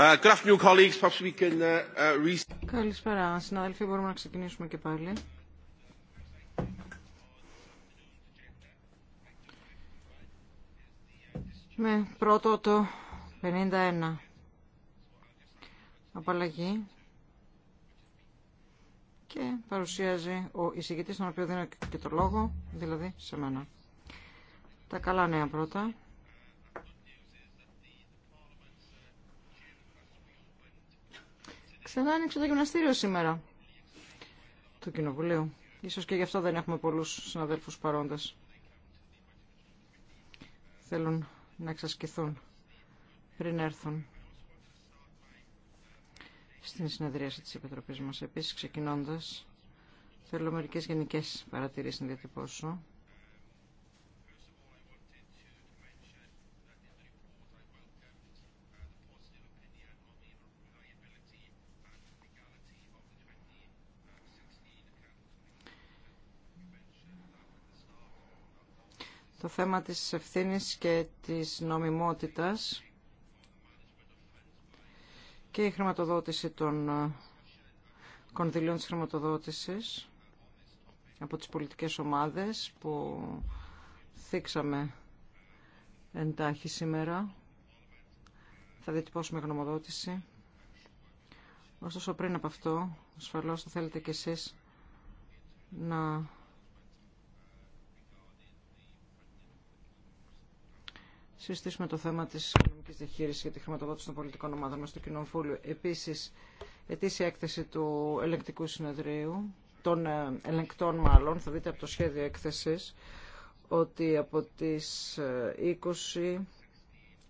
Uh, uh, uh, Καλησπέρα, συναδελφοί. Μπορούμε να ξεκινήσουμε και πάλι. Με πρώτο το 51. Απαλλαγή. Και παρουσίαζει ο εισηγητής, τον οποίο δίνω και το λόγο, δηλαδή σε μένα. Τα καλά νέα πρώτα. Ξανά άνοιξε το γυμναστήριο σήμερα του Κοινοβουλίου. Ίσως και γι' αυτό δεν έχουμε πολλούς συναδέλφους παρόντες. Θέλουν να εξασκηθούν πριν έρθουν στην συνεδρίαση της Επιτροπής μας. Επίσης, ξεκινώντας, θέλω μερικές γενικές παρατηρήσεις να διατυπώσω. το θέμα της ευθύνης και της νομιμότητας και η χρηματοδότηση των ε, κονδυλίων της χρηματοδότησης από τις πολιτικές ομάδες που θίξαμε εντάχει σήμερα. Θα διατυπώσουμε γνωμοδότηση. Ωστόσο πριν από αυτό, ασφαλώς θα θέλετε κι εσείς να συζητήσουμε το θέμα τη οικονομικής διαχείριση και τη χρηματοδότηση των πολιτικών ομάδων μας στο Κοινοβούλιο. Επίσης, ετήσια έκθεση του ελεγκτικού συνεδρίου, των ε, ελεγκτών μάλλον, θα δείτε από το σχέδιο έκθεσης, ότι από τις 20,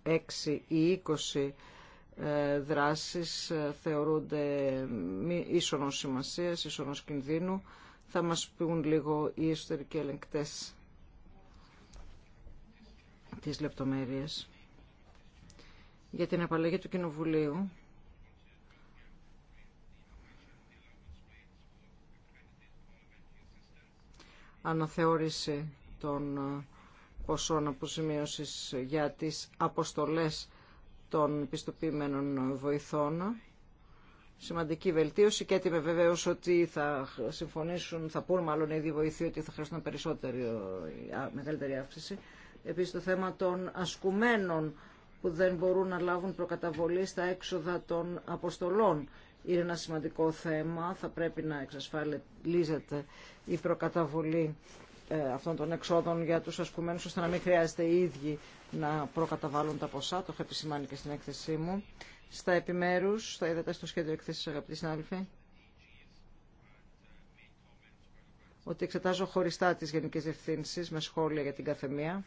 ε, 6 ή 20 ε, δράσεις θεωρούνται μη ίσονος σημασίας, ίσονος κινδύνου. Θα μας πούν λίγο οι εσωτερικοί ελεγκτές τις λεπτομέρειες για την απαλλαγή του Κοινοβουλίου αναθεώρηση των ε, ποσών αποζημίωσης για τις αποστολές των πιστοποιημένων βοηθών. Σημαντική βελτίωση και έτοιμε βεβαίω ότι θα συμφωνήσουν, θα πούν μάλλον οι ίδιοι ότι θα χρειαστούν περισσότερη, ε, μεγαλύτερη αύξηση. Επίσης το θέμα των ασκουμένων που δεν μπορούν να λάβουν προκαταβολή στα έξοδα των αποστολών. Είναι ένα σημαντικό θέμα, θα πρέπει να εξασφαλίζεται η προκαταβολή ε, αυτών των εξόδων για τους ασκουμένους, ώστε να μην χρειάζεται οι ίδιοι να προκαταβάλουν τα ποσά, το έχω επισημάνει και στην έκθεσή μου. Στα επιμέρους, θα είδατε στο σχέδιο εκθέσης αγαπητοί συνάδελφοι, ότι εξετάζω χωριστά τις γενικές ευθύνσεις με σχόλια για την καθεμία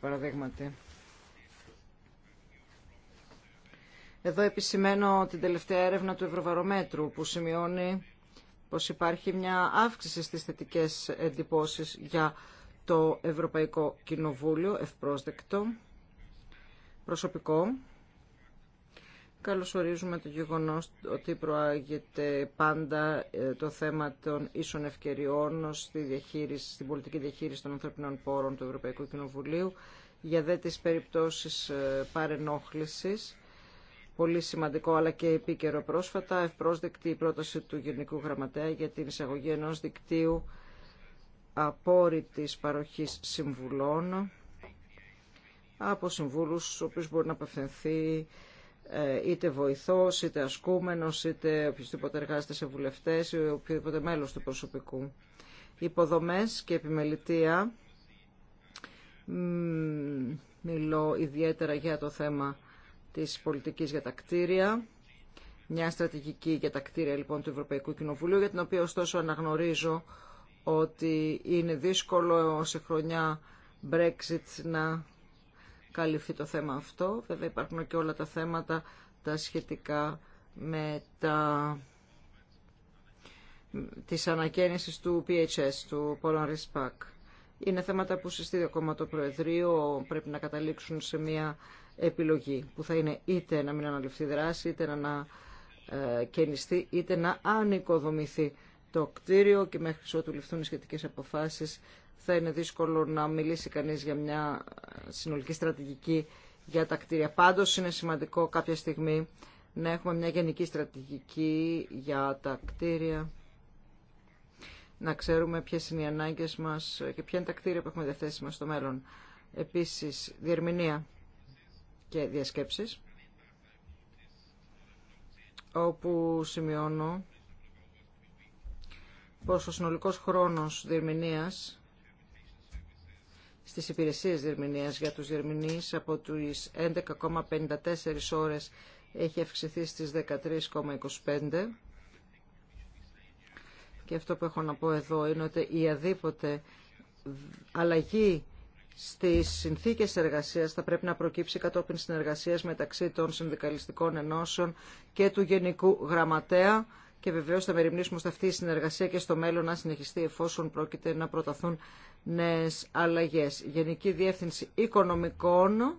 παραδείγματι. Εδώ επισημαίνω την τελευταία έρευνα του Ευρωβαρομέτρου που σημειώνει πως υπάρχει μια αύξηση στις θετικές εντυπώσεις για το Ευρωπαϊκό Κοινοβούλιο ευπρόσδεκτο, προσωπικό Καλωσορίζουμε το γεγονός ότι προάγεται πάντα ε, το θέμα των ίσων ευκαιριών στη διαχείριση, στην πολιτική διαχείριση των ανθρωπινών πόρων του Ευρωπαϊκού Κοινοβουλίου για δε τις περιπτώσεις ε, παρενόχλησης. Πολύ σημαντικό αλλά και επίκαιρο πρόσφατα, ευπρόσδεκτη η πρόταση του Γενικού Γραμματέα για την εισαγωγή ενός δικτύου απόρριτης παροχής συμβουλών από συμβούλους στους οποίους μπορεί να απευθυνθεί ε, είτε βοηθός, είτε ασκούμενος, είτε οποιοδήποτε εργάζεται σε βουλευτές ή οποιοδήποτε μέλος του προσωπικού. Υποδομές και επιμελητεία. Μιλώ ιδιαίτερα για το θέμα της πολιτικής για τα κτίρια. Μια στρατηγική για τα κτίρια λοιπόν του Ευρωπαϊκού Κοινοβουλίου, για την οποία ωστόσο αναγνωρίζω ότι είναι δύσκολο σε χρονιά Brexit να καλυφθεί το θέμα αυτό. Βέβαια υπάρχουν και όλα τα θέματα τα σχετικά με τα της του PHS, του Polar Pack. Είναι θέματα που συστήνει ακόμα το Προεδρείο, πρέπει να καταλήξουν σε μια επιλογή που θα είναι είτε να μην αναλυφθεί δράση, είτε να, ανακαινιστεί, ε, είτε να ανοικοδομηθεί το κτίριο και μέχρι ότου ληφθούν οι σχετικές αποφάσεις θα είναι δύσκολο να μιλήσει κανείς για μια συνολική στρατηγική για τα κτίρια. Πάντως είναι σημαντικό κάποια στιγμή να έχουμε μια γενική στρατηγική για τα κτίρια, να ξέρουμε ποιες είναι οι ανάγκες μας και ποια είναι τα κτίρια που έχουμε διαθέσει μας στο μέλλον. Επίσης, διερμηνία και διασκέψεις, όπου σημειώνω πως ο συνολικός χρόνος διερμηνίας στις υπηρεσίες διερμηνίας για τους διερμηνείς από τις 11,54 ώρες έχει αυξηθεί στις 13,25 και αυτό που έχω να πω εδώ είναι ότι η αδίποτε αλλαγή στις συνθήκες εργασίας θα πρέπει να προκύψει κατόπιν συνεργασίας μεταξύ των συνδικαλιστικών ενώσεων και του Γενικού Γραμματέα και βεβαίω θα μεριμνήσουμε σε αυτή η συνεργασία και στο μέλλον να συνεχιστεί εφόσον πρόκειται να προταθούν νέες αλλαγές. Γενική Διεύθυνση Οικονομικών,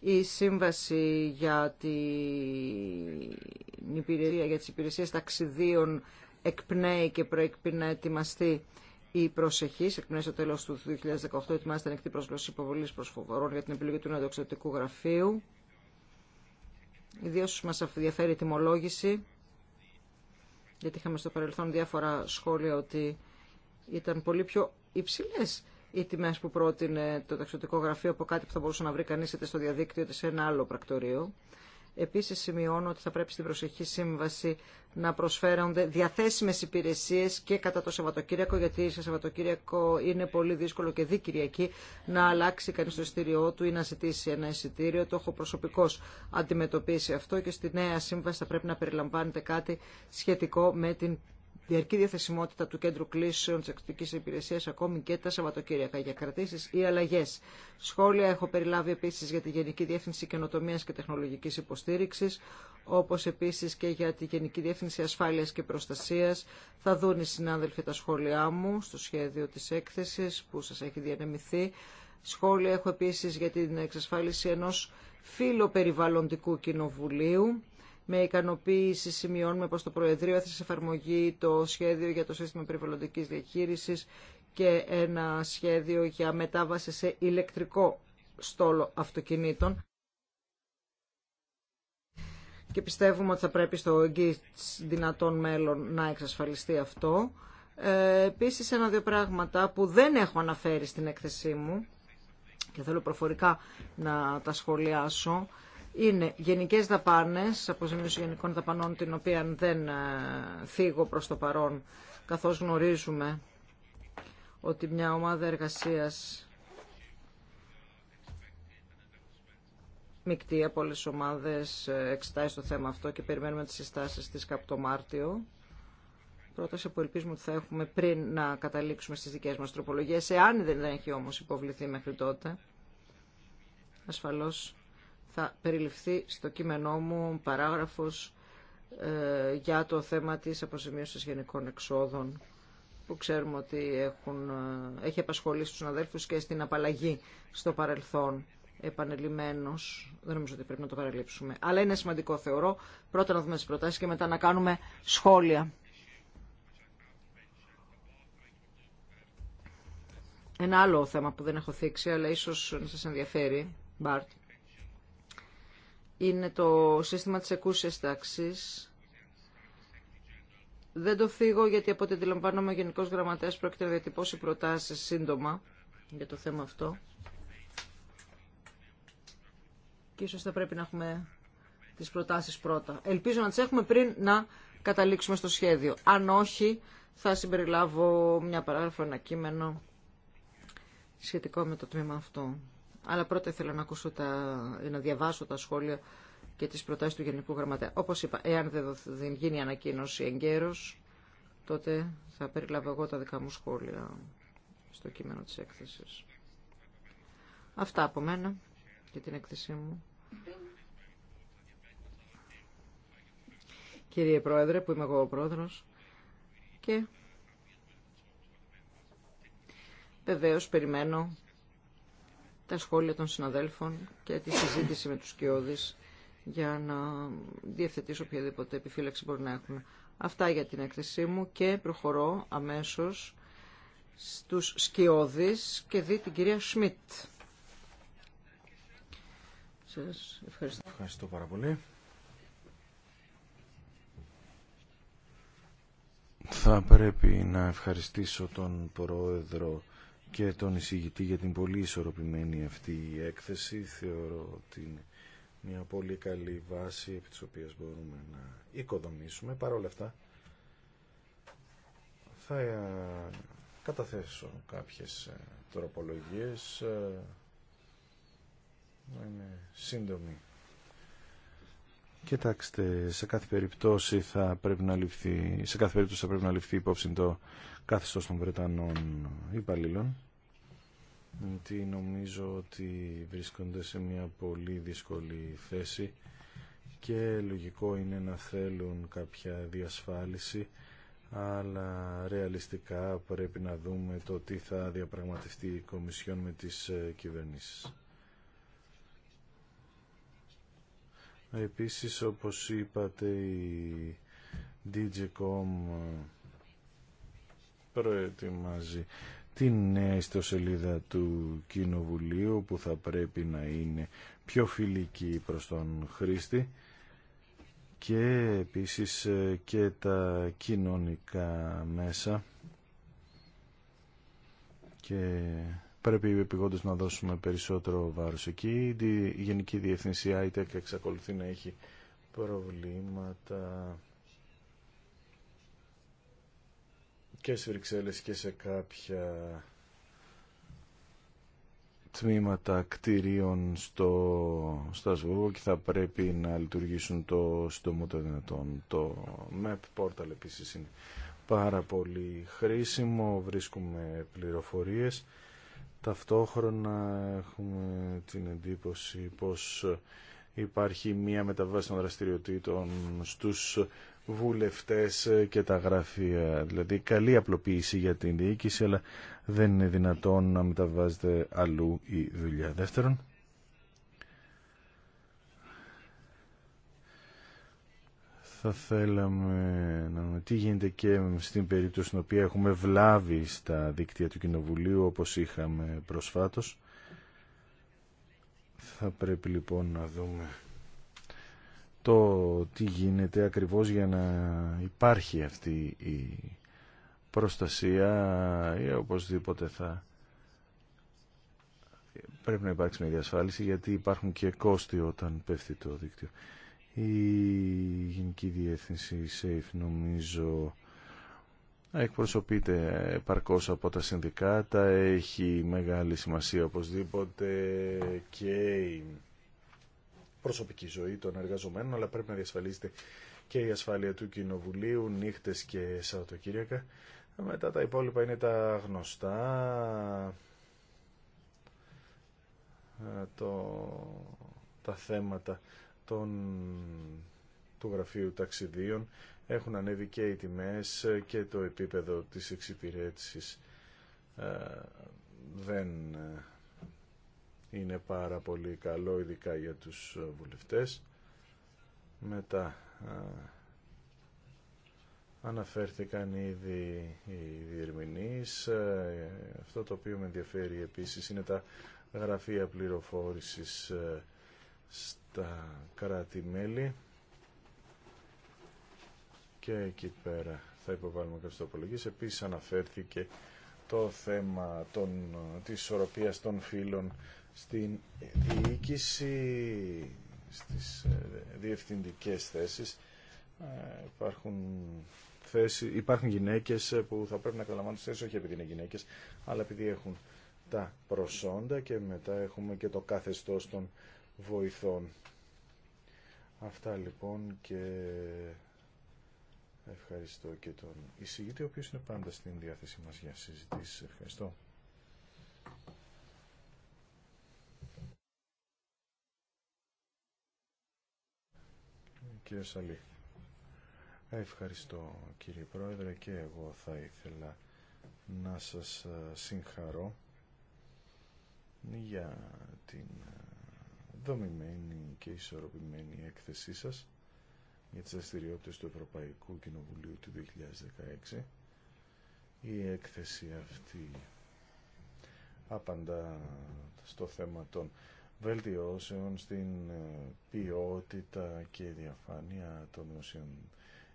η Σύμβαση για την υπηρεσία, για τις υπηρεσίες ταξιδίων εκπνέει και προεκπεί να ετοιμαστεί η προσεχή, εκπνέει στο τέλος του 2018, ετοιμάζεται ανοιχτή προσγλώση υποβολής προσφορών για την επιλογή του νεοδιοξιδοτικού γραφείου. Ιδίως μας ενδιαφέρει η τιμολόγηση, γιατί είχαμε στο παρελθόν διάφορα σχόλια ότι ήταν πολύ πιο υψηλές οι τιμές που πρότεινε το ταξιδιωτικό γραφείο από κάτι που θα μπορούσε να βρει κανείς είτε στο διαδίκτυο είτε σε ένα άλλο πρακτορείο. Επίσης σημειώνω ότι θα πρέπει στην προσεχή σύμβαση να προσφέρονται διαθέσιμες υπηρεσίες και κατά το Σαββατοκύριακο, γιατί σε Σαββατοκύριακο είναι πολύ δύσκολο και δικυριακή να αλλάξει κανείς το εισιτήριό του ή να ζητήσει ένα εισιτήριο. Το έχω προσωπικώς αντιμετωπίσει αυτό και στη νέα σύμβαση θα πρέπει να περιλαμβάνεται κάτι σχετικό με την διαρκή διαθεσιμότητα του κέντρου κλήσεων τη ακτική υπηρεσία ακόμη και τα Σαββατοκύριακα για κρατήσει ή αλλαγέ. Σχόλια έχω περιλάβει επίση για τη Γενική Διεύθυνση Καινοτομία και Τεχνολογική Υποστήριξη, όπω επίση και για τη Γενική Διεύθυνση Ασφάλεια και Προστασία. Θα δουν οι συνάδελφοι τα σχόλιά μου στο σχέδιο τη έκθεση που σα έχει διανεμηθεί. Σχόλια έχω επίση για την εξασφάλιση ενό φιλοπεριβαλλοντικού κοινοβουλίου με ικανοποίηση σημειώνουμε πως το Προεδρείο έθεσε εφαρμογή το σχέδιο για το σύστημα περιβαλλοντικής διαχείρισης και ένα σχέδιο για μετάβαση σε ηλεκτρικό στόλο αυτοκινήτων. Και πιστεύουμε ότι θα πρέπει στο εγγύς δυνατόν μέλλον να εξασφαλιστεί αυτό. Ε, επίσης, ένα-δύο πράγματα που δεν έχω αναφέρει στην έκθεσή μου και θέλω προφορικά να τα σχολιάσω είναι γενικές δαπάνες, αποζημίωση γενικών δαπανών, την οποία δεν ε, θίγω προς το παρόν, καθώς γνωρίζουμε ότι μια ομάδα εργασίας μεικτή από όλες τις ομάδες ε, εξετάζει το θέμα αυτό και περιμένουμε τις συστάσεις της κάπου το Μάρτιο. Πρόταση που ελπίζουμε ότι θα έχουμε πριν να καταλήξουμε στις δικές μας τροπολογίες, εάν δεν έχει όμως υποβληθεί μέχρι τότε. Ασφαλώς θα περιληφθεί στο κείμενό μου παράγραφος ε, για το θέμα της αποζημίωσης γενικών εξόδων που ξέρουμε ότι έχουν, ε, έχει απασχολήσει τους αδέρφους και στην απαλλαγή στο παρελθόν επανελειμμένος. Δεν νομίζω ότι πρέπει να το παραλείψουμε. Αλλά είναι σημαντικό θεωρώ. Πρώτα να δούμε τις προτάσεις και μετά να κάνουμε σχόλια. Ένα άλλο θέμα που δεν έχω θίξει, αλλά ίσως να σας ενδιαφέρει, Μπάρτ είναι το σύστημα της εκούσιας τάξης. Δεν το φύγω γιατί από ό,τι αντιλαμβάνομαι ο Γενικός Γραμματέας πρόκειται να διατυπώσει προτάσεις σύντομα για το θέμα αυτό. Και ίσως θα πρέπει να έχουμε τις προτάσεις πρώτα. Ελπίζω να τις έχουμε πριν να καταλήξουμε στο σχέδιο. Αν όχι, θα συμπεριλάβω μια παράγραφο, ένα κείμενο σχετικό με το τμήμα αυτό. Αλλά πρώτα ήθελα να, ακούσω τα, να διαβάσω τα σχόλια και τις προτάσεις του Γενικού Γραμματέα. Όπως είπα, εάν δεν γίνει ανακοίνωση εγκαίρως, τότε θα περιλάβω εγώ τα δικά μου σχόλια στο κείμενο της έκθεσης. Αυτά από μένα και την έκθεσή μου. Κύριε Πρόεδρε, που είμαι εγώ ο Πρόεδρος, και βεβαίως περιμένω τα σχόλια των συναδέλφων και τη συζήτηση με τους κοιόδης για να διευθετήσω οποιαδήποτε επιφύλαξη μπορεί να έχουν. Αυτά για την έκθεσή μου και προχωρώ αμέσως στους σκιώδεις και δει την κυρία Σμιτ. Σας ευχαριστώ. Ευχαριστώ πάρα πολύ. Θα πρέπει να ευχαριστήσω τον Πρόεδρο και τον εισηγητή για την πολύ ισορροπημένη αυτή η έκθεση. Θεωρώ ότι είναι μια πολύ καλή βάση επί της οποίας μπορούμε να οικοδομήσουμε. Παρ' όλα αυτά θα ε, καταθέσω κάποιες ε, τροπολογίες. Ε, να είναι σύντομη Κοιτάξτε, σε κάθε περίπτωση θα πρέπει να ληφθεί, σε κάθε περίπτωση θα πρέπει να ληφθεί υπόψη το κάθεστο των Βρετανών υπαλλήλων γιατί νομίζω ότι βρίσκονται σε μια πολύ δύσκολη θέση και λογικό είναι να θέλουν κάποια διασφάλιση αλλά ρεαλιστικά πρέπει να δούμε το τι θα διαπραγματευτεί η Κομισιόν με τις ε, κυβερνήσεις. Επίσης, όπως είπατε, η DigiCom ε, προετοιμάζει την νέα ιστοσελίδα του Κοινοβουλίου που θα πρέπει να είναι πιο φιλική προς τον χρήστη και επίσης ε, και τα κοινωνικά μέσα και Πρέπει επιγόντω να δώσουμε περισσότερο βάρο εκεί. Η Γενική Διευθυνσία ΙΤΕΚ e εξακολουθεί να έχει προβλήματα και σε και σε κάποια τμήματα κτηρίων στο Στασβούργο και θα πρέπει να λειτουργήσουν το σύντομο το δυνατόν. Το MEP Portal επίσης είναι πάρα πολύ χρήσιμο, βρίσκουμε πληροφορίες Ταυτόχρονα έχουμε την εντύπωση πως υπάρχει μία μεταβάση των δραστηριοτήτων στους βουλευτές και τα γραφεία. Δηλαδή καλή απλοποίηση για την διοίκηση, αλλά δεν είναι δυνατόν να μεταβάζεται αλλού η δουλειά. Δεύτερον, θα θέλαμε να δούμε τι γίνεται και στην περίπτωση στην οποία έχουμε βλάβει στα δίκτυα του Κοινοβουλίου όπως είχαμε προσφάτως. Θα πρέπει λοιπόν να δούμε το τι γίνεται ακριβώς για να υπάρχει αυτή η προστασία ή ε, οπωσδήποτε θα πρέπει να υπάρξει μια διασφάλιση γιατί υπάρχουν και κόστη όταν πέφτει το δίκτυο. Η Γενική Διεύθυνση SAFE, νομίζω εκπροσωπείται επαρκώς από τα συνδικάτα, έχει μεγάλη σημασία οπωσδήποτε και η προσωπική ζωή των εργαζομένων, αλλά πρέπει να διασφαλίζεται και η ασφάλεια του Κοινοβουλίου, νύχτες και Σαββατοκύριακα. Μετά τα υπόλοιπα είναι τα γνωστά, ε, το, τα θέματα των, του Γραφείου Ταξιδίων έχουν ανέβει και οι τιμές και το επίπεδο της εξυπηρέτησης ε, δεν ε, είναι πάρα πολύ καλό, ειδικά για τους βουλευτές. Μετά ε, αναφέρθηκαν ήδη οι διερμηνείς. Αυτό το οποίο με ενδιαφέρει επίσης είναι τα γραφεία πληροφόρησης τα κράτη-μέλη και εκεί πέρα θα υποβάλουμε κάποιες τροπολογίες. Επίσης αναφέρθηκε το θέμα των, της ισορροπίας των φύλων στην διοίκηση, στις ε, διευθυντικές θέσεις. Ε, υπάρχουν, θέσεις, υπάρχουν γυναίκες ε, που θα πρέπει να καταλαμβάνουν τις θέσεις, όχι επειδή είναι γυναίκες, αλλά επειδή έχουν τα προσόντα και μετά έχουμε και το καθεστώς των βοηθών. Αυτά λοιπόν και ευχαριστώ και τον εισηγητή, ο οποίος είναι πάντα στην διάθεσή μας για συζητήσεις. Ευχαριστώ. Κύριε Σαλή. Ευχαριστώ κύριε Πρόεδρε και εγώ θα ήθελα να σας ε, συγχαρώ για την ε, δομημένη και ισορροπημένη έκθεσή σας για τις δραστηριότητε του Ευρωπαϊκού Κοινοβουλίου του 2016. Η έκθεση αυτή απαντά στο θέμα των βελτιώσεων στην ε, ποιότητα και διαφάνεια των δημοσίων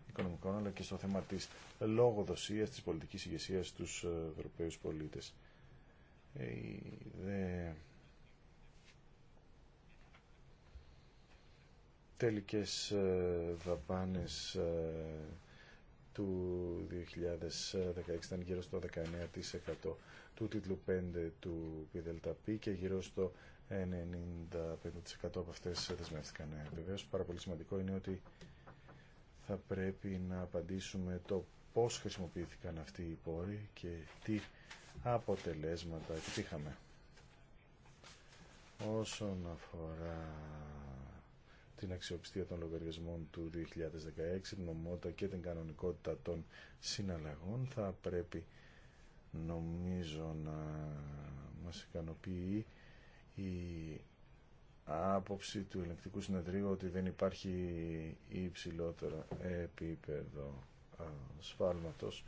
οικονομικών αλλά και στο θέμα της λόγοδοσίας της πολιτικής ηγεσία στους ε, Ευρωπαίους πολίτες. Ε, τελικές ε, δαπάνες ε, του 2016 ήταν γύρω στο 19% του τίτλου 5 του ΠΔΠ και γύρω στο 95% από αυτές δεσμεύτηκαν. Ε, βεβαίως πάρα πολύ σημαντικό είναι ότι θα πρέπει να απαντήσουμε το πώς χρησιμοποιήθηκαν αυτοί οι πόροι και τι αποτελέσματα επιτύχαμε. Όσον αφορά την αξιοπιστία των λογαριασμών του 2016, την και την κανονικότητα των συναλλαγών θα πρέπει νομίζω να μας ικανοποιεί η άποψη του Ελεκτικού συνεδρίου ότι δεν υπάρχει υψηλότερο επίπεδο σφάλματος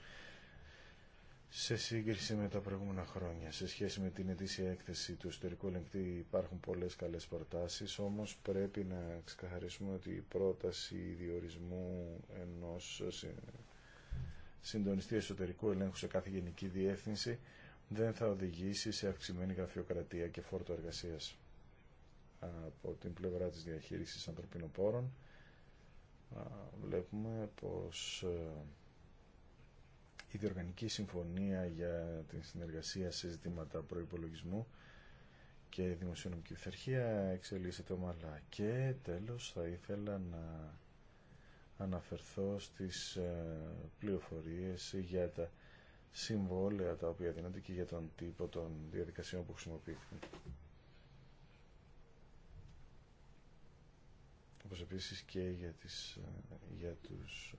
σε σύγκριση με τα προηγούμενα χρόνια. Σε σχέση με την ετήσια έκθεση του εσωτερικού ελεγκτή υπάρχουν πολλές καλές προτάσεις, όμως πρέπει να ξεκαθαρίσουμε ότι η πρόταση διορισμού ενός συντονιστή εσωτερικού ελέγχου σε κάθε γενική διεύθυνση δεν θα οδηγήσει σε αυξημένη γραφειοκρατία και φόρτο εργασίας από την πλευρά της διαχείρισης ανθρωπίνων πόρων. Βλέπουμε πως ε, η Διοργανική Συμφωνία για τη συνεργασία σε ζητήματα προϋπολογισμού και δημοσιονομική πειθαρχία εξελίσσεται ομαλά. Και τέλος θα ήθελα να αναφερθώ στις ε, πληροφορίες για τα συμβόλαια τα οποία δίνονται και για τον τύπο των διαδικασιών που χρησιμοποιήθηκαν. Όπως επίσης και για, τις, ε, για τους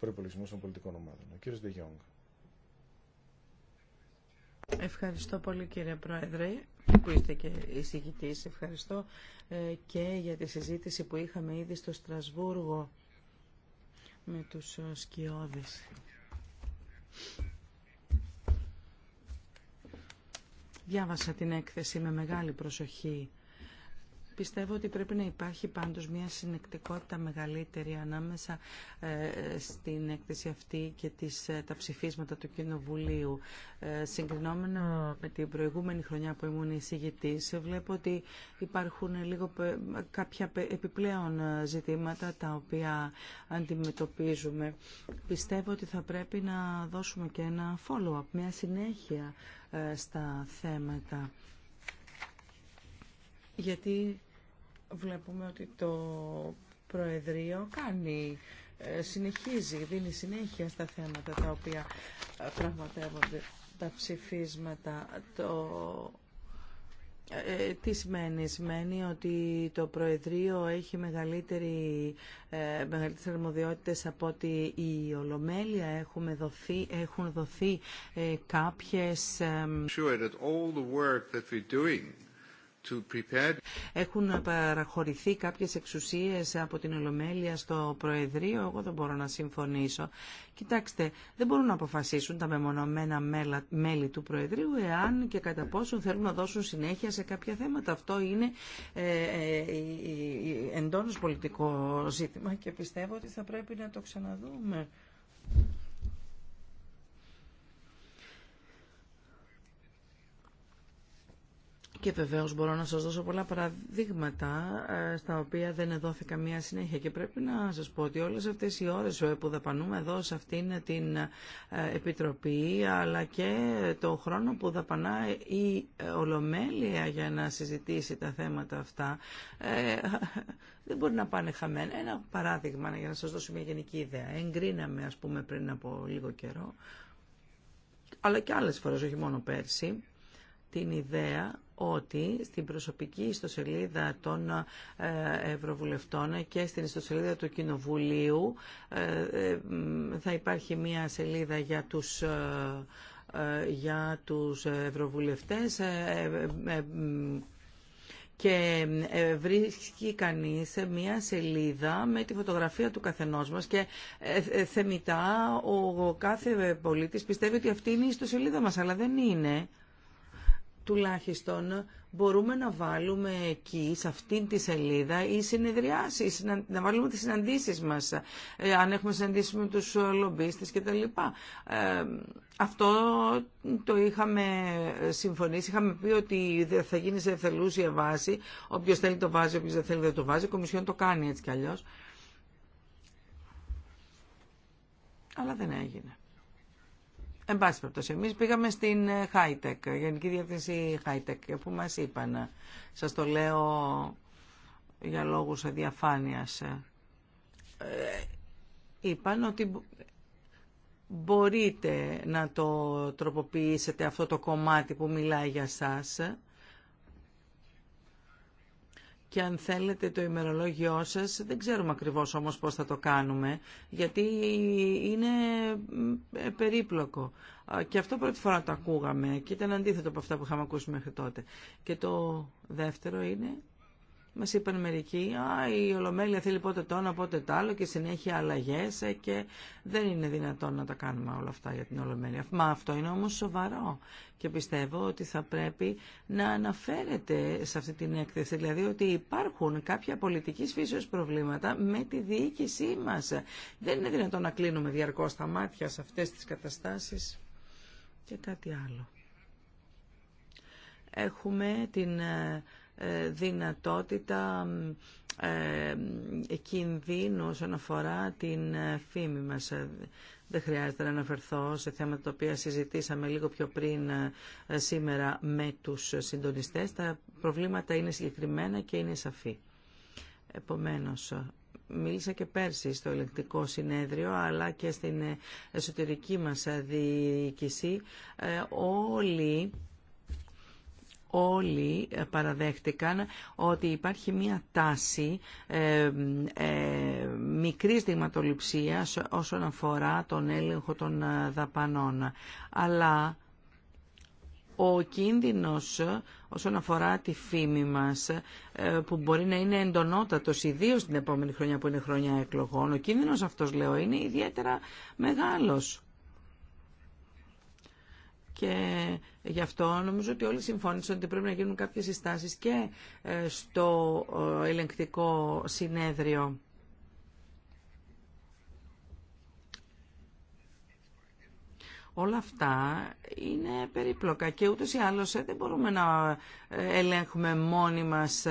προϋπολογισμούς των πολιτικών ομάδων. Ο κύριος Ντεγιόγκ. Ευχαριστώ πολύ κύριε Πρόεδρε που είστε και εισηγητής. Ευχαριστώ ε, και για τη συζήτηση που είχαμε ήδη στο Στρασβούργο με τους ε, σκιώδεις. Διάβασα την έκθεση με μεγάλη προσοχή. Πιστεύω ότι πρέπει να υπάρχει πάντως μια συνεκτικότητα μεγαλύτερη ανάμεσα ε, στην έκθεση αυτή και τις, ε, τα ψηφίσματα του Κοινοβουλίου. Ε, συγκρινόμενο με την προηγούμενη χρονιά που ήμουν εισηγητής, βλέπω ότι υπάρχουν λίγο κάποια επιπλέον ζητήματα τα οποία αντιμετωπίζουμε. Πιστεύω ότι θα πρέπει να δώσουμε και ένα follow-up, μια συνέχεια στα θέματα γιατί βλέπουμε ότι το Προεδρείο κάνει, ε, συνεχίζει, δίνει συνέχεια στα θέματα τα οποία ε, πραγματεύονται τα ψηφίσματα. Το... Ε, τι σημαίνει, σημαίνει ότι το Προεδρείο έχει μεγαλύτερη, ε, μεγαλύτερες από ότι η Ολομέλεια έχουν δοθεί, έχουν δοθεί κάποιες... Έχουν παραχωρηθεί κάποιες εξουσίες από την Ολομέλεια στο Προεδρείο, εγώ δεν μπορώ να συμφωνήσω. Κοιτάξτε, δεν μπορούν να αποφασίσουν τα μεμονωμένα μέλη του Προεδρείου εάν και κατά πόσο θέλουν να δώσουν συνέχεια σε κάποια θέματα. Αυτό είναι ε, ε πολιτικό ζήτημα και πιστεύω ότι θα πρέπει να το ξαναδούμε. Και βεβαίω μπορώ να σας δώσω πολλά παραδείγματα ε, στα οποία δεν δόθηκα μία συνέχεια. Και πρέπει να σας πω ότι όλες αυτές οι ώρες ε, που δαπανούμε εδώ σε αυτήν την ε, Επιτροπή αλλά και το χρόνο που δαπανά η Ολομέλεια για να συζητήσει τα θέματα αυτά δεν μπορεί να πάνε χαμένα. Ένα παράδειγμα για να σας δώσω μια γενική ιδέα. Εγκρίναμε α πούμε πριν από λίγο καιρό αλλά και άλλε φορέ όχι μόνο πέρσι, την ιδέα ότι στην προσωπική ιστοσελίδα των ε, Ευρωβουλευτών και στην ιστοσελίδα του Κοινοβουλίου ε, ε, θα υπάρχει μία σελίδα για τους για τους Ευρωβουλευτές και βρίσκει κανείς μία σελίδα με τη φωτογραφία του καθενός μας και θεμητά ο κάθε πολίτης πιστεύει ότι αυτή είναι η ιστοσελίδα μας, αλλά δεν είναι τουλάχιστον μπορούμε να βάλουμε εκεί, σε αυτήν τη σελίδα, οι συνεδριάσεις, να βάλουμε τις συναντήσεις μας, ε, αν έχουμε συναντήσει με του λομπίστε κτλ. Ε, αυτό το είχαμε συμφωνήσει, είχαμε πει ότι θα γίνει σε εθελούσια βάση, οποίο θέλει το βάζει, οποίο δεν θέλει δεν το βάζει, η Κομισιόν το κάνει έτσι κι αλλιώ. Αλλά δεν έγινε. Εν πάση περιπτώσει, πήγαμε στην ε, Χάιτεκ, Γενική Διεύθυνση Χάιτεκ, που μας είπαν, Σα το λέω για λόγους αδιαφάνειας, ε, είπαν ότι μπορείτε να το τροποποιήσετε αυτό το κομμάτι που μιλάει για σας και αν θέλετε το ημερολόγιό σας, δεν ξέρουμε ακριβώς όμως πώς θα το κάνουμε, γιατί είναι ε, περίπλοκο. Και αυτό πρώτη φορά το ακούγαμε και ήταν αντίθετο από αυτά που είχαμε ακούσει μέχρι τότε. Και το δεύτερο είναι Μα είπαν μερικοί, α, η Ολομέλεια θέλει πότε το ένα, πότε το άλλο και συνέχεια αλλαγέ ε, και δεν είναι δυνατόν να τα κάνουμε όλα αυτά για την Ολομέλεια. Μα αυτό είναι όμω σοβαρό και πιστεύω ότι θα πρέπει να αναφέρεται σε αυτή την έκθεση, δηλαδή ότι υπάρχουν κάποια πολιτική φύσεω προβλήματα με τη διοίκησή μα. Δεν είναι δυνατόν να κλείνουμε διαρκώ τα μάτια σε αυτέ τι καταστάσει και κάτι άλλο. Έχουμε την ε, ε, δυνατότητα ε, ε, κινδύνου όσον αφορά την φήμη μας. Δεν χρειάζεται να αναφερθώ σε θέματα τα οποία συζητήσαμε λίγο πιο πριν σήμερα με τους συντονιστές. Τα προβλήματα είναι συγκεκριμένα και είναι σαφή. Επομένως, μίλησα και πέρσι στο ελεγκτικό συνέδριο αλλά και στην εσωτερική μας διοίκηση όλοι όλοι ε, παραδέχτηκαν ότι υπάρχει μία τάση ε, ε, μικρής δειγματοληψίας όσον αφορά τον έλεγχο των ε, δαπανών. Αλλά ο κίνδυνος ε, όσον αφορά τη φήμη μας, που μπορεί να είναι εντονότατος, ιδίω την επόμενη χρονιά που είναι χρονιά εκλογών, ο κίνδυνος αυτός, λέω, είναι ιδιαίτερα μεγάλος και γι' αυτό νομίζω ότι όλοι συμφώνησαν ότι πρέπει να γίνουν κάποιες συστάσεις και ε, στο ε, ελεγκτικό συνέδριο. Όλα αυτά είναι περίπλοκα και ούτως ή άλλως ε, δεν μπορούμε να ελέγχουμε μόνοι μας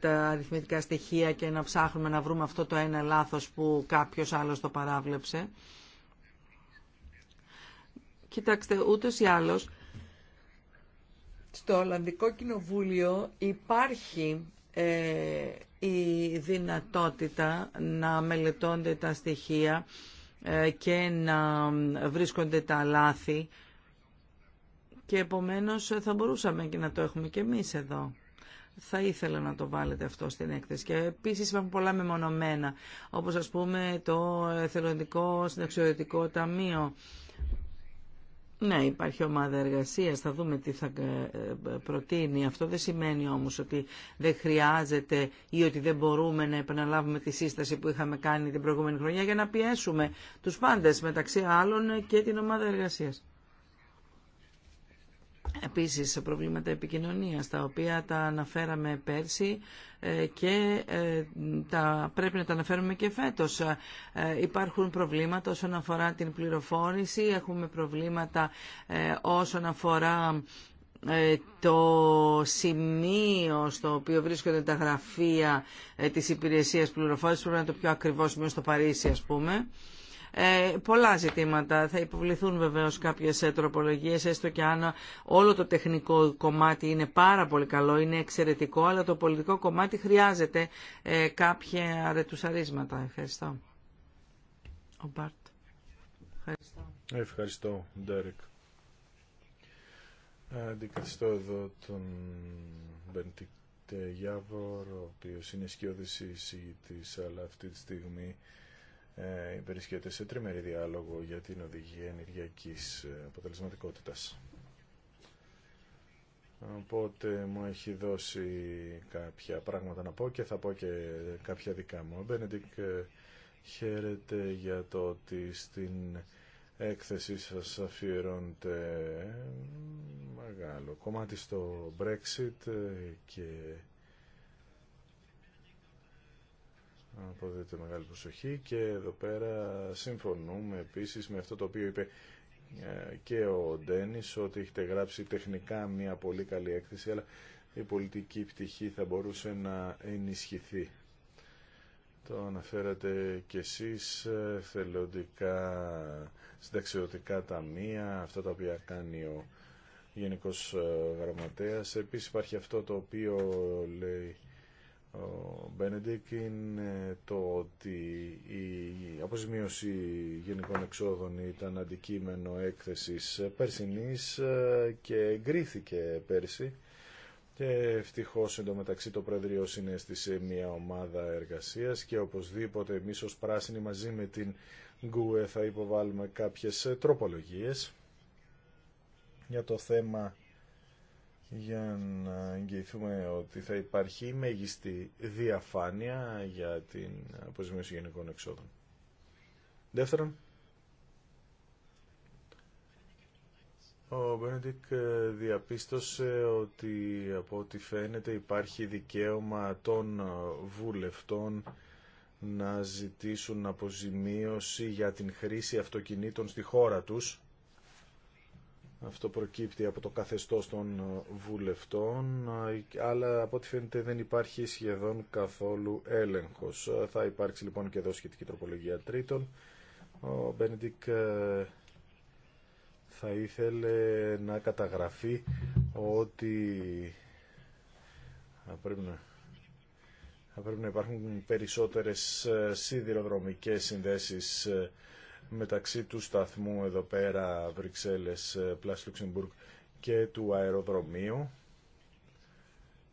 τα αριθμητικά στοιχεία και να ψάχνουμε να βρούμε αυτό το ένα λάθος που κάποιος άλλος το παράβλεψε. Κοιτάξτε, ούτως ή άλλω. στο Ολλανδικό Κοινοβούλιο υπάρχει ε, η δυνατότητα να μελετώνται τα στοιχεία ε, και να βρίσκονται τα λάθη και επομένως ε, θα μπορούσαμε και να το έχουμε και εμείς εδώ. Θα ήθελα να το βάλετε αυτό στην έκθεση. Και επίσης υπάρχουν πολλά μεμονωμένα, όπως ας πούμε το Εθελοντικό Συνταξιοδοτικό Ταμείο ναι, υπάρχει ομάδα εργασίας, θα δούμε τι θα ε, προτείνει. Αυτό δεν σημαίνει όμως ότι δεν χρειάζεται ή ότι δεν μπορούμε να επαναλάβουμε τη σύσταση που είχαμε κάνει την προηγούμενη χρονιά για να πιέσουμε τους πάντε μεταξύ άλλων και την ομάδα εργασίας. Επίσης, προβλήματα επικοινωνίας, τα οποία τα αναφέραμε πέρσι ε, και ε, τα, πρέπει να τα αναφέρουμε και φέτος. Ε, υπάρχουν προβλήματα όσον αφορά την πληροφόρηση, έχουμε προβλήματα όσον αφορά το σημείο στο οποίο βρίσκονται τα γραφεία της υπηρεσίας πληροφόρησης, πρέπει να είναι το πιο ακριβό σημείο στο Παρίσι, ας πούμε. Ε, πολλά ζητήματα. Θα υποβληθούν βεβαίως κάποιες ε, τροπολογίε έστω και αν ε, όλο το τεχνικό κομμάτι είναι πάρα πολύ καλό, είναι εξαιρετικό, αλλά το πολιτικό κομμάτι χρειάζεται κάποια αρετουσαρίσματα. Ευχαριστώ. Ο Μπάρτ. Ευχαριστώ. Ευχαριστώ, Ντέρικ. Αντικαθιστώ εδώ τον Μπεντικτέ Γιάβορ, ο οποίος είναι σκιώδης εισηγητής, αλλά αυτή τη στιγμή ε, βρίσκεται σε τριμερή διάλογο για την οδηγία ενεργειακής ε, αποτελεσματικότητας. Οπότε μου έχει δώσει κάποια πράγματα να πω και θα πω και κάποια δικά μου. Ο Μπένεντικ ε, χαίρεται για το ότι στην έκθεσή σας αφιερώνεται μεγάλο κομμάτι στο Brexit ε, και Αποδέτε μεγάλη προσοχή και εδώ πέρα συμφωνούμε επίσης με αυτό το οποίο είπε ε, και ο Ντένις ότι έχετε γράψει τεχνικά μια πολύ καλή έκθεση αλλά η πολιτική πτυχή θα μπορούσε να ενισχυθεί. Το αναφέρατε και εσείς ε, θελοντικά, συνταξιωτικά ταμεία, αυτά τα οποία κάνει ο Γενικός ε, Γραμματέας. Επίσης υπάρχει αυτό το οποίο λέει ο Μπένεντικ είναι το ότι η αποζημίωση γενικών εξόδων ήταν αντικείμενο έκθεσης περσινής ε, και εγκρίθηκε πέρσι και ευτυχώς εντωμεταξύ το Πρόεδριο συνέστησε μια ομάδα εργασίας και οπωσδήποτε εμείς ως πράσινοι μαζί με την ΓΚΟΕ θα υποβάλουμε κάποιες τροπολογίες για το θέμα για να εγγυηθούμε ότι θα υπάρχει μέγιστη διαφάνεια για την αποζημίωση γενικών εξόδων. Δεύτερον, ο Μπένεντικ ε, διαπίστωσε ότι από ό,τι φαίνεται υπάρχει δικαίωμα των βουλευτών να ζητήσουν αποζημίωση για την χρήση αυτοκινήτων στη χώρα τους αυτό προκύπτει από το καθεστώς των ε, βουλευτών, ε, αλλά από ό,τι φαίνεται δεν υπάρχει σχεδόν καθόλου έλεγχος. Ε, θα υπάρξει λοιπόν και εδώ σχετική τροπολογία τρίτων. Ο Μπένεντικ θα ήθελε να καταγραφεί ότι θα πρέπει να, υπάρχουν περισσότερες σιδηροδρομικές συνδέσεις μεταξύ του σταθμού εδώ πέρα Βρυξέλλες ε, Πλάς Λουξεμβούργ και του αεροδρομίου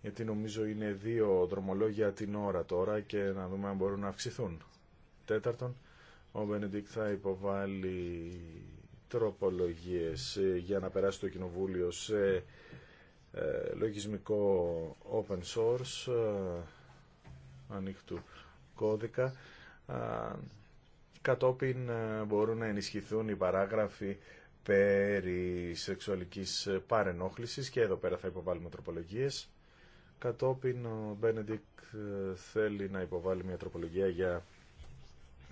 γιατί νομίζω είναι δύο δρομολόγια την ώρα τώρα και να δούμε αν μπορούν να αυξηθούν. Τέταρτον, ο Μπενεντίκ θα υποβάλει τροπολογίες ε, για να περάσει το Κοινοβούλιο σε ε, λογισμικό open source ανοιχτού κώδικα Κατόπιν ε, μπορούν να ενισχυθούν οι παράγραφοι περί σεξουαλικής παρενόχλησης και εδώ πέρα θα υποβάλουμε τροπολογίες. Κατόπιν ο Μπένεντικ ε, θέλει να υποβάλει μια τροπολογία για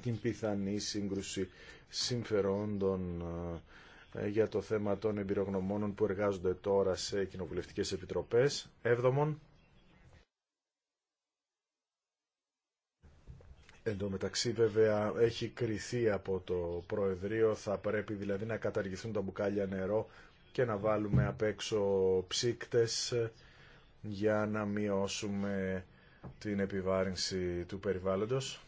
την πιθανή σύγκρουση συμφερόντων ε, για το θέμα των εμπειρογνωμόνων που εργάζονται τώρα σε κοινοβουλευτικές επιτροπές. Έβδομον, Εν τω μεταξύ βέβαια έχει κρυθεί από το Προεδρείο, θα πρέπει δηλαδή να καταργηθούν τα μπουκάλια νερό και να βάλουμε απ' έξω ψύκτες για να μειώσουμε την επιβάρυνση του περιβάλλοντος.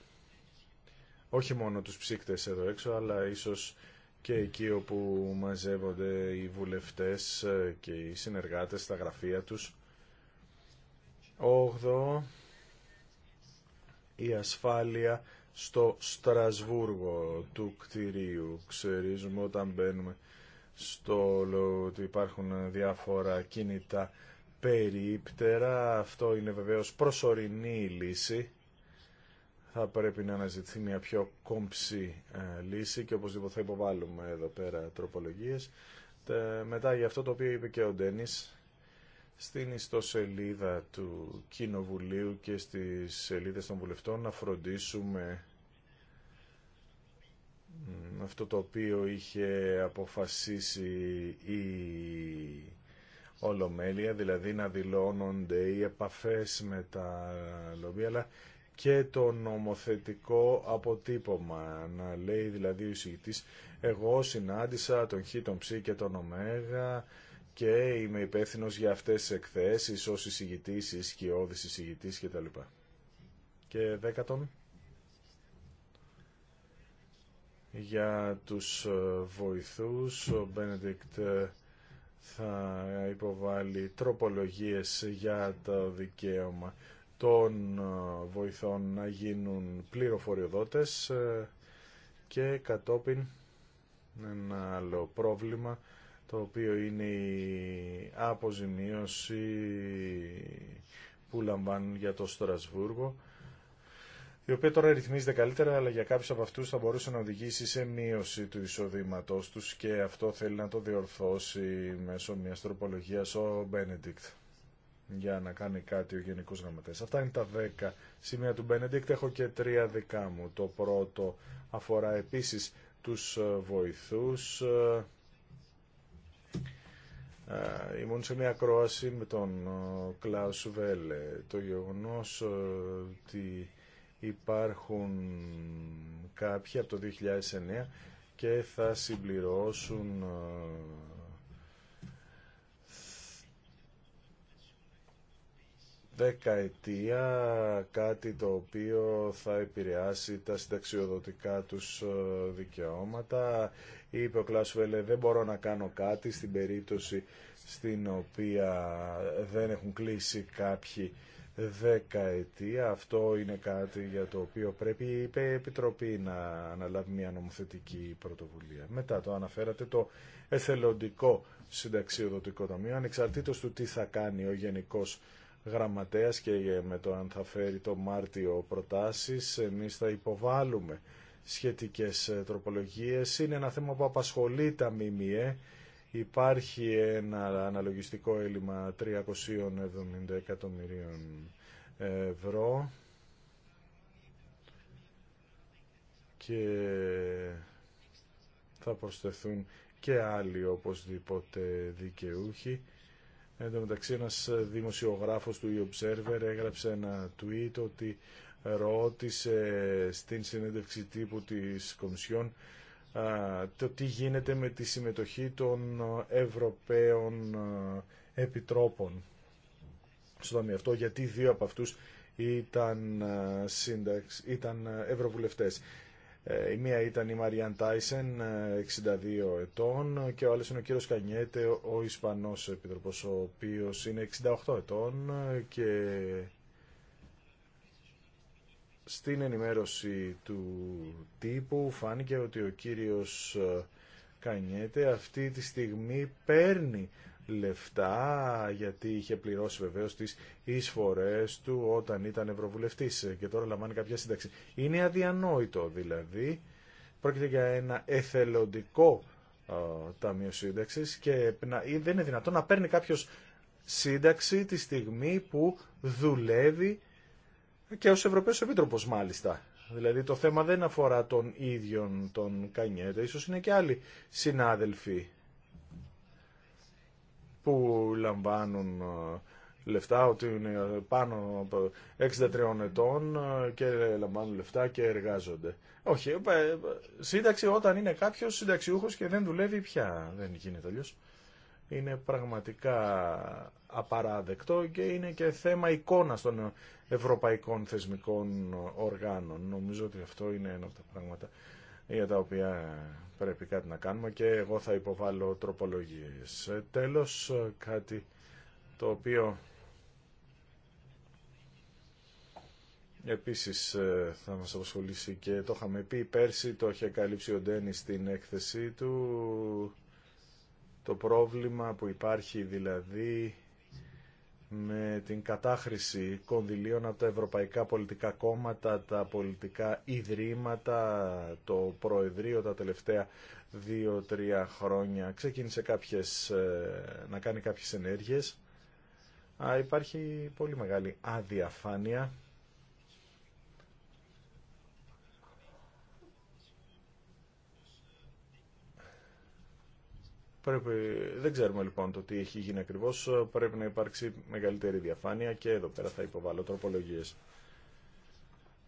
Όχι μόνο τους ψύκτες εδώ έξω, αλλά ίσως και εκεί όπου μαζεύονται οι βουλευτές και οι συνεργάτες στα γραφεία τους. 8 η ασφάλεια στο Στρασβούργο του κτηρίου. Ξερίζουμε όταν μπαίνουμε στο ότι υπάρχουν διάφορα κινητά περίπτερα. Αυτό είναι βεβαίως προσωρινή λύση. Θα πρέπει να αναζητηθεί μια πιο κόμψη ε, λύση και οπωσδήποτε θα υποβάλουμε εδώ πέρα τροπολογίες. μετά για αυτό το οποίο είπε και ο Ντένις, στην ιστοσελίδα του Κοινοβουλίου και στις σελίδες των βουλευτών να φροντίσουμε αυτό το οποίο είχε αποφασίσει η Ολομέλεια, δηλαδή να δηλώνονται οι επαφές με τα λόμπια, αλλά και το νομοθετικό αποτύπωμα. Να λέει δηλαδή ο εισηγητής, εγώ συνάντησα τον Χ, τον Ψ και τον Ωμέγα, και είμαι υπεύθυνο για αυτές τις εκθέσεις ως εισηγητής, και εισηγητής κτλ. Και δέκατον, για τους ε, βοηθούς, ο Μπένεντικτ ε, θα υποβάλει τροπολογίες για το δικαίωμα των ε, βοηθών να γίνουν πληροφοριοδότες και κατόπιν ένα άλλο πρόβλημα το οποίο είναι η αποζημίωση που λαμβάνουν για το Στρασβούργο, η οποία τώρα ρυθμίζεται καλύτερα, αλλά για κάποιους από αυτούς θα μπορούσε να οδηγήσει σε μείωση του εισοδήματός τους και αυτό θέλει να το διορθώσει μέσω μιας τροπολογίας ο Μπένεντικτ για να κάνει κάτι ο Γενικός Γραμματέας. Αυτά είναι τα 10 σημεία του Μπένεντικτ. Έχω και τρία δικά μου. Το πρώτο αφορά επίσης τους βοηθούς ήμουν σε μια ακρόαση με τον Κλάου Βέλε. Το γεγονός ότι υπάρχουν κάποιοι από το 2009 και θα συμπληρώσουν δεκαετία, κάτι το οποίο θα επηρεάσει τα συνταξιοδοτικά τους ε, δικαιώματα. Είπε ο Κλάσουελε, δεν μπορώ να κάνω κάτι στην περίπτωση στην οποία δεν έχουν κλείσει κάποιοι δεκαετία. Αυτό είναι κάτι για το οποίο πρέπει η Επιτροπή να αναλάβει μια νομοθετική πρωτοβουλία. Μετά το αναφέρατε το εθελοντικό συνταξιοδοτικό τομείο, ανεξαρτήτως του τι θα κάνει ο Γενικός γραμματέας και με το αν θα φέρει το Μάρτιο προτάσεις, εμείς θα υποβάλουμε σχετικές ε, τροπολογίες. Είναι ένα θέμα που απασχολεί τα ΜΜΕ. Υπάρχει ένα αναλογιστικό έλλειμμα 370 εκατομμυρίων ε, ευρώ και θα προσθεθούν και άλλοι οπωσδήποτε δικαιούχοι Εν τω μεταξύ ένας ε, δημοσιογράφος του e-Observer έγραψε ένα tweet ότι ρώτησε στην συνέντευξη τύπου της Κομισιόν το τι γίνεται με τη συμμετοχή των ε, Ευρωπαίων ε, Επιτρόπων στο ταμείο αυτό, γιατί δύο από αυτούς ήταν, σύνταξ, ήταν ευρωβουλευτές. Ε, η μία ήταν η Μαριάν Τάισεν, 62 ε, ετών, και ο άλλος είναι ο κύριος Κανιέτε, ο Ισπανός Επιτροπός, ο οποίος είναι 68 ετών ε, και στην ενημέρωση του τύπου φάνηκε ότι ο κύριος Κανιέτε αυτή τη στιγμή παίρνει λεφτά γιατί είχε πληρώσει βεβαίως τις εισφορές του όταν ήταν ευρωβουλευτής και τώρα λαμβάνει κάποια σύνταξη. Είναι αδιανόητο δηλαδή. Πρόκειται για ένα εθελοντικό ε, ταμείο σύνταξης και δεν είναι δυνατόν να παίρνει κάποιος σύνταξη τη στιγμή που δουλεύει και ως Ευρωπαίος Επίτροπος μάλιστα. Δηλαδή το θέμα δεν αφορά τον ίδιον τον Κανιέτα, ίσως είναι και άλλοι συνάδελφοι που λαμβάνουν ε, λεφτά, ότι είναι πάνω από 63 ετών ε, και λαμβάνουν λεφτά και εργάζονται. Όχι, ε, σύνταξη όταν είναι κάποιο συνταξιούχος και δεν δουλεύει πια, δεν γίνεται αλλιώ. Είναι πραγματικά απαράδεκτο και είναι και θέμα εικόνα των ευρωπαϊκών θεσμικών οργάνων. Νομίζω ότι αυτό είναι ένα από τα πράγματα για τα οποία πρέπει κάτι να κάνουμε και εγώ θα υποβάλω τροπολογίες. Τέλος, κάτι το οποίο επίσης ε, θα μας απασχολήσει και το είχαμε πει πέρσι, το είχε καλύψει ο Ντένις στην έκθεσή του, το πρόβλημα που υπάρχει δηλαδή με την κατάχρηση κονδυλίων από τα ευρωπαϊκά πολιτικά κόμματα, τα πολιτικά ιδρύματα, το Προεδρείο τα τελευταία δύο-τρία χρόνια ξεκίνησε κάποιες, ε, να κάνει κάποιες ενέργειες. υπάρχει πολύ μεγάλη αδιαφάνεια Πρέπει, δεν ξέρουμε λοιπόν το τι έχει γίνει ακριβώς. Πρέπει να υπάρξει μεγαλύτερη διαφάνεια και εδώ πέρα θα υποβάλω τροπολογίες.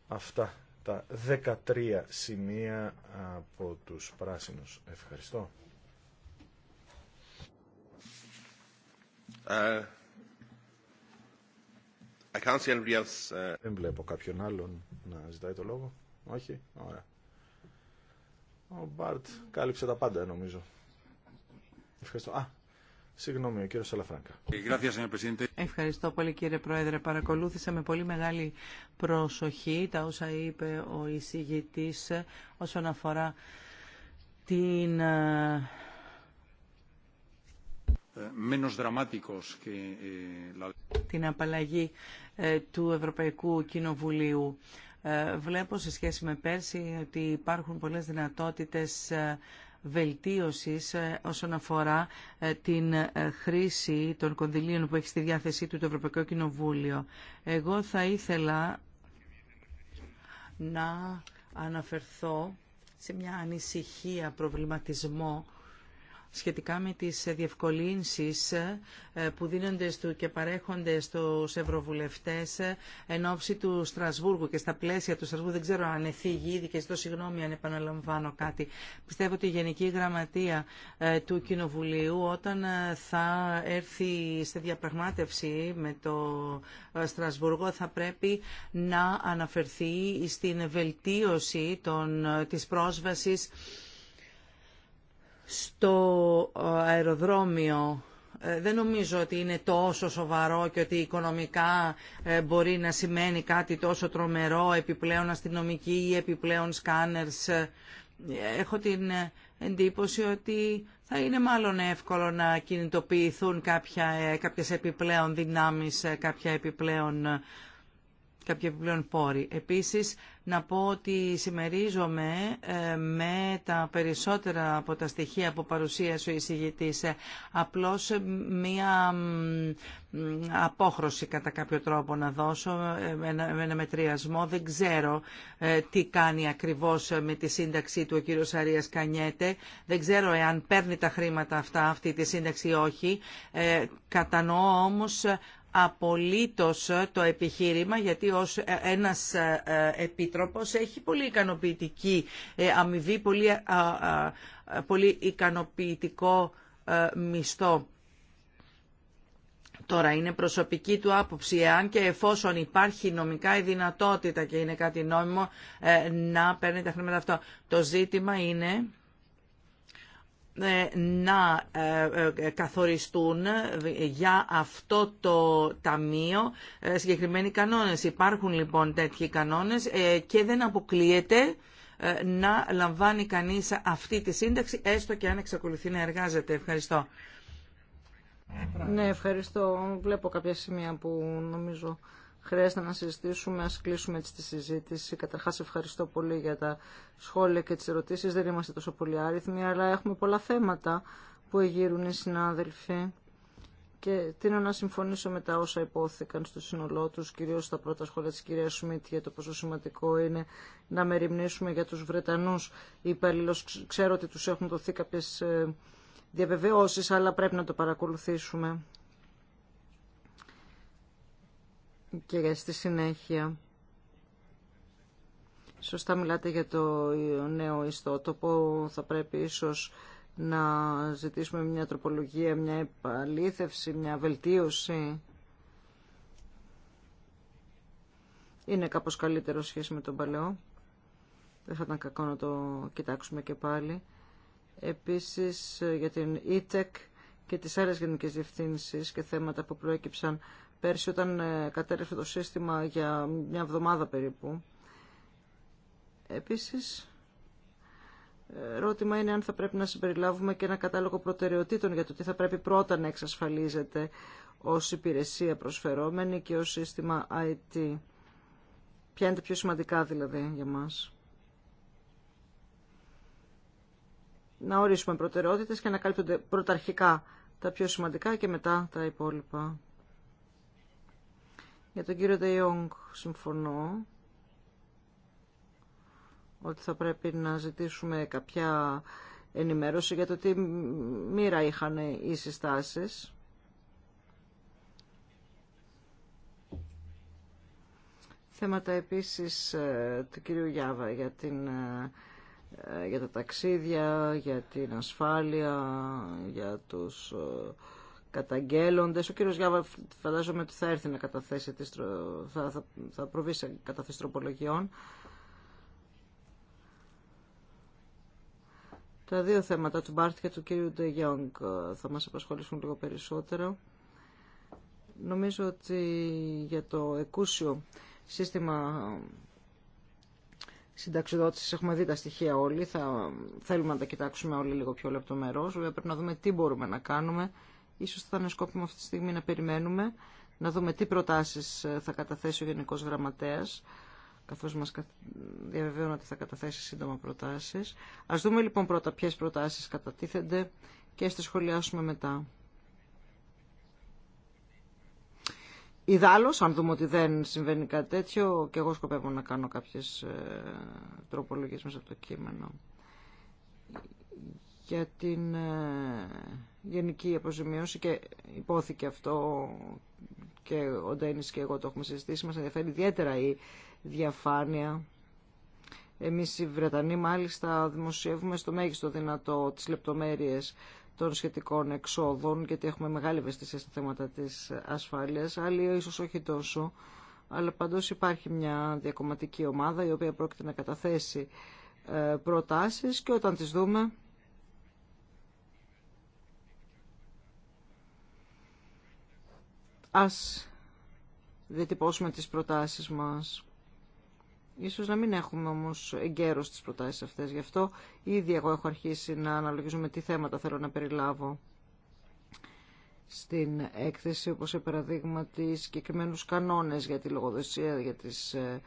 Αυτά τα 13 σημεία από τους πράσινους. Ευχαριστώ. Ε, I can't see ε. Δεν βλέπω κάποιον άλλον να ζητάει το λόγο. Όχι. Ωραία. Ο Μπάρτ κάλυψε τα πάντα νομίζω. Ε, Ευχαριστώ. πολύ κύριε Πρόεδρε. Παρακολούθησα με πολύ μεγάλη προσοχή τα όσα είπε ο εισηγητή όσον αφορά την ε, ε, την απαλλαγή του Ευρωπαϊκού Κοινοβουλίου. Βλέπω σε σχέση με πέρσι ότι υπάρχουν πολλές δυνατότητες βελτίωσης ε, όσον αφορά ε, την ε, χρήση των κονδυλίων που έχει στη διάθεσή του το Ευρωπαϊκό Κοινοβούλιο. Εγώ θα ήθελα να αναφερθώ σε μια ανησυχία, προβληματισμό σχετικά με τις διευκολύνσεις ε, που δίνονται και παρέχονται στους ευρωβουλευτές ε, εν ώψη του Στρασβούργου και στα πλαίσια του Στρασβούργου. Δεν ξέρω αν εφήγει ήδη και ζητώ συγγνώμη αν επαναλαμβάνω κάτι. Πιστεύω ότι η Γενική Γραμματεία ε, του Κοινοβουλίου όταν θα έρθει σε διαπραγμάτευση με το Στρασβούργο θα πρέπει να αναφερθεί στην βελτίωση των, της πρόσβασης στο ε, αεροδρόμιο ε, δεν νομίζω ότι είναι τόσο σοβαρό και ότι οικονομικά ε, μπορεί να σημαίνει κάτι τόσο τρομερό, επιπλέον αστυνομική ή επιπλέον σκάνερς. Έχω την εντύπωση ότι θα είναι μάλλον εύκολο να κινητοποιηθούν κάποια, κάποιες επιπλέον δυνάμεις, κάποια επιπλέον κάποια επιπλέον πόρη. Επίσης, να πω ότι συμμερίζομαι ε, με τα περισσότερα από τα στοιχεία που παρουσίασε ο εισηγητής. Ε, απλώς ε, μία απόχρωση κατά κάποιο τρόπο να δώσω, με ένα μετριασμό. Δεν ξέρω τι κάνει ακριβώς με τη σύνταξή του ο κύριος Αρίας Κανιέτε. Δεν ξέρω εάν παίρνει τα χρήματα αυτά, αυτή τη σύνταξη ή όχι. Κατανοώ όμως απολύτως το επιχείρημα γιατί ως ένας ε, ε, επίτροπος έχει πολύ ικανοποιητική ε, αμοιβή, πολύ, πολύ ικανοποιητικό μισθό. Τώρα είναι προσωπική του άποψη, εάν και εφόσον υπάρχει νομικά η δυνατότητα και είναι κάτι νόμιμο να παίρνει τα χρήματα αυτό. Το ζήτημα είναι ε, να ε, ε, καθοριστούν για αυτό το ταμείο συγκεκριμένοι κανόνες. Υπάρχουν λοιπόν τέτοιοι κανόνες και δεν αποκλείεται να λαμβάνει κανείς αυτή τη σύνταξη έστω και αν εξακολουθεί να εργάζεται. Ευχαριστώ. Ναι, ευχαριστώ. Βλέπω κάποια σημεία που νομίζω χρειάζεται να συζητήσουμε, ας κλείσουμε έτσι τη συζήτηση. Καταρχάς ευχαριστώ πολύ για τα σχόλια και τις ερωτήσεις. Δεν είμαστε τόσο πολύ άριθμοι, αλλά έχουμε πολλά θέματα που εγείρουν οι συνάδελφοι. Και τίνω να συμφωνήσω με τα όσα υπόθηκαν στο σύνολό του, κυρίω στα πρώτα σχόλια τη κυρία Σμιτ για το πόσο σημαντικό είναι να μεριμνήσουμε για του Βρετανού υπαλλήλου. Ξέρω ότι του έχουν δοθεί κάποιε διαβεβαιώσει, αλλά πρέπει να το παρακολουθήσουμε. και στη συνέχεια. Σωστά μιλάτε για το νέο ιστότοπο. Θα πρέπει ίσως να ζητήσουμε μια τροπολογία, μια επαλήθευση, μια βελτίωση. Είναι κάπως καλύτερο σχέση με τον παλαιό. Δεν θα ήταν κακό να το κοιτάξουμε και πάλι. Επίσης ε, για την e και τις άλλες γενικές διευθύνσεις και θέματα που προέκυψαν πέρσι όταν ε, κατέρευσε το σύστημα για μια εβδομάδα περίπου. Επίσης, ε, Ρώτημα είναι αν θα πρέπει να συμπεριλάβουμε και ένα κατάλογο προτεραιοτήτων για το τι θα πρέπει πρώτα να εξασφαλίζεται ως υπηρεσία προσφερόμενη και ως σύστημα IT. Ποια είναι τα πιο σημαντικά δηλαδή για μας. Να ορίσουμε προτεραιότητες και να καλύπτονται πρωταρχικά τα πιο σημαντικά και μετά τα υπόλοιπα. Για τον κύριο Ντεϊόγκ συμφωνώ ότι θα πρέπει να ζητήσουμε κάποια ενημέρωση για το τι μοίρα είχαν οι συστάσεις. Θέματα επίσης ε, του κυρίου Γιάβα για, την, ε, ε, για τα ταξίδια, για την ασφάλεια, για τους καταγγέλλονται. Ο κύριο Γιάβα φαντάζομαι ότι θα έρθει να καταθέσει, θα, θα, θα προβεί σε καταθέσει τροπολογιών. Τα δύο θέματα του Μπάρτ και του κύριου Ντε θα μας απασχολήσουν λίγο περισσότερο. Νομίζω ότι για το εκούσιο σύστημα συνταξιδότησης έχουμε δει τα στοιχεία όλοι. Θα θέλουμε να τα κοιτάξουμε όλοι λίγο πιο λεπτομερώς. Βέβαια πρέπει να δούμε τι μπορούμε να κάνουμε Ίσως θα είναι σκόπιμο αυτή τη στιγμή να περιμένουμε, να δούμε τι προτάσεις ε, θα καταθέσει ο Γενικός Γραμματέας, καθώς μας διαβεβαίωνε ότι θα καταθέσει σύντομα προτάσεις. Ας δούμε λοιπόν πρώτα ποιες προτάσεις κατατίθενται και ας σχολιάσουμε μετά. Ιδάλλως, αν δούμε ότι δεν συμβαίνει κάτι τέτοιο, και εγώ σκοπεύω να κάνω κάποιες ε, τροπολογίες μέσα από το κείμενο. Για την ε, γενική αποζημίωση και υπόθηκε αυτό και ο Ντένις και εγώ το έχουμε συζητήσει. Μας ενδιαφέρει ιδιαίτερα η διαφάνεια. Εμείς οι Βρετανοί μάλιστα δημοσιεύουμε στο μέγιστο δυνατό τις λεπτομέρειες των σχετικών εξόδων, γιατί έχουμε μεγάλη ευαισθησία στα θέματα της ασφάλειας, άλλοι ίσως όχι τόσο, αλλά παντός υπάρχει μια διακομματική ομάδα η οποία πρόκειται να καταθέσει ε, προτάσεις και όταν τις δούμε ας διατυπώσουμε τις προτάσεις μας. Ίσως να μην έχουμε όμως εγκαίρως τις προτάσεις αυτές. Γι' αυτό ήδη εγώ έχω αρχίσει να αναλογίζουμε τι θέματα θέλω να περιλάβω στην έκθεση, όπως σε παραδείγμα συγκεκριμένου κανόνες για τη λογοδοσία, για τις ε,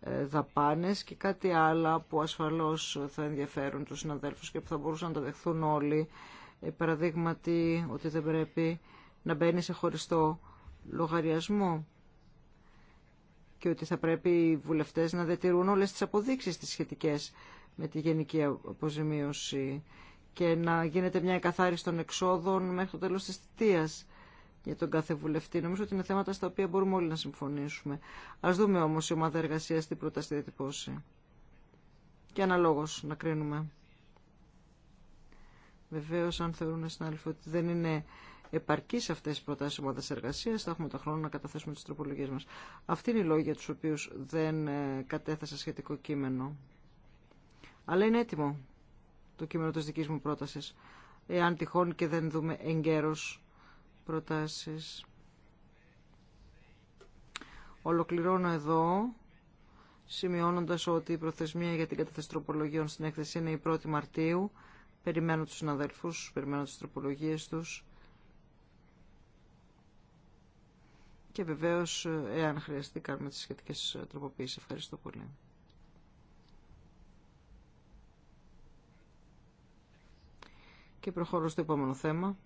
ε, δαπάνες και κάτι άλλο που ασφαλώς θα ενδιαφέρουν τους συναδέλφους και που θα μπορούσαν να τα δεχθούν όλοι. Ε, παραδείγματι ότι δεν πρέπει να μπαίνει σε χωριστό λογαριασμό και ότι θα πρέπει οι βουλευτές να διατηρούν όλες τις αποδείξεις τις σχετικές με τη γενική αποζημίωση και να γίνεται μια εκαθάριση των εξόδων μέχρι το τέλος της θητείας για τον κάθε βουλευτή. Νομίζω ότι είναι θέματα στα οποία μπορούμε όλοι να συμφωνήσουμε. Ας δούμε όμως η ομάδα εργασία τι πρόταση διατυπώσει. Και αναλόγως να κρίνουμε. Βεβαίως αν θεωρούν συνάδελφοι ότι δεν είναι επαρκεί σε αυτές τι προτάσεις ομάδας εργασίας, θα έχουμε το χρόνο να καταθέσουμε τι τροπολογίε μα. Αυτή είναι η λόγια για τους δεν ε, κατέθεσα σχετικό κείμενο. Αλλά είναι έτοιμο το κείμενο τη δική μου πρόταση. εάν τυχόν και δεν δούμε εγκαίρω προτάσει. Ολοκληρώνω εδώ, σημειώνοντας ότι η προθεσμία για την κατάθεση τροπολογιών στην έκθεση είναι η 1η Μαρτίου. Περιμένω τους συναδέλφους, περιμένω τις τροπολογίες τους και βεβαίως εάν χρειαστεί κάνουμε τις σχετικές τροποποίησεις. Ευχαριστώ πολύ. Και προχωρώ στο επόμενο θέμα.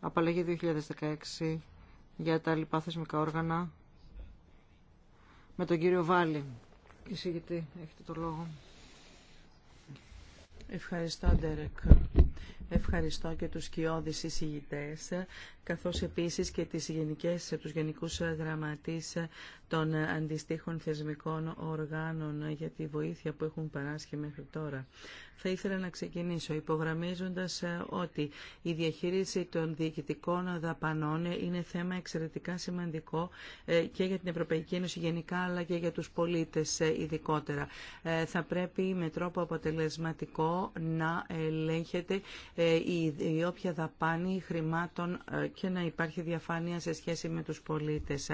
Απαλλαγή 2016 για τα λοιπά θεσμικά όργανα με τον κύριο Βάλη. Εισηγητή, έχετε το λόγο. Ευχαριστώ, Ντέρεκ. Ευχαριστώ και τους κοιόδης εισηγητές, καθώς επίσης και τις γενικές, τους γενικούς γραμματείς των αντιστοίχων θεσμικών οργάνων για τη βοήθεια που έχουν παράσχει μέχρι τώρα. Θα ήθελα να ξεκινήσω υπογραμμίζοντας ότι η διαχείριση των διοικητικών δαπανών είναι θέμα εξαιρετικά σημαντικό ε, και για την Ευρωπαϊκή Ένωση γενικά αλλά και για τους πολίτες ε, ειδικότερα. Ε, θα πρέπει με τρόπο αποτελεσματικό να ελέγχεται ε, η όποια δαπάνη χρημάτων ε, και να υπάρχει διαφάνεια σε σχέση με τους πολίτες.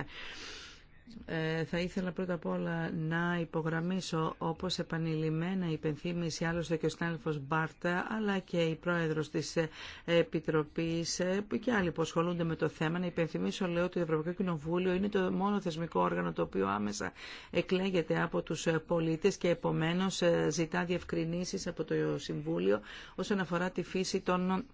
Ε, θα ήθελα πρώτα απ' όλα να υπογραμμίσω όπως επανειλημμένα υπενθύμηση άλλωστε και ο Στέλφος Μπάρτα αλλά και η πρόεδρος της Επιτροπής ε, και άλλοι που ασχολούνται με το θέμα να υπενθυμίσω λέω ότι το Ευρωπαϊκό Κοινοβούλιο είναι το μόνο θεσμικό όργανο το οποίο άμεσα εκλέγεται από τους πολίτες και επομένως ε, ζητά διευκρινήσεις από το Συμβούλιο όσον αφορά τη φύση των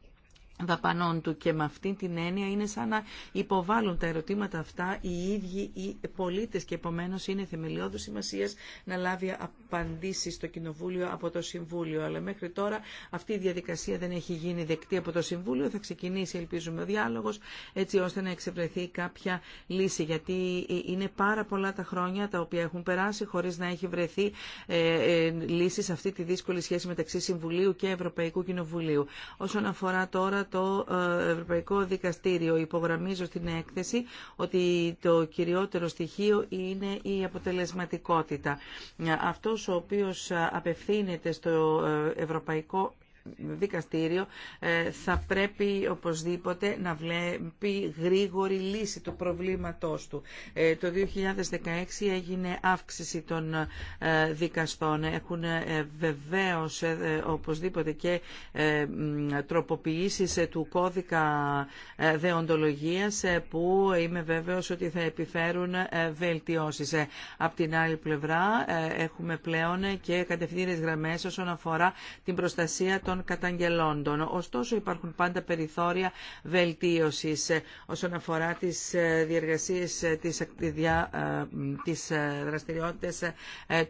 δαπανών του και με αυτή την έννοια είναι σαν να υποβάλλουν τα ερωτήματα αυτά οι ίδιοι οι πολίτες και επομένω είναι θεμελιώδου σημασία να λάβει απαντήσεις στο Κοινοβούλιο από το Συμβούλιο. Αλλά μέχρι τώρα αυτή η διαδικασία δεν έχει γίνει δεκτή από το Συμβούλιο. Θα ξεκινήσει ελπίζουμε ο διάλογος έτσι ώστε να εξευρεθεί κάποια λύση γιατί είναι πάρα πολλά τα χρόνια τα οποία έχουν περάσει χωρίς να έχει βρεθεί ε, ε, λύση σε αυτή τη δύσκολη σχέση μεταξύ Συμβουλίου και Ευρωπαϊκού Κοινοβουλίου. Όσον αφορά τώρα το ε, Ευρωπαϊκό Δικαστήριο. Υπογραμμίζω στην έκθεση ότι το κυριότερο στοιχείο είναι η αποτελεσματικότητα. Ε, αυτός ο οποίος ε, απευθύνεται στο Ευρωπαϊκό δικαστήριο ε, θα πρέπει οπωσδήποτε να βλέπει γρήγορη λύση του προβλήματός του. Ε, το 2016 έγινε αύξηση των ε, δικαστών. Έχουν βεβαίως οπωσδήποτε και τροποποιήσεις του κώδικα δεοντολογίας που είμαι βέβαιος ότι θα επιφέρουν βελτιώσεις. Απ' την άλλη πλευρά έχουμε πλέον και κατευθύνες γραμμές όσον αφορά την προστασία των των καταγγελόντων. Ωστόσο υπάρχουν πάντα περιθώρια βελτίωσης ε, όσον αφορά τις ε, διεργασίες ε, της δραστηριότητες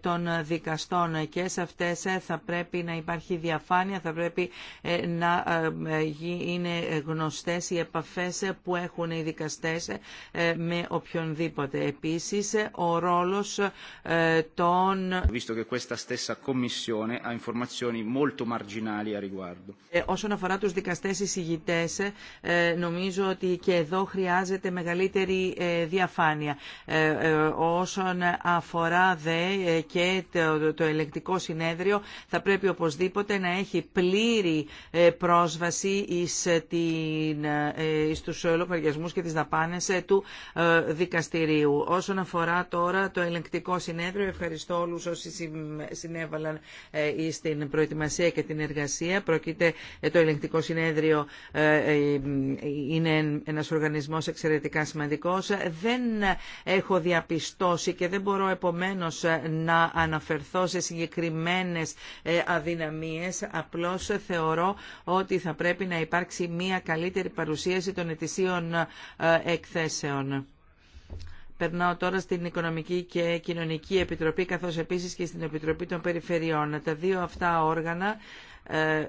των δικαστών και σε αυτές θα πρέπει να υπάρχει διαφάνεια, θα πρέπει να είναι γνωστές οι επαφές που έχουν οι δικαστές με οποιονδήποτε. Επίσης, ο ρόλος των... Visto che questa stessa commissione ha informazioni molto marginali ε, όσον αφορά τους δικαστές εισηγητές, ε, νομίζω ότι και εδώ χρειάζεται μεγαλύτερη ε, διαφάνεια. Όσον αφορά δε και το ελεγκτικό συνέδριο, θα πρέπει οπωσδήποτε να έχει πλήρη πρόσβαση εις, την, εις και τις δαπάνες του δικαστηρίου. Όσον αφορά τώρα το ελεγκτικό συνέδριο, ευχαριστώ όλους όσοι συνέβαλαν στην προετοιμασία και την εργασία Πρόκειται ε, το ελεγκτικό συνέδριο ε, ε, είναι ένας οργανισμός εξαιρετικά σημαντικός. Δεν έχω διαπιστώσει και δεν μπορώ επομένως να αναφερθώ σε συγκεκριμένες αδυναμίες. Απλώς θεωρώ ότι θα πρέπει να υπάρξει μια καλύτερη παρουσίαση των ετησίων εκθέσεων. Περνάω τώρα στην Οικονομική και Κοινωνική Επιτροπή, καθώς επίσης και στην Επιτροπή των Περιφερειών. Τα δύο αυτά όργανα ε,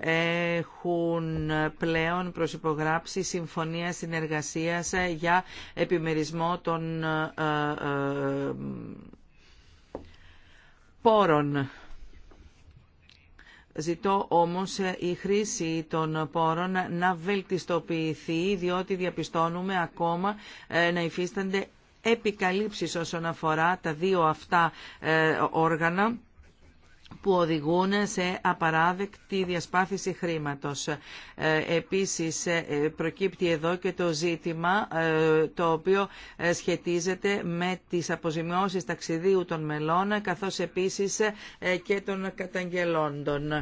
ε, έχουν πλέον προσυπογράψει συμφωνία συνεργασίας ε, για επιμερισμό των πόρων. Ζητώ όμως η χρήση των πόρων να βελτιστοποιηθεί, διότι διαπιστώνουμε ακόμα να υφίστανται επικαλύψεις όσον αφορά τα δύο αυτά όργανα που οδηγούν σε απαράδεκτη διασπάθηση χρήματος. Ε, επίσης ε, προκύπτει εδώ και το ζήτημα ε, το οποίο σχετίζεται με τις αποζημιώσεις ταξιδίου των μελών καθώς επίσης και των καταγγελόντων.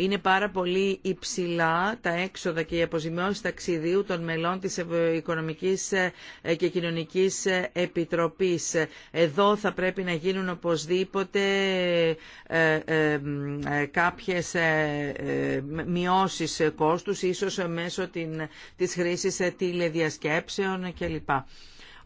Είναι πάρα πολύ υψηλά τα έξοδα και οι αποζημιώσει ταξιδίου των μελών της Οικονομικής ε, ε, και Κοινωνικής ε, Επιτροπής. Εδώ θα πρέπει να γίνουν οπωσδήποτε κάποιες μειώσεις κόστους, ίσως μέσω της χρήσης τηλεδιασκέψεων κλπ.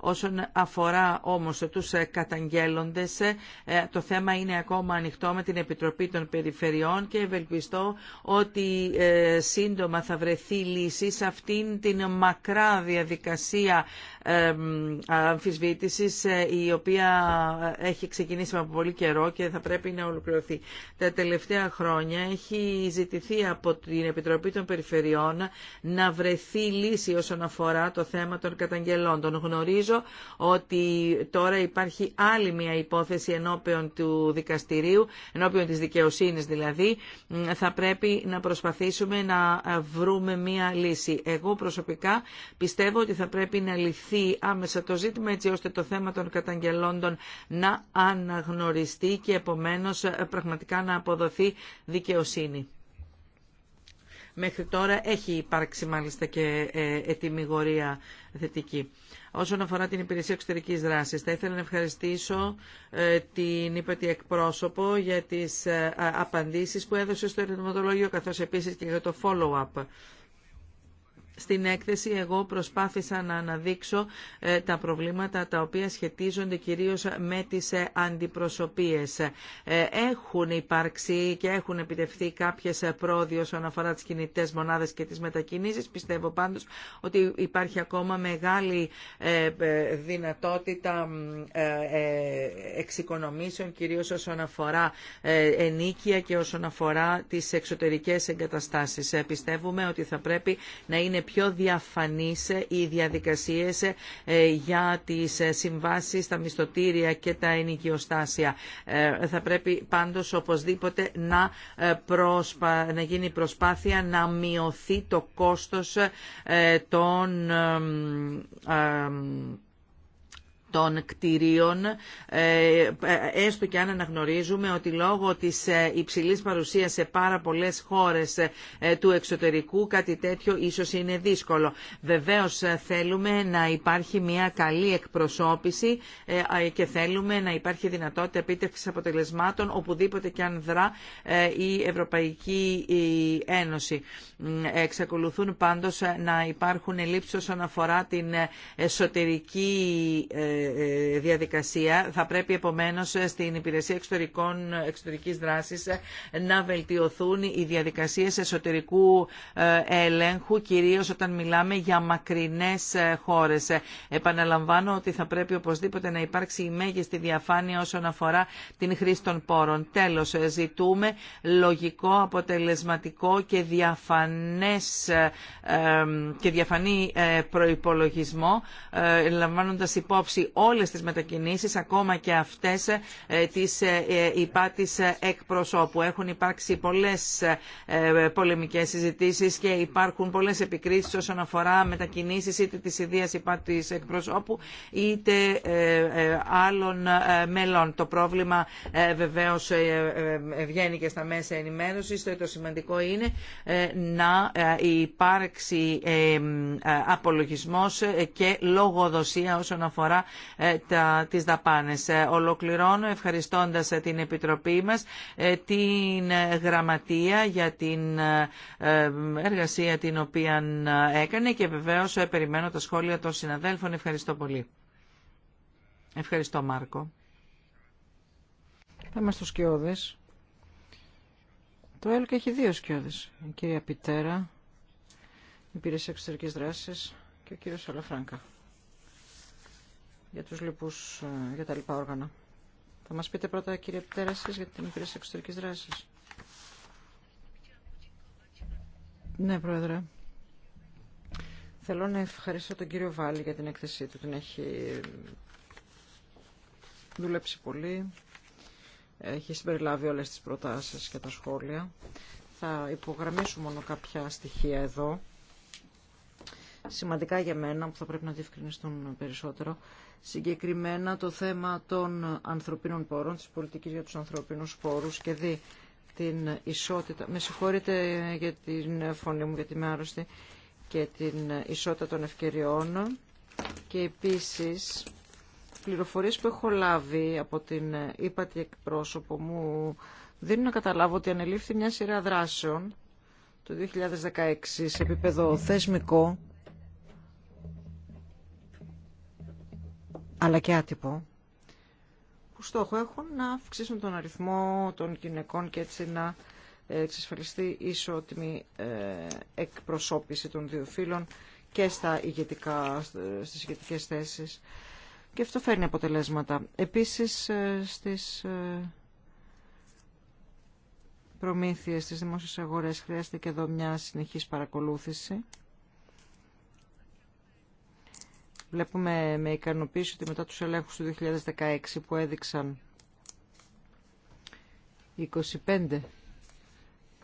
Όσον αφορά όμως τους ε, καταγγέλλοντες, ε, ε, το θέμα είναι ακόμα ανοιχτό με την Επιτροπή των Περιφερειών και ευελπιστώ ότι σύντομα θα βρεθεί λύση σε αυτήν την μακρά διαδικασία Αμφισβήτηση, ε, η οποία έχει ξεκινήσει από πολύ καιρό και θα πρέπει να ολοκληρωθεί. Τα τελευταία χρόνια έχει ζητηθεί από την Επιτροπή των Περιφερειών να βρεθεί λύση όσον αφορά το θέμα των καταγγελών. Τον γνωρίζω ότι τώρα υπάρχει άλλη μια υπόθεση ενώπιον του δικαστηρίου, ενώπιον της δικαιοσύνης δηλαδή. Θα πρέπει να προσπαθήσουμε να βρούμε μια λύση. Εγώ προσωπικά πιστεύω ότι θα πρέπει να λυθεί λυθεί άμεσα το ζήτημα έτσι ώστε το θέμα των καταγγελόντων να αναγνωριστεί και επομένως ε, πραγματικά να αποδοθεί δικαιοσύνη. Μέχρι τώρα έχει υπάρξει μάλιστα και ε, ετοιμιγορία θετική. Όσον αφορά την υπηρεσία εξωτερικής δράσης, θα ήθελα να ευχαριστήσω ε, την ύπατη εκπρόσωπο για τις απαντήσεις που έδωσε στο ερευνηματολόγιο, καθώς επίσης και για το follow-up. Στην έκθεση εγώ προσπάθησα να αναδείξω ε, τα προβλήματα τα οποία σχετίζονται κυρίως με τις ε, αντιπροσωπίες. Ε, έχουν υπάρξει και έχουν επιτευχθεί κάποιες πρόοδοι όσον αφορά τις κινητές μονάδες και τις μετακινήσεις. Πιστεύω πάντως ότι υπάρχει ακόμα μεγάλη δυνατότητα εξοικονομήσεων κυρίως όσον αφορά ενίκεια και όσον αφορά τις εξωτερικές εγκαταστάσεις. Πιστεύουμε ότι θα πρέπει να είναι πιο διαφανείς οι διαδικασίες ε, για τις ε, συμβάσεις, τα μισθωτήρια και τα ενοικιοστάσια. Ε, θα πρέπει πάντως οπωσδήποτε να, προσπα... να γίνει προσπάθεια να μειωθεί το κόστος των των κτηρίων, ε, έστω και αν αναγνωρίζουμε ότι λόγω της ε, υψηλής παρουσίας σε πάρα πολλές χώρες ε, του εξωτερικού κάτι τέτοιο ίσως είναι δύσκολο. Βεβαίως θέλουμε να υπάρχει μια καλή εκπροσώπηση και θέλουμε να υπάρχει δυνατότητα επίτευξης αποτελεσμάτων οπουδήποτε και αν δρά η Ευρωπαϊκή Ένωση. Εξακολουθούν πάντως να υπάρχουν ελλείψεις όσον αφορά την εσωτερική διαδικασία. Θα πρέπει επομένως στην Υπηρεσία Εξωτερικών, Εξωτερικής Δράσης να βελτιωθούν οι διαδικασίες εσωτερικού ε, ελέγχου, κυρίως όταν μιλάμε για μακρινές ε, χώρες. Επαναλαμβάνω ότι θα πρέπει οπωσδήποτε να υπάρξει η μέγιστη διαφάνεια όσον αφορά την χρήση των πόρων. Τέλος, ε, ζητούμε λογικό, αποτελεσματικό και διαφανές και διαφανή προϋπολογισμό λαμβάνοντας υπόψη όλες τις μετακινήσεις, ακόμα και αυτές ε, ε, ε, της υπάτης εκπροσώπου. Έχουν υπάρξει πολλές πολεμικές συζητήσεις και υπάρχουν πολλές επικρίσεις όσον αφορά μετακινήσεις είτε της ιδίας υπάτης εκπροσώπου είτε άλλων μελών. Το πρόβλημα βεβαίως βγαίνει και στα μέσα ενημέρωσης. Το σημαντικό είναι να υπάρξει απολογισμός και λογοδοσία όσον αφορά ε, τις δαπάνες. Ε, ολοκληρώνω ευχαριστώντας ε, την Επιτροπή μας, την Γραμματεία για την εργασία την οποία έκανε και βεβαίως περιμένω τα σχόλια των συναδέλφων. Ευχαριστώ πολύ. Ευχαριστώ Μάρκο. Θα είμαστε στους σκιώδες. Το ΕΛΚ έχει δύο σκιώδες. Η κυρία Πιτέρα, η υπηρεσία εξωτερικής δράσης και ο κύριος Αλαφράγκα για, τους λοιπούς, ε, για τα λοιπά όργανα. Θα μας πείτε πρώτα κύριε Πτέρα εσείς για την υπηρεσία εξωτερική δράση. Ναι, Πρόεδρε. Θέλω να ευχαριστώ τον κύριο Βάλη για την έκθεσή του. Την έχει δουλέψει πολύ. Έχει συμπεριλάβει όλες τις προτάσεις και τα σχόλια. Θα υπογραμμίσω μόνο κάποια στοιχεία εδώ. Σημαντικά για μένα, που θα πρέπει να διευκρινιστούν περισσότερο συγκεκριμένα το θέμα των ανθρωπίνων πόρων, της πολιτικής για τους ανθρωπίνους πόρους και δει την ισότητα. Με συγχωρείτε για την φωνή μου, γιατί είμαι άρρωστη και την ισότητα των ευκαιριών και επίσης πληροφορίες που έχω λάβει από την ύπατη εκπρόσωπο μου δίνουν να καταλάβω ότι ανελήφθη μια σειρά δράσεων το 2016 σε επίπεδο θεσμικό αλλά και άτυπο, που στόχο έχουν να αυξήσουν τον αριθμό των γυναικών και έτσι να ε, εξασφαλιστεί ισότιμη ε, εκπροσώπηση των δύο φύλων και στα ηγετικά, στις ηγετικές θέσεις. Και αυτό φέρνει αποτελέσματα. Επίσης ε, στις προμήθειες, στις δημόσιες αγορές χρειάζεται και εδώ μια συνεχής παρακολούθηση Βλέπουμε με ικανοποίηση ότι μετά τους ελέγχους του 2016 που έδειξαν 25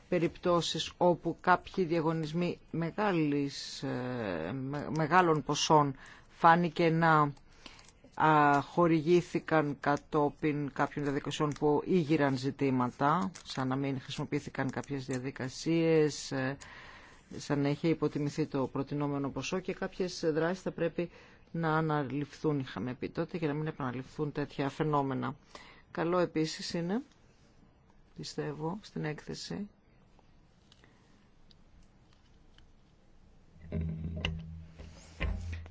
περιπτώσεις όπου κάποιοι διαγωνισμοί μεγάλης, ε, μεγάλων ποσών φάνηκε να χορηγήθηκαν κατόπιν κάποιων διαδικασιών που ήγηραν ζητήματα, σαν να μην χρησιμοποιήθηκαν κάποιες διαδικασίες, ε, σαν να είχε υποτιμηθεί το προτινόμενο ποσό και κάποιες δράσεις θα πρέπει να αναλυφθούν, είχαμε πει τότε, για να μην επαναληφθούν τέτοια φαινόμενα. Καλό επίσης είναι, πιστεύω, στην έκθεση.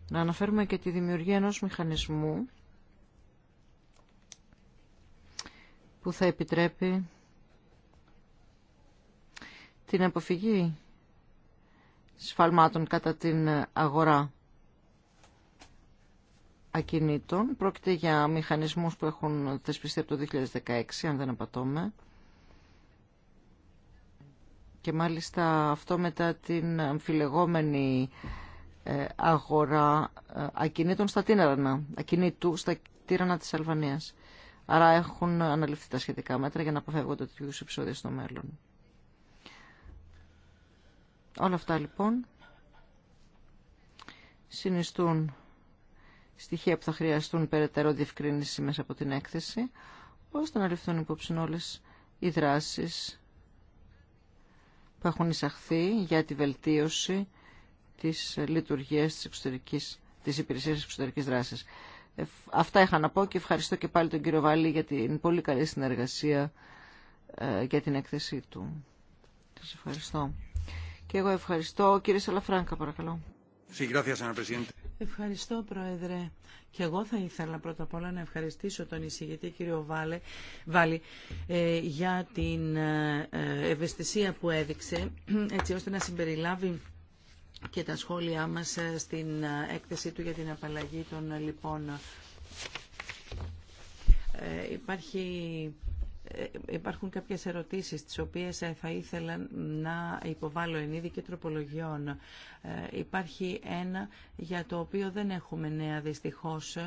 Να αναφέρουμε και τη δημιουργία ενός μηχανισμού που θα επιτρέπει την αποφυγή σφαλμάτων κατά την αγορά ακινήτων. Πρόκειται για μηχανισμούς που έχουν θεσπιστεί από το 2016, αν δεν απατώμε. Και μάλιστα αυτό μετά την αμφιλεγόμενη ε, αγορά ε, ακινήτων στα Τιράνα, ακινήτου στα Τύρανα της Αλβανίας. Άρα έχουν αναλυφθεί τα σχετικά μέτρα για να αποφεύγονται τέτοιου επεισόδια στο μέλλον. Όλα αυτά λοιπόν συνιστούν στοιχεία που θα χρειαστούν περαιτέρω διευκρίνηση μέσα από την έκθεση, ώστε να ληφθούν υπόψη όλες οι δράσεις που έχουν εισαχθεί για τη βελτίωση της λειτουργίας της, εξωτερικής, της υπηρεσίας της εξωτερικής δράσης. Ε, αυτά είχα να πω και ευχαριστώ και πάλι τον κύριο Βαλή για την πολύ καλή συνεργασία ε, για την έκθεσή του. Σας ευχαριστώ. Και εγώ ευχαριστώ. Κύριε Σαλαφράγκα, παρακαλώ. Sí, gracias, Ευχαριστώ, Πρόεδρε. Και εγώ θα ήθελα πρώτα απ' όλα να ευχαριστήσω τον εισηγητή κύριο Βάλε, ε, για την ε, ε, ευαισθησία που έδειξε έτσι ώστε να συμπεριλάβει και τα σχόλιά μας στην έκθεσή του για την απαλλαγή των λοιπόν. Υπάρχει ε, υπάρχουν κάποιες ερωτήσεις τις οποίες ε, θα ήθελα να υποβάλω εν είδη και τροπολογιών. Ε, υπάρχει ένα για το οποίο δεν έχουμε νέα δυστυχώς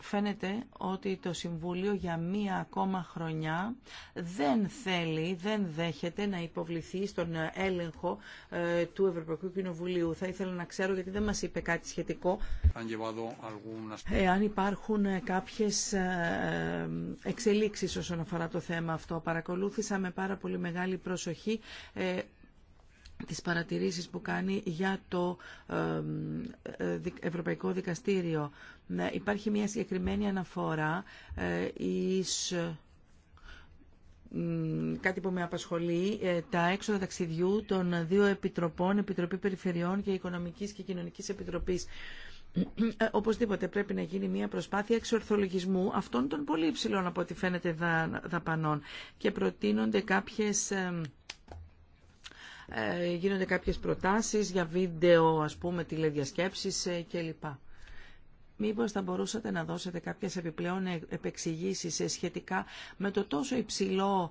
φαίνεται ότι το Συμβούλιο για μία ακόμα χρονιά δεν θέλει, δεν δέχεται να υποβληθεί στον έλεγχο ε, του Ευρωπαϊκού Κοινοβουλίου. Θα ήθελα να ξέρω γιατί δεν μας είπε κάτι σχετικό. Εάν υπάρχουν κάποιες ε, εξελίξεις όσον αφορά το θέμα αυτό. Παρακολούθησα με πάρα πολύ μεγάλη προσοχή ε, τις παρατηρήσεις που κάνει για το ε, Ευρωπαϊκό Δικαστήριο. Ναι, υπάρχει μια συγκεκριμένη αναφορά ε, εις κάτι που με απασχολεί, ε, τα έξοδα ταξιδιού των δύο επιτροπών, Επιτροπή Περιφερειών και Οικονομικής και Κοινωνικής Επιτροπής. Οπωσδήποτε πρέπει να γίνει μια προσπάθεια εξορθολογισμού αυτών των πολύ υψηλών από ό,τι φαίνεται δαπανών και προτείνονται κάποιες ε, γίνονται κάποιες προτάσεις για βίντεο, ας πούμε, τηλεδιασκέψεις ε, κλπ. Μήπως θα μπορούσατε να δώσετε κάποιες επιπλέον ε, επεξηγήσεις σχετικά με το τόσο υψηλό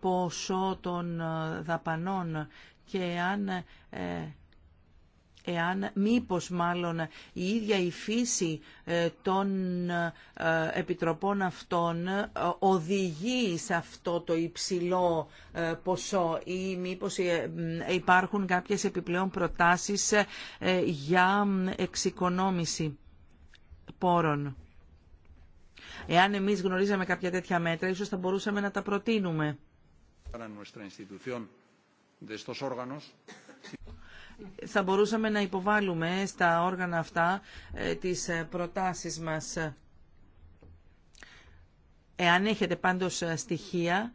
ποσό των δαπανών και αν εάν μήπως μάλλον η ίδια η φύση ε, των ε, επιτροπών αυτών ε, οδηγεί σε αυτό το υψηλό ποσό ή μήπως υπάρχουν κάποιες επιπλέον προτάσεις για εξοικονόμηση πόρων. Εάν εμείς γνωρίζαμε κάποια τέτοια μέτρα, ίσως θα μπορούσαμε να τα προτείνουμε θα μπορούσαμε να υποβάλουμε στα όργανα αυτά ε, τις ε, προτάσεις μας. Εάν έχετε πάντως ε, στοιχεία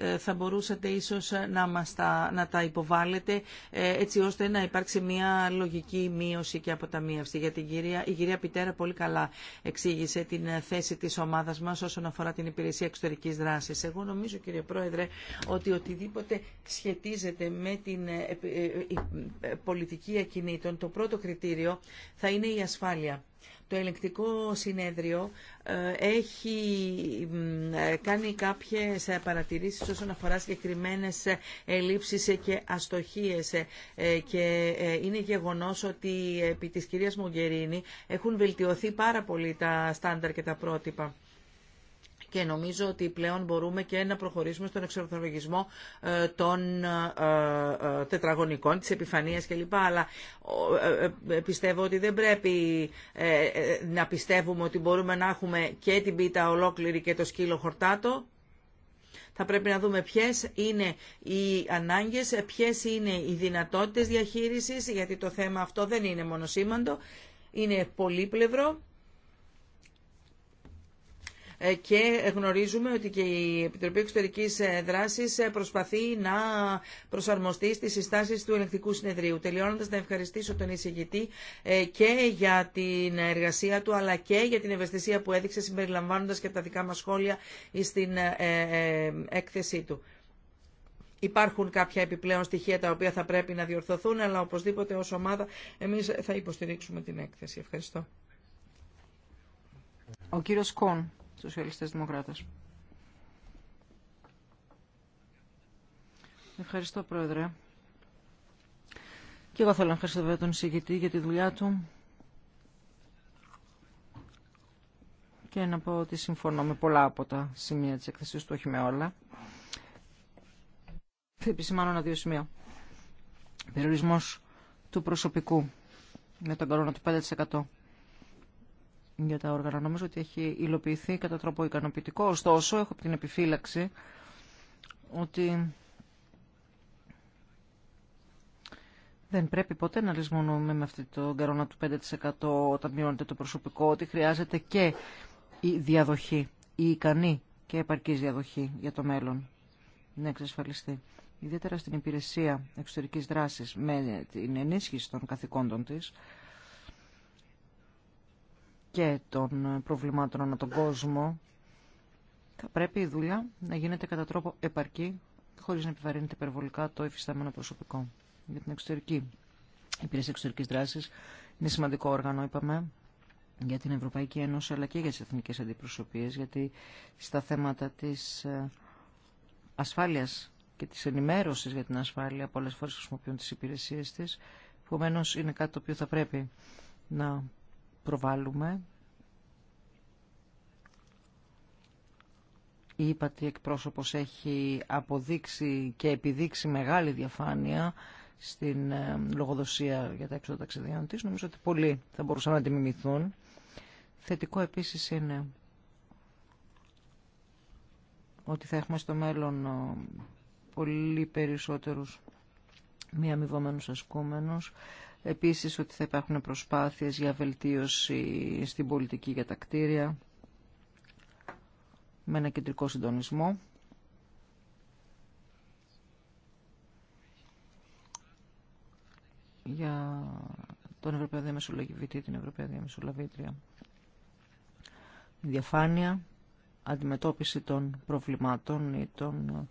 ε, θα μπορούσατε ίσως ε, να, μας τα, να τα υποβάλλετε ε, έτσι ώστε να υπάρξει μια λογική μείωση και αποταμίευση. Γιατί κυρία, η κυρία Πιτέρα πολύ καλά εξήγησε την θέση της ομάδας μας όσον αφορά την υπηρεσία εξωτερικής δράσης. Εγώ νομίζω κύριε Πρόεδρε ότι οτιδήποτε σχετίζεται με την πολιτική ακινήτων το πρώτο κριτήριο θα είναι η ασφάλεια. Το ελεγκτικό συνέδριο ε, έχει ε, κάνει κάποιες ε, παρατηρήσεις όσον αφορά συγκεκριμένες ελλείψεις και αστοχίες και είναι γεγονός ότι επί της κυρίας Μογκερίνη έχουν βελτιωθεί πάρα πολύ τα στάνταρ και τα πρότυπα και νομίζω ότι πλέον μπορούμε και να προχωρήσουμε στον εξορθολογισμό ε, των ε, ε, τετραγωνικών, της επιφανίας κλπ. Αλλά πιστεύω ότι δεν πρέπει να πιστεύουμε ότι μπορούμε να έχουμε και την πίτα ολόκληρη και το σκύλο χορτάτο. Θα πρέπει να δούμε ποιες είναι οι ανάγκες, ποιες είναι οι δυνατότητες διαχείρισης, γιατί το θέμα αυτό δεν είναι μονοσήμαντο, είναι πολύπλευρο ε, και γνωρίζουμε ότι και η Επιτροπή Εξωτερικής ε, Δράσης ε, προσπαθεί να προσαρμοστεί στις συστάσεις του Ελεκτικού Συνεδρίου. Τελειώνοντας να ευχαριστήσω τον εισηγητή και για την εργασία του αλλά και για την ευαισθησία που έδειξε συμπεριλαμβάνοντας και τα δικά μας σχόλια στην έκθεσή του. Υπάρχουν κάποια επιπλέον στοιχεία τα οποία θα πρέπει να διορθωθούν, αλλά οπωσδήποτε ως ομάδα εμείς θα υποστηρίξουμε την έκθεση. Ευχαριστώ. Ο κύριος Κον. Σοσιαλιστές Δημοκράτες. Ευχαριστώ, Πρόεδρε. Και εγώ θέλω να ευχαριστώ τον εισηγητή για τη δουλειά του και να πω ότι συμφωνώ με πολλά από τα σημεία της εκθεσής του, όχι με όλα. Θα επισημάνω ένα-δύο σημεία. Περιορισμός του προσωπικού με τον κανόνα του 5% για τα όργανα. Νομίζω ότι έχει υλοποιηθεί κατά τρόπο ικανοποιητικό. Ωστόσο, έχω την επιφύλαξη ότι δεν πρέπει ποτέ να λησμονούμε με αυτή το καρόνα του 5% όταν μειώνεται το προσωπικό, ότι χρειάζεται και η διαδοχή, η ικανή και επαρκής διαδοχή για το μέλλον να εξασφαλιστεί. Ιδιαίτερα στην υπηρεσία εξωτερικής δράσης με την ενίσχυση των καθηκόντων της, και των προβλημάτων ανά τον κόσμο, θα πρέπει η δουλειά να γίνεται κατά τρόπο επαρκή, χωρίς να επιβαρύνεται υπερβολικά το υφιστάμενο προσωπικό. Για την εξωτερική υπηρεσία εξωτερική δράση είναι σημαντικό όργανο, είπαμε, για την Ευρωπαϊκή Ένωση αλλά και για τις εθνικές αντιπροσωπείες γιατί στα θέματα της ε, ασφάλειας και της ενημέρωσης για την ασφάλεια πολλές φορές χρησιμοποιούν τις υπηρεσίες της επομένω είναι κάτι το οποίο θα πρέπει να προβάλλουμε. Η ύπατη εκπρόσωπος έχει αποδείξει και επιδείξει μεγάλη διαφάνεια στην ε, λογοδοσία για τα έξοδα ταξιδιών της. Νομίζω ότι πολλοί θα μπορούσαν να τη Θετικό επίσης είναι ότι θα έχουμε στο μέλλον ε, πολύ περισσότερους μη αμοιβόμενους ασκούμενους. Επίσης ότι θα υπάρχουν προσπάθειες για βελτίωση στην πολιτική για τα κτίρια με ένα κεντρικό συντονισμό. για τον Ευρωπαίο Διαμεσολογητή, την Ευρωπαία Διαμεσολαβήτρια. Διαφάνεια, αντιμετώπιση των προβλημάτων ή των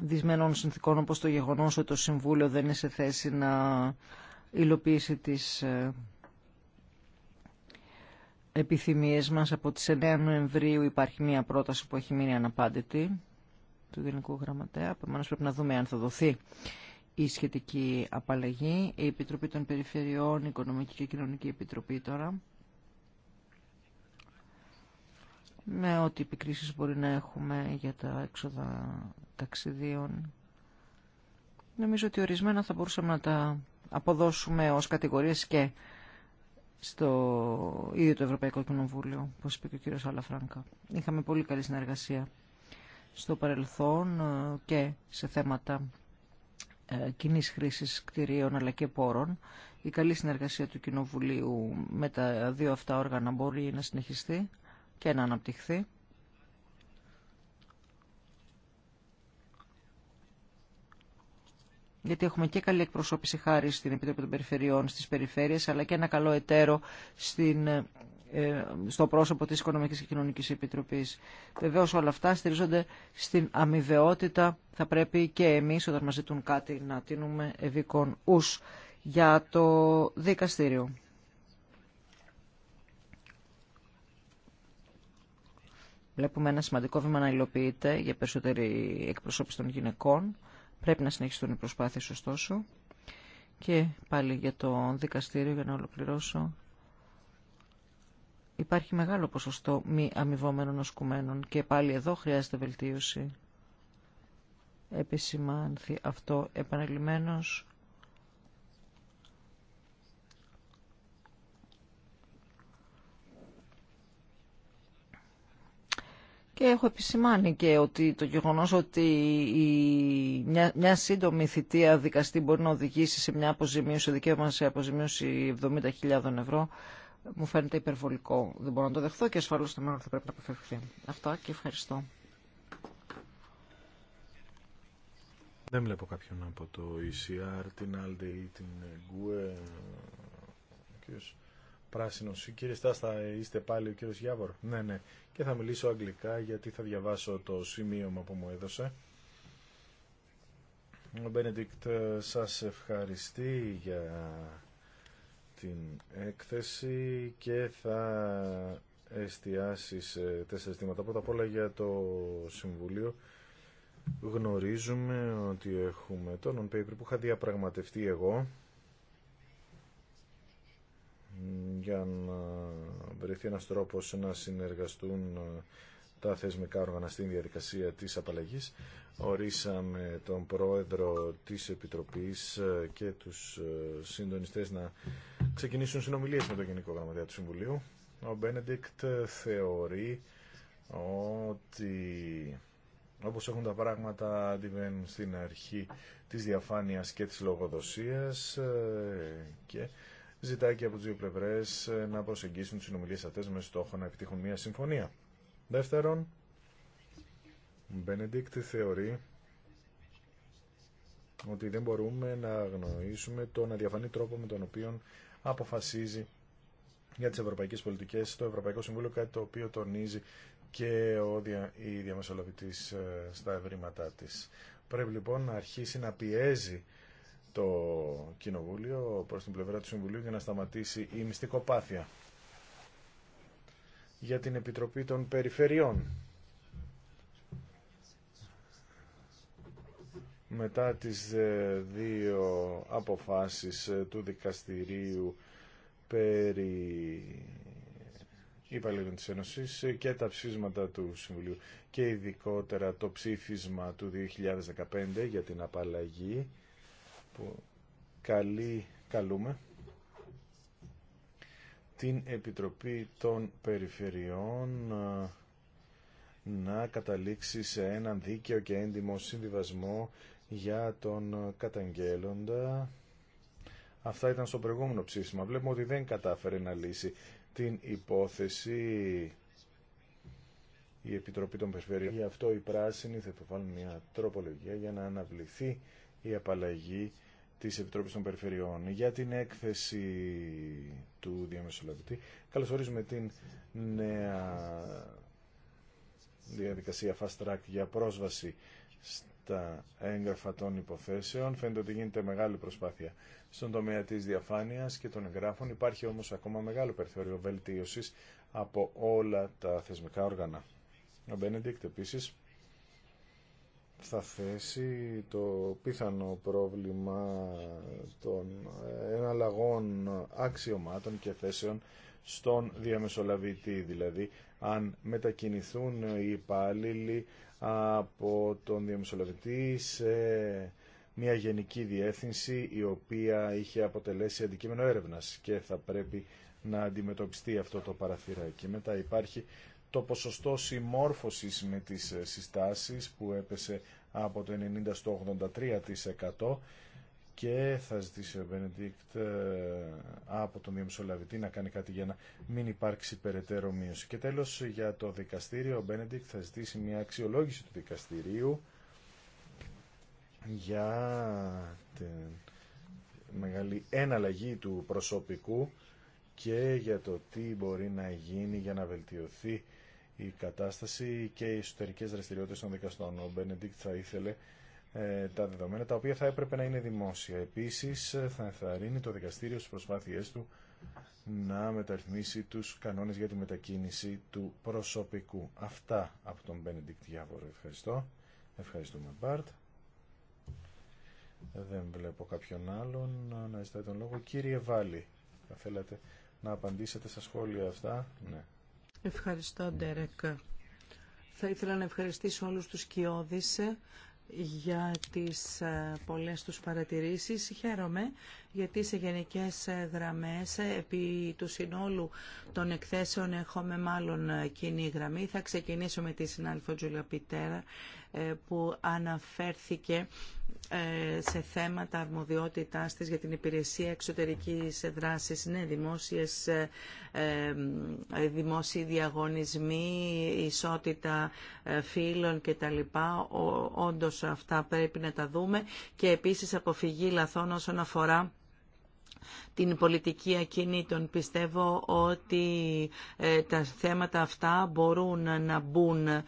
δυσμένων συνθήκων όπως το γεγονός ότι το Συμβούλιο δεν είναι σε θέση να υλοποιήσει τις ε, επιθυμίες μας. Από τις 9 Νοεμβρίου υπάρχει μία πρόταση που έχει μείνει αναπάντητη του Γενικού Γραμματέα. Επομένως πρέπει να δούμε αν θα δοθεί η σχετική απαλλαγή. Η Επιτροπή των Περιφερειών, η Οικονομική και Κοινωνική Επιτροπή τώρα με ό,τι επικρίσεις μπορεί να έχουμε για τα έξοδα ταξιδίων. Νομίζω ότι ορισμένα θα μπορούσαμε να τα αποδώσουμε ως κατηγορίες και στο ίδιο το Ευρωπαϊκό Κοινοβούλιο, όπως είπε και ο κύριος Αλαφράνκα. Είχαμε πολύ καλή συνεργασία στο παρελθόν ε, και σε θέματα ε, κοινή χρήση κτηρίων αλλά και πόρων. Η καλή συνεργασία του Κοινοβουλίου με τα δύο αυτά όργανα μπορεί να συνεχιστεί και να αναπτυχθεί. γιατί έχουμε και καλή εκπροσώπηση χάρη στην Επιτροπή των Περιφερειών στις περιφέρειες, αλλά και ένα καλό εταίρο στην, ε, στο πρόσωπο της Οικονομικής και Κοινωνικής Επιτροπής. Βεβαίω όλα αυτά στηρίζονται στην αμοιβαιότητα. Θα πρέπει και εμείς όταν μας ζητούν κάτι να τίνουμε ευήκον ους για το δικαστήριο. Βλέπουμε ένα σημαντικό βήμα να υλοποιείται για περισσότερη εκπροσώπηση των γυναικών. Πρέπει να συνεχιστούν οι προσπάθειες ωστόσο. Και πάλι για το δικαστήριο για να ολοκληρώσω. Υπάρχει μεγάλο ποσοστό μη αμοιβόμενων οσκουμένων και πάλι εδώ χρειάζεται βελτίωση. Επισημάνθη αυτό επαναλημμένος Και έχω επισημάνει και ότι το γεγονός ότι η, μια, σύντομη θητεία δικαστή μπορεί να οδηγήσει σε μια αποζημίωση, δικαίωμα σε αποζημίωση 70.000 ευρώ, μου φαίνεται υπερβολικό. Δεν μπορώ να το δεχθώ και ασφαλώς το μέλλον θα πρέπει να αποφευχθεί. Αυτά και ευχαριστώ. Δεν βλέπω κάποιον από το ECR, την ALDE ή την GUE. Κύριος πράσινος. Κύριε Στάστα, είστε πάλι ο κύριο Γιάβορ. Ναι, ναι. Και θα μιλήσω αγγλικά γιατί θα διαβάσω το σημείωμα που μου έδωσε. Ο Μπένεντικτ σας ευχαριστεί για την έκθεση και θα εστιάσει σε τέσσερα ζητήματα. Πρώτα απ' όλα για το Συμβουλίο. Γνωρίζουμε ότι έχουμε το non-paper που είχα διαπραγματευτεί εγώ για να βρεθεί ένας τρόπος να συνεργαστούν τα θεσμικά όργανα στην διαδικασία της απαλλαγής. Ορίσαμε τον πρόεδρο της Επιτροπής και τους ε, συντονιστές να ξεκινήσουν συνομιλίες με τον Γενικό Γραμματέα του Συμβουλίου. Ο Μπένεντικτ θεωρεί ότι όπως έχουν τα πράγματα αντιβαίνουν στην αρχή της διαφάνειας και της λογοδοσίας ε, και ζητάει και από τι δύο πλευρέ ε, να προσεγγίσουν τις συνομιλίε αυτές με στόχο να επιτύχουν μια συμφωνία. Δεύτερον, ο Μπενεντίκτη θεωρεί ότι δεν μπορούμε να αγνοήσουμε τον αδιαφανή τρόπο με τον οποίο αποφασίζει για τις ευρωπαϊκές πολιτικές το Ευρωπαϊκό Συμβούλιο, κάτι το οποίο τονίζει και ο, η διαμεσολαβητής ε, στα ευρήματά της. Πρέπει λοιπόν να αρχίσει να πιέζει το Κοινοβούλιο προς την πλευρά του Συμβουλίου για να σταματήσει η μυστικοπάθεια για την Επιτροπή των Περιφερειών. Μετά τις ε, δύο αποφάσεις ε, του Δικαστηρίου περί υπαλλήλων της Ένωσης ε, και τα ψήσματα του Συμβουλίου και ειδικότερα το ψήφισμα του 2015 για την απαλλαγή που καλή, καλούμε την Επιτροπή των Περιφερειών ε, να καταλήξει σε έναν δίκαιο και έντιμο συνδυασμό για τον καταγγέλλοντα. Αυτά ήταν στο προηγούμενο ψήφισμα. Βλέπουμε ότι δεν κατάφερε να λύσει την υπόθεση η Επιτροπή των Περιφερειών. Γι' αυτό οι πράσινοι θα υποβάλουν μια τροπολογία για να αναβληθεί η απαλλαγή της Επιτροπής των Περιφερειών για την έκθεση του Διαμεσολαβητή. Καλωσορίζουμε την νέα διαδικασία Fast Track για πρόσβαση στα έγγραφα των υποθέσεων. Φαίνεται ότι γίνεται μεγάλη προσπάθεια στον τομέα της διαφάνειας και των εγγράφων. Υπάρχει όμως ακόμα μεγάλο περιθώριο βελτίωσης από όλα τα θεσμικά όργανα. Ο Μπένεντικτ επίσης θα θέσει το πιθανό πρόβλημα των εναλλαγών αξιωμάτων και θέσεων στον διαμεσολαβητή, δηλαδή αν μετακινηθούν οι υπάλληλοι από τον διαμεσολαβητή σε μια γενική διεύθυνση η οποία είχε αποτελέσει αντικείμενο έρευνας και θα πρέπει να αντιμετωπιστεί αυτό το παραθυράκι. Μετά υπάρχει το ποσοστό συμμόρφωσης με τις ε, συστάσεις που έπεσε από το 90% στο 83% και θα ζητήσει ο Μπενεντίκτ ε, από τον Διαμεσολαβητή να κάνει κάτι για να μην υπάρξει περαιτέρω μείωση. Και τέλος για το δικαστήριο, ο Μπενεντίκτ θα ζητήσει μια αξιολόγηση του δικαστηρίου για τη μεγάλη εναλλαγή του προσωπικού και για το τι μπορεί να γίνει για να βελτιωθεί η κατάσταση και οι εσωτερικέ δραστηριότητε των δικαστών. Ο Μπενεντίκτ θα ήθελε ε, τα δεδομένα τα οποία θα έπρεπε να είναι δημόσια. Επίσης ε, θα ενθαρρύνει το δικαστήριο στι προσπάθειές του να μεταρρυθμίσει τους κανόνε για τη μετακίνηση του προσωπικού. Αυτά από τον Μπενεντίκτ Γιάβορο. Ευχαριστώ. Ευχαριστούμε Μπάρτ. Δεν βλέπω κάποιον άλλον να ζητάει τον λόγο. Κύριε Βάλη, θα θέλατε να απαντήσετε στα σχόλια αυτά. Ναι. Ευχαριστώ, Ντέρεκ. Θα ήθελα να ευχαριστήσω όλους τους κοιόδης για τις ε, πολλές τους παρατηρήσεις. Χαίρομαι γιατί σε γενικές ε, γραμμές ε, επί του συνόλου των εκθέσεων έχουμε μάλλον ε, κοινή γραμμή. Θα ξεκινήσω με τη συνάδελφο Τζούλια Πιτέρα που αναφέρθηκε σε θέματα αρμοδιότητάς της για την υπηρεσία εξωτερικής δράσης. Ναι, δημόσιες, δημόσιοι διαγωνισμοί, ισότητα φύλων κτλ. Όντως αυτά πρέπει να τα δούμε και επίσης αποφυγή λαθών όσον αφορά την πολιτική ακινήτων. Πιστεύω ότι ε, τα θέματα αυτά μπορούν να μπουν ε,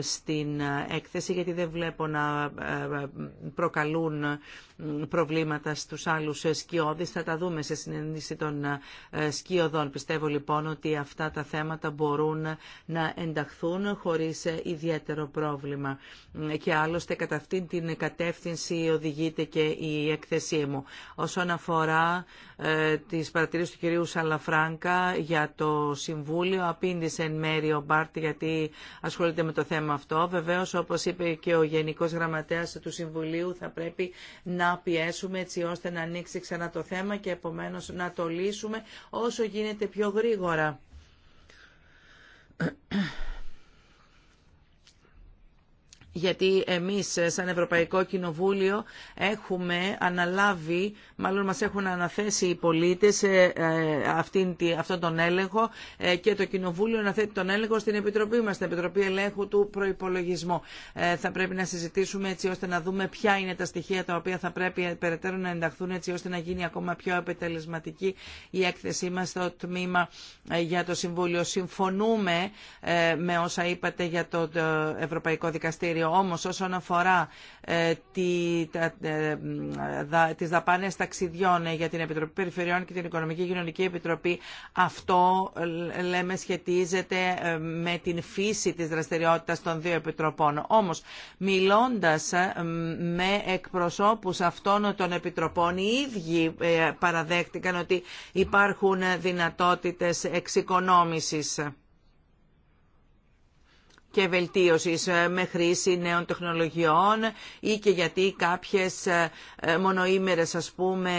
στην έκθεση γιατί δεν βλέπω να ε, προκαλούν προβλήματα στους άλλους σκιώδεις. Θα τα δούμε σε συνέντευξη των σκιωδών. Πιστεύω λοιπόν ότι αυτά τα θέματα μπορούν να ενταχθούν χωρίς ιδιαίτερο πρόβλημα. Και άλλωστε κατά αυτήν την κατεύθυνση οδηγείται και η έκθεσή μου. Όσον αφορά ε, της παρατηρήσεις του κυρίου Σαλαφράνκα για το Συμβούλιο. Απήντησε εν μέρη ο Μπάρτ γιατί ασχολείται με το θέμα αυτό. Βεβαίως, όπως είπε και ο Γενικός Γραμματέας του Συμβουλίου, θα πρέπει να πιέσουμε έτσι ώστε να ανοίξει ξανά το θέμα και επομένως να το λύσουμε όσο γίνεται πιο γρήγορα γιατί εμείς σαν Ευρωπαϊκό Κοινοβούλιο έχουμε αναλάβει, μάλλον μας έχουν αναθέσει οι πολίτες ε, ε, αυτήν, αυτόν τον έλεγχο ε, και το Κοινοβούλιο αναθέτει τον έλεγχο στην Επιτροπή μας, στην Επιτροπή Ελέγχου του Προϋπολογισμού. Θα πρέπει να συζητήσουμε έτσι ώστε να δούμε ποια είναι τα στοιχεία τα οποία θα πρέπει περαιτέρω να ενταχθούν έτσι ώστε να γίνει ακόμα πιο επιτελεσματική η έκθεσή μας στο τμήμα για το Συμβούλιο. Συμφωνούμε με όσα είπατε για το Ευρωπαϊκό Δικαστήριο Όμω, Όμως όσον αφορά ε, ε, τις δαπάνες ταξιδιών ε, για την Επιτροπή Περιφερειών και την Οικονομική Κοινωνική Επιτροπή, αυτό λέμε σχετίζεται με την φύση της δραστηριότητας των δύο επιτροπών. Όμως μιλώντας με εκπροσώπους αυτών των επιτροπών, οι ίδιοι παραδέχτηκαν ότι υπάρχουν δυνατότητες εξοικονόμησης και βελτίωσης ε, με χρήση νέων τεχνολογιών ή και γιατί κάποιες ε, ε, μονοήμερες ας πούμε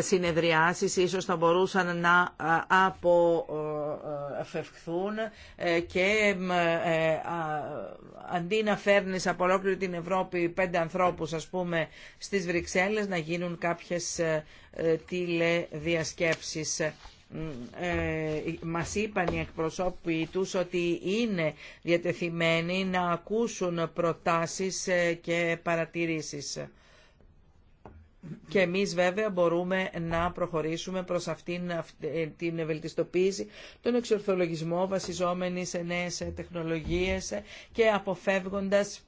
συνεδριάσεις ίσως θα μπορούσαν να αποφευχθούν και αντί να φέρνεις από ολόκληρη την Ευρώπη πέντε ανθρώπους ας πούμε στις Βρυξέλλες να γίνουν κάποιες τηλεδιασκέψεις ε, μας είπαν οι εκπροσώποι τους ότι είναι διατεθειμένοι να ακούσουν προτάσεις ε, και παρατηρήσεις. Και εμείς βέβαια μπορούμε να προχωρήσουμε προς αυτήν ε, την ευελτιστοποίηση, τον εξορθολογισμό βασιζόμενοι σε νέες τεχνολογίες και αποφεύγοντας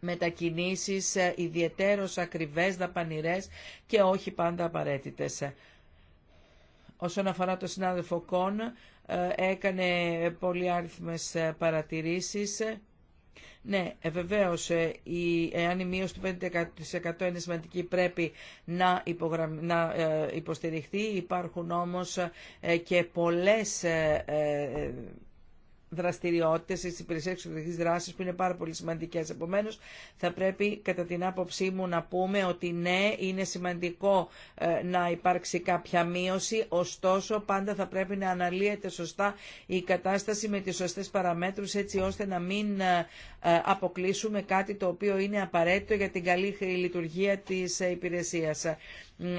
μετακινήσεις ε, ιδιαίτερως ακριβές, δαπανηρές και όχι πάντα απαραίτητες. Όσον αφορά το συνάδελφο Κον, ε, έκανε πολύ άριθμες ε, παρατηρήσεις. Ναι, ε, βεβαίω, εάν η μείωση του 5% είναι σημαντική, πρέπει να, να υποστηριχθεί. Υπάρχουν όμως και πολλές δραστηριότητε, στις υπηρεσίες εξωτερική δράση που είναι πάρα πολύ σημαντικέ. Επομένω, θα πρέπει κατά την άποψή μου να πούμε ότι ναι, είναι σημαντικό ε, να υπάρξει κάποια μείωση, ωστόσο πάντα θα πρέπει να αναλύεται σωστά η κατάσταση με τις σωστέ παραμέτρου έτσι ώστε να μην ε, ε, αποκλείσουμε κάτι το οποίο είναι απαραίτητο για την καλή λειτουργία τη υπηρεσία.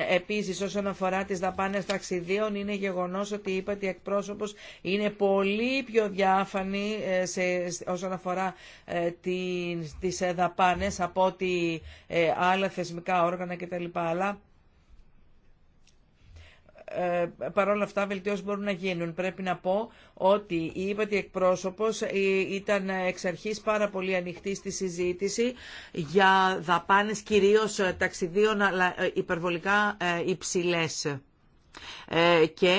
Επίσης όσον αφορά τις δαπάνες ταξιδίων είναι γεγονός ότι είπα ότι εκπρόσωπος είναι πολύ πιο διάφανη ε, σε, όσον αφορά ε, τις, τις ε, δαπάνες από ότι ε, άλλα θεσμικά όργανα κτλ. Αλλά ε, παρόλα αυτά βελτιώσεις μπορούν να γίνουν. Πρέπει να πω ότι η ύπατη εκπρόσωπος ε, ήταν εξ αρχής πάρα πολύ ανοιχτή στη συζήτηση για δαπάνες κυρίως ε, ταξιδίων αλλά υπερβολικά υψηλές. Και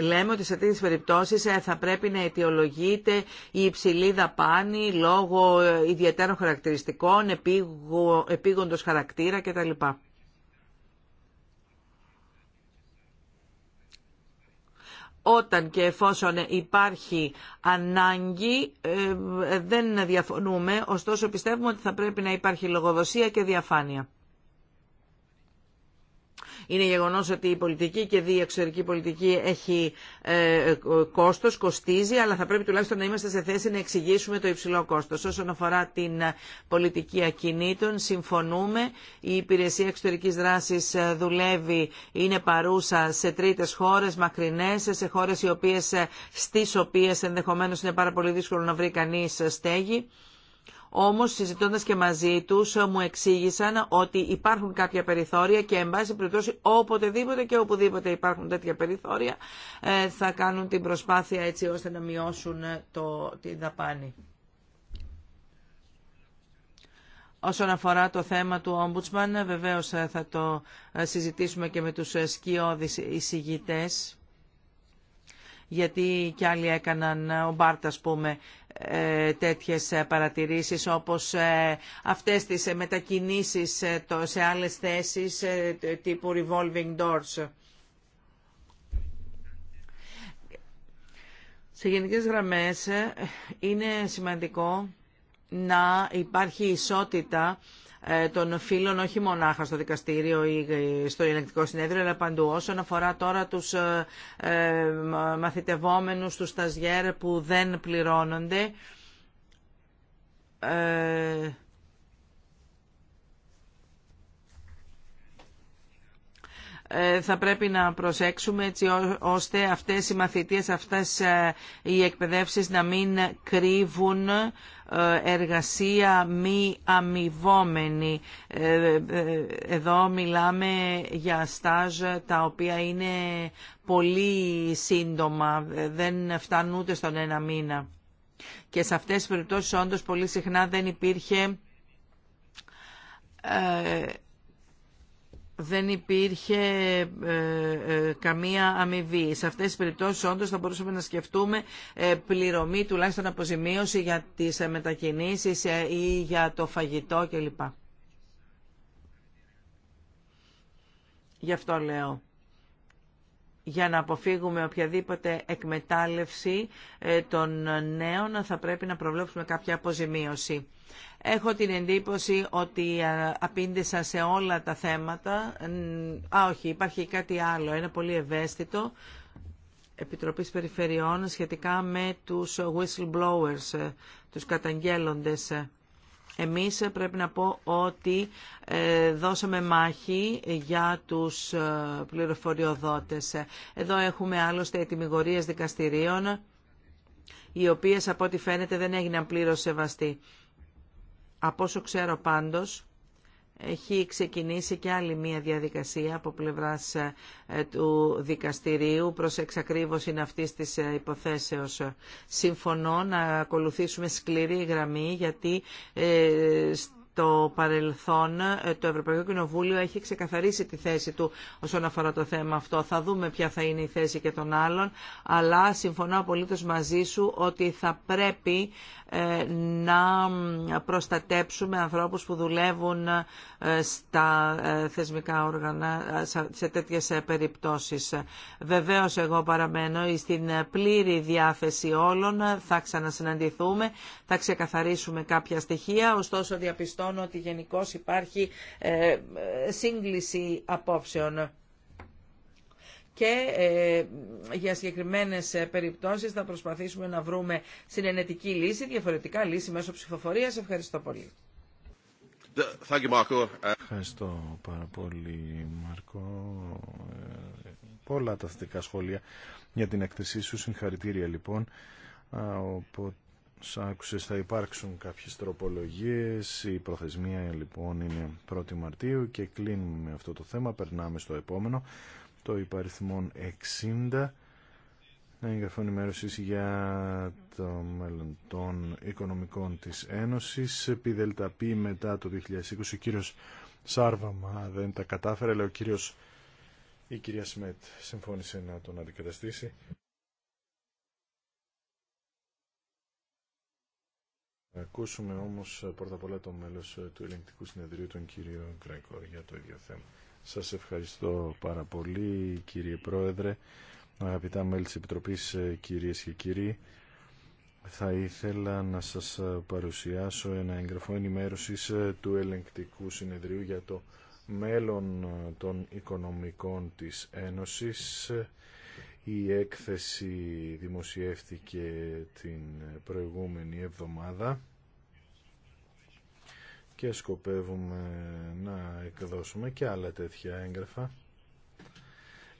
λέμε ότι σε τέτοιες περιπτώσεις θα πρέπει να αιτιολογείται η υψηλή δαπάνη λόγω ιδιαίτερων χαρακτηριστικών, επίγοντος χαρακτήρα κτλ. όταν και εφόσον υπάρχει ανάγκη ε, δεν διαφωνούμε, ωστόσο πιστεύουμε ότι θα πρέπει να υπάρχει λογοδοσία και διαφάνεια. Είναι γεγονό ότι η πολιτική και η εξωτερική πολιτική έχει ε, κόστος, κοστίζει, αλλά θα πρέπει τουλάχιστον να είμαστε σε θέση να εξηγήσουμε το υψηλό κόστος. Όσον αφορά την ε, πολιτική ακινήτων, συμφωνούμε. Η υπηρεσία εξωτερική δράσης ε, δουλεύει, είναι παρούσα σε τρίτε χώρες, μακρινές, σε χώρες στι οποίε ενδεχομένω είναι πάρα πολύ δύσκολο να βρει κανεί, στέγη. Όμως συζητώντας και μαζί τους μου εξήγησαν ότι υπάρχουν κάποια περιθώρια και εν πάση περιπτώσει οποτεδήποτε και οπουδήποτε υπάρχουν τέτοια περιθώρια ε, θα κάνουν την προσπάθεια έτσι ώστε να μειώσουν ε, το, την δαπάνη. Όσον αφορά το θέμα του Ombudsman, ε, βεβαίως θα το συζητήσουμε και με τους σκιώδεις εισηγητές γιατί κι άλλοι έκαναν, ο Μπάρτ ας πούμε, ε, τέτοιες ε, παρατηρήσεις όπως ε, αυτές τις μετακινήσεις σε άλλες θέσεις τύπου revolving doors. Σε γενικές γραμμές είναι σημαντικό να υπάρχει ισότητα ε, των φίλων όχι μονάχα στο δικαστήριο ή ε, στο ελεγκτικό συνέδριο αλλά παντού. Όσον αφορά τώρα τους ε, μαθητευόμενους, τους σταζιέρ που δεν πληρώνονται Ε, θα πρέπει να προσέξουμε έτσι ώστε αυτές οι μαθητείες, αυτές ε, οι εκπαιδεύσεις να μην κρύβουν ε, εργασία μη αμοιβόμενη. Εδώ μιλάμε για στάζ τα οποία είναι πολύ σύντομα, δεν φτάνουν ούτε στον ένα μήνα. Και σε αυτές τις περιπτώσεις όντως πολύ συχνά δεν υπήρχε δεν υπήρχε ε, ε, καμία αμοιβή. Σε αυτές τις περιπτώσεις όντως θα μπορούσαμε να σκεφτούμε ε, πληρωμή τουλάχιστον αποζημίωση για τις μετακινήσεις ή για το φαγητό κλπ. Γι' αυτό λέω για να αποφύγουμε οποιαδήποτε εκμετάλλευση των νέων θα πρέπει να προβλέψουμε κάποια αποζημίωση. Έχω την εντύπωση ότι απήντησα σε όλα τα θέματα. Α, όχι, υπάρχει κάτι άλλο, ένα πολύ ευαίσθητο. Επιτροπής Περιφερειών σχετικά με τους whistleblowers, ε, τους καταγγέλλοντες. Εμείς ε, πρέπει να πω ότι ε, δώσαμε μάχη για τους πληροφοριοδότες. Εδώ έχουμε άλλωστε ετοιμιγορίες δικαστηρίων, οι οποίες από ό,τι φαίνεται δεν έγιναν πλήρως σεβαστοί. Από όσο ξέρω πάντως, έχει ξεκινήσει και άλλη μία διαδικασία από πλευράς ε, του δικαστηρίου προς εξακρίβωση αυτής της ε, υποθέσεως. Συμφωνώ να ακολουθήσουμε σκληρή γραμμή γιατί ε, το παρελθόν ε, το Ευρωπαϊκό Κοινοβούλιο έχει ξεκαθαρίσει τη θέση του όσον αφορά το θέμα αυτό. Θα δούμε ποια θα είναι η θέση και των άλλων, αλλά συμφωνώ απολύτως μαζί σου ότι θα πρέπει ε, να προστατέψουμε ανθρώπους που δουλεύουν ε, στα θεσμικά όργανα σε τέτοιες περιπτώσεις. Βεβαίως εγώ παραμένω στην πλήρη διάθεση όλων, θα ξανασυναντηθούμε, θα ξεκαθαρίσουμε κάποια στοιχεία, ωστόσο διαπιστώ διαπιστώνω ότι γενικώ υπάρχει ε, σύγκληση απόψεων και ε, για συγκεκριμένες ε, περιπτώσεις θα προσπαθήσουμε να βρούμε συνενετική λύση, διαφορετικά λύση μέσω ψηφοφορίας. Ευχαριστώ πολύ. Ευχαριστώ πάρα πολύ Μαρκό. Πολλά τα θετικά σχόλια για την έκθεσή σου. Συγχαρητήρια λοιπόν. Οπότε άκουσες θα υπάρξουν κάποιες τροπολογίες. Η προθεσμία λοιπόν είναι 1η Μαρτίου και κλείνουμε με αυτό το θέμα. Περνάμε στο επόμενο, το υπαριθμό 60. Εγγραφή ενημέρωση για το μέλλον των οικονομικών της Ένωσης. ΔΕΛΤΑΠΗ μετά το 2020 ο κύριος Σάρβαμα δεν τα κατάφερε, αλλά ο κύριος, η κυρία Σμέτ συμφώνησε να τον αντικαταστήσει. ακούσουμε όμως ε, πρώτα απ' όλα το μέλος ε, του ελεγκτικού συνεδρίου, τον κύριο Γκρέκο, για το ίδιο θέμα. Σας ευχαριστώ πάρα πολύ κύριε Πρόεδρε, αγαπητά μέλη της Επιτροπής, ε, κυρίες και κύριοι. Θα ήθελα να σας παρουσιάσω ένα εγγραφό ενημέρωσης του ελεγκτικού συνεδρίου για το μέλλον των οικονομικών της Ένωσης η έκθεση δημοσιεύτηκε την προηγούμενη εβδομάδα και σκοπεύουμε να εκδώσουμε και άλλα τέτοια έγγραφα.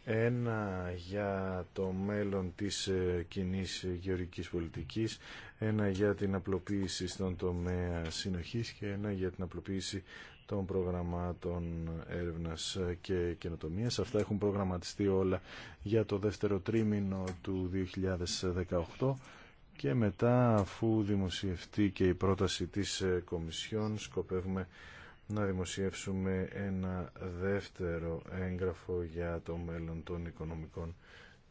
Ένα για το μέλλον της ε, κοινή γεωργικής πολιτικής, ένα για την απλοποίηση στον τομέα συνοχής και ένα για την απλοποίηση των προγραμμάτων έρευνας και καινοτομίας. Αυτά έχουν προγραμματιστεί όλα για το δεύτερο τρίμηνο του 2018 και μετά αφού δημοσιευτεί και η πρόταση της Κομισιόν σκοπεύουμε να δημοσιεύσουμε ένα δεύτερο έγγραφο για το μέλλον των οικονομικών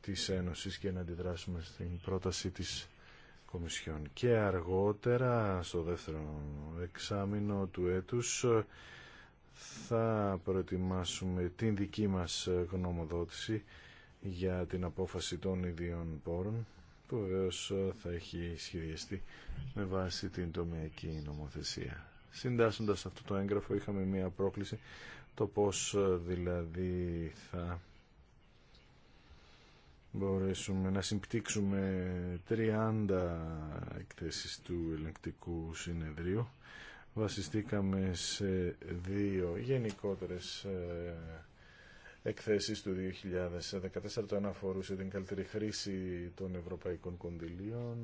της Ένωσης και να αντιδράσουμε στην πρόταση της Κομισιόν και αργότερα στο δεύτερο εξάμεινο του έτους θα προετοιμάσουμε την δική μας γνωμοδότηση για την απόφαση των ιδίων πόρων που βεβαίω θα έχει σχεδιαστεί με βάση την τομιακή νομοθεσία. Συντάσσοντας αυτό το έγγραφο είχαμε μία πρόκληση το πώς δηλαδή θα μπορέσουμε να συμπτύξουμε 30 εκθέσεις του ελεγκτικού συνεδρίου. Βασιστήκαμε σε δύο γενικότερες ε, εκθέσεις του 2014. Το ένα αφορούσε την καλύτερη χρήση των ευρωπαϊκών κονδυλίων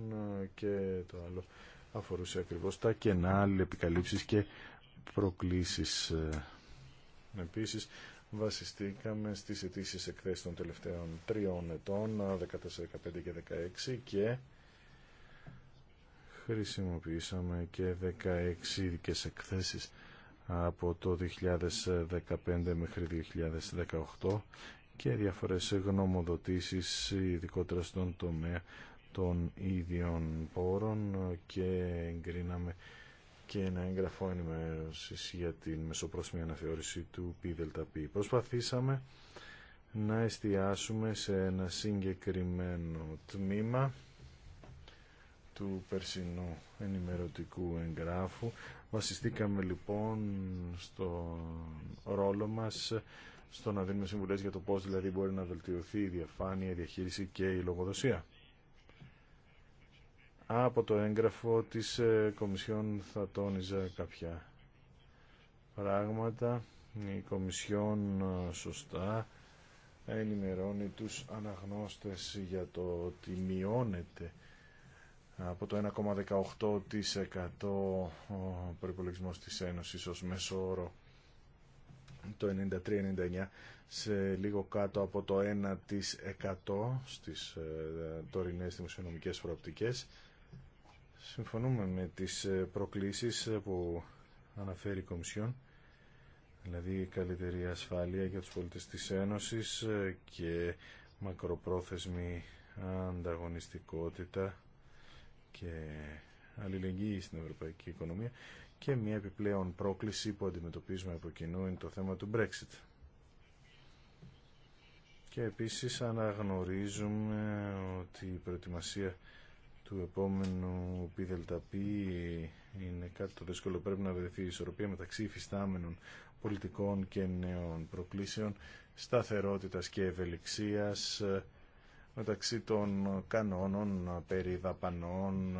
ε, και το άλλο αφορούσε ακριβώς τα κενά, επικαλύψεις και προκλήσεις. Ε. Επίσης, βασιστήκαμε στις αιτήσει εκθέσεις των τελευταίων τριών ετών, 14, 15 και 16 και χρησιμοποιήσαμε και 16 ειδικέ εκθέσεις από το 2015 μέχρι 2018 και διάφορες γνωμοδοτήσεις ειδικότερα στον τομέα των ίδιων πόρων και εγκρίναμε και ένα έγγραφο ενημέρωση για την μεσοπρόθεσμη αναθεώρηση του ΠΔΠ. Προσπαθήσαμε να εστιάσουμε σε ένα συγκεκριμένο τμήμα του περσινού ενημερωτικού εγγράφου. Βασιστήκαμε λοιπόν στον ρόλο μας στο να δίνουμε συμβουλές για το πώς δηλαδή μπορεί να βελτιωθεί η διαφάνεια, η διαχείριση και η λογοδοσία από το έγγραφο της ε, Κομισιόν θα τόνιζα κάποια πράγματα. Η Κομισιόν ε, σωστά ενημερώνει τους αναγνώστες για το ότι μειώνεται από το 1,18% ο προϋπολογισμός της Ένωσης ως μέσο όρο το 93-99 σε λίγο κάτω από το 1% στις ε, τωρινές δημοσιονομικές προοπτικές συμφωνούμε με τις ε, προκλήσεις ε, που αναφέρει η Κομισιόν, δηλαδή καλύτερη ασφάλεια για τους πολίτες της Ένωσης ε, και μακροπρόθεσμη ανταγωνιστικότητα και αλληλεγγύη στην ευρωπαϊκή οικονομία και μια επιπλέον πρόκληση που αντιμετωπίζουμε από κοινού είναι το θέμα του Brexit. Και επίσης αναγνωρίζουμε ότι η προετοιμασία του επόμενου ΠΔΠ είναι κάτι το δύσκολο. Πρέπει να βρεθεί η ισορροπία μεταξύ υφιστάμενων πολιτικών και νέων προκλήσεων, σταθερότητας και ευελιξίας, μεταξύ των κανόνων περί δαπανών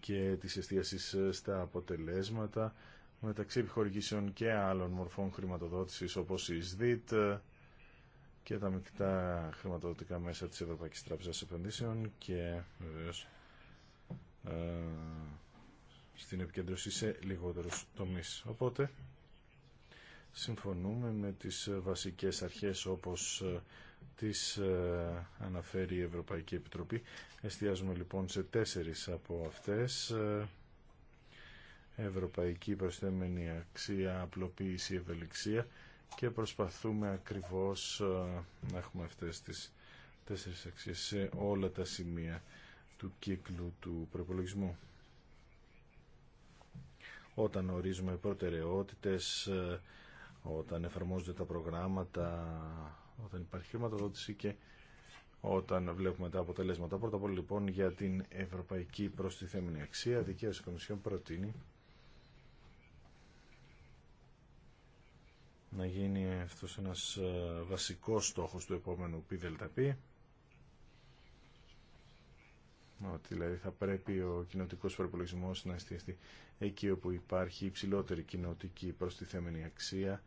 και της εστίασης στα αποτελέσματα, μεταξύ επιχορηγήσεων και άλλων μορφών χρηματοδότησης όπως η ΣΔΙΤ, και τα μεικτά χρηματοδοτικά μέσα της Ευρωπαϊκής Τράπεζας Επενδύσεων και βεβαίως ε, στην επικέντρωση σε λιγότερους τομείς. Οπότε, συμφωνούμε με τις βασικές αρχές όπως ε, τις ε, αναφέρει η Ευρωπαϊκή Επιτροπή. Εστιάζουμε λοιπόν σε τέσσερις από αυτές. Ευρωπαϊκή προσθέμενη αξία, απλοποίηση, ευελιξία και προσπαθούμε ακριβώς ε, να έχουμε αυτές τις τέσσερις αξίες σε όλα τα σημεία του κύκλου του προπολογισμού. Όταν ορίζουμε προτεραιότητες, ε, όταν εφαρμόζονται τα προγράμματα, όταν υπάρχει χρηματοδότηση και όταν βλέπουμε τα αποτελέσματα. Πρώτα απ' όλα λοιπόν για την ευρωπαϊκή προστιθέμενη αξία, δικαίωση Κομισιόν προτείνει να γίνει αυτός ένας ε, βασικός στόχος του επόμενου ΠΔΠ ότι δηλαδή θα πρέπει ο κοινοτικό προπολογισμό να εστιαστεί εκεί όπου υπάρχει υψηλότερη κοινοτική προστιθέμενη αξία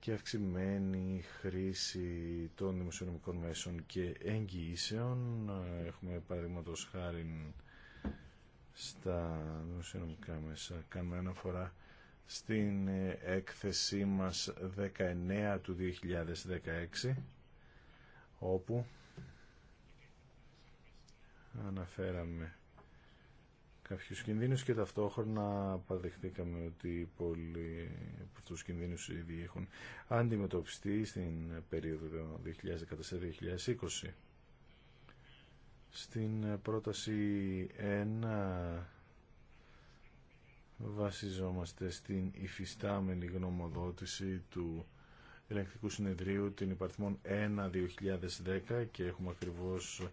και αυξημένη χρήση των δημοσιονομικών μέσων και εγγυήσεων. Έχουμε παραδείγματο χάρη στα δημοσιονομικά μέσα. Κάνουμε αναφορά στην ε, έκθεσή μας 19 του 2016 όπου αναφέραμε κάποιους κινδύνους και ταυτόχρονα παραδεχτήκαμε ότι πολλοί από αυτούς τους κινδύνους ήδη έχουν αντιμετωπιστεί στην περίοδο 2014-2020. Στην πρόταση 1 βασιζόμαστε στην υφιστάμενη γνωμοδότηση του Ελεγκτικού Συνεδρίου την υπαρθμον 1 1-2010 και έχουμε ακριβώς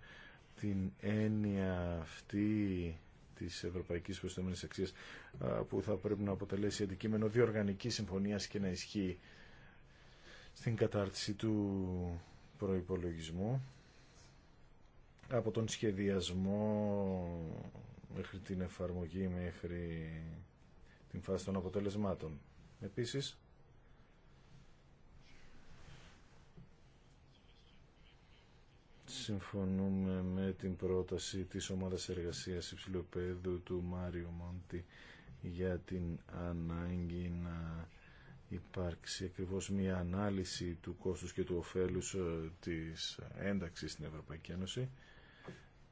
την έννοια αυτή της Ευρωπαϊκής Προστομένης Αξίας που θα πρέπει να αποτελέσει αντικείμενο διοργανική συμφωνίας και να ισχύει στην κατάρτιση του προϋπολογισμού από τον σχεδιασμό μέχρι την εφαρμογή μέχρι την φάση των αποτελεσμάτων. Επίσης, συμφωνούμε με την πρόταση της ομάδας εργασίας Υψηλοπαίδου του Μάριου Μόντι για την ανάγκη να υπάρξει ακριβώς μια ανάλυση του κόστους και του ωφέλους ε, της ένταξης στην Ευρωπαϊκή Ένωση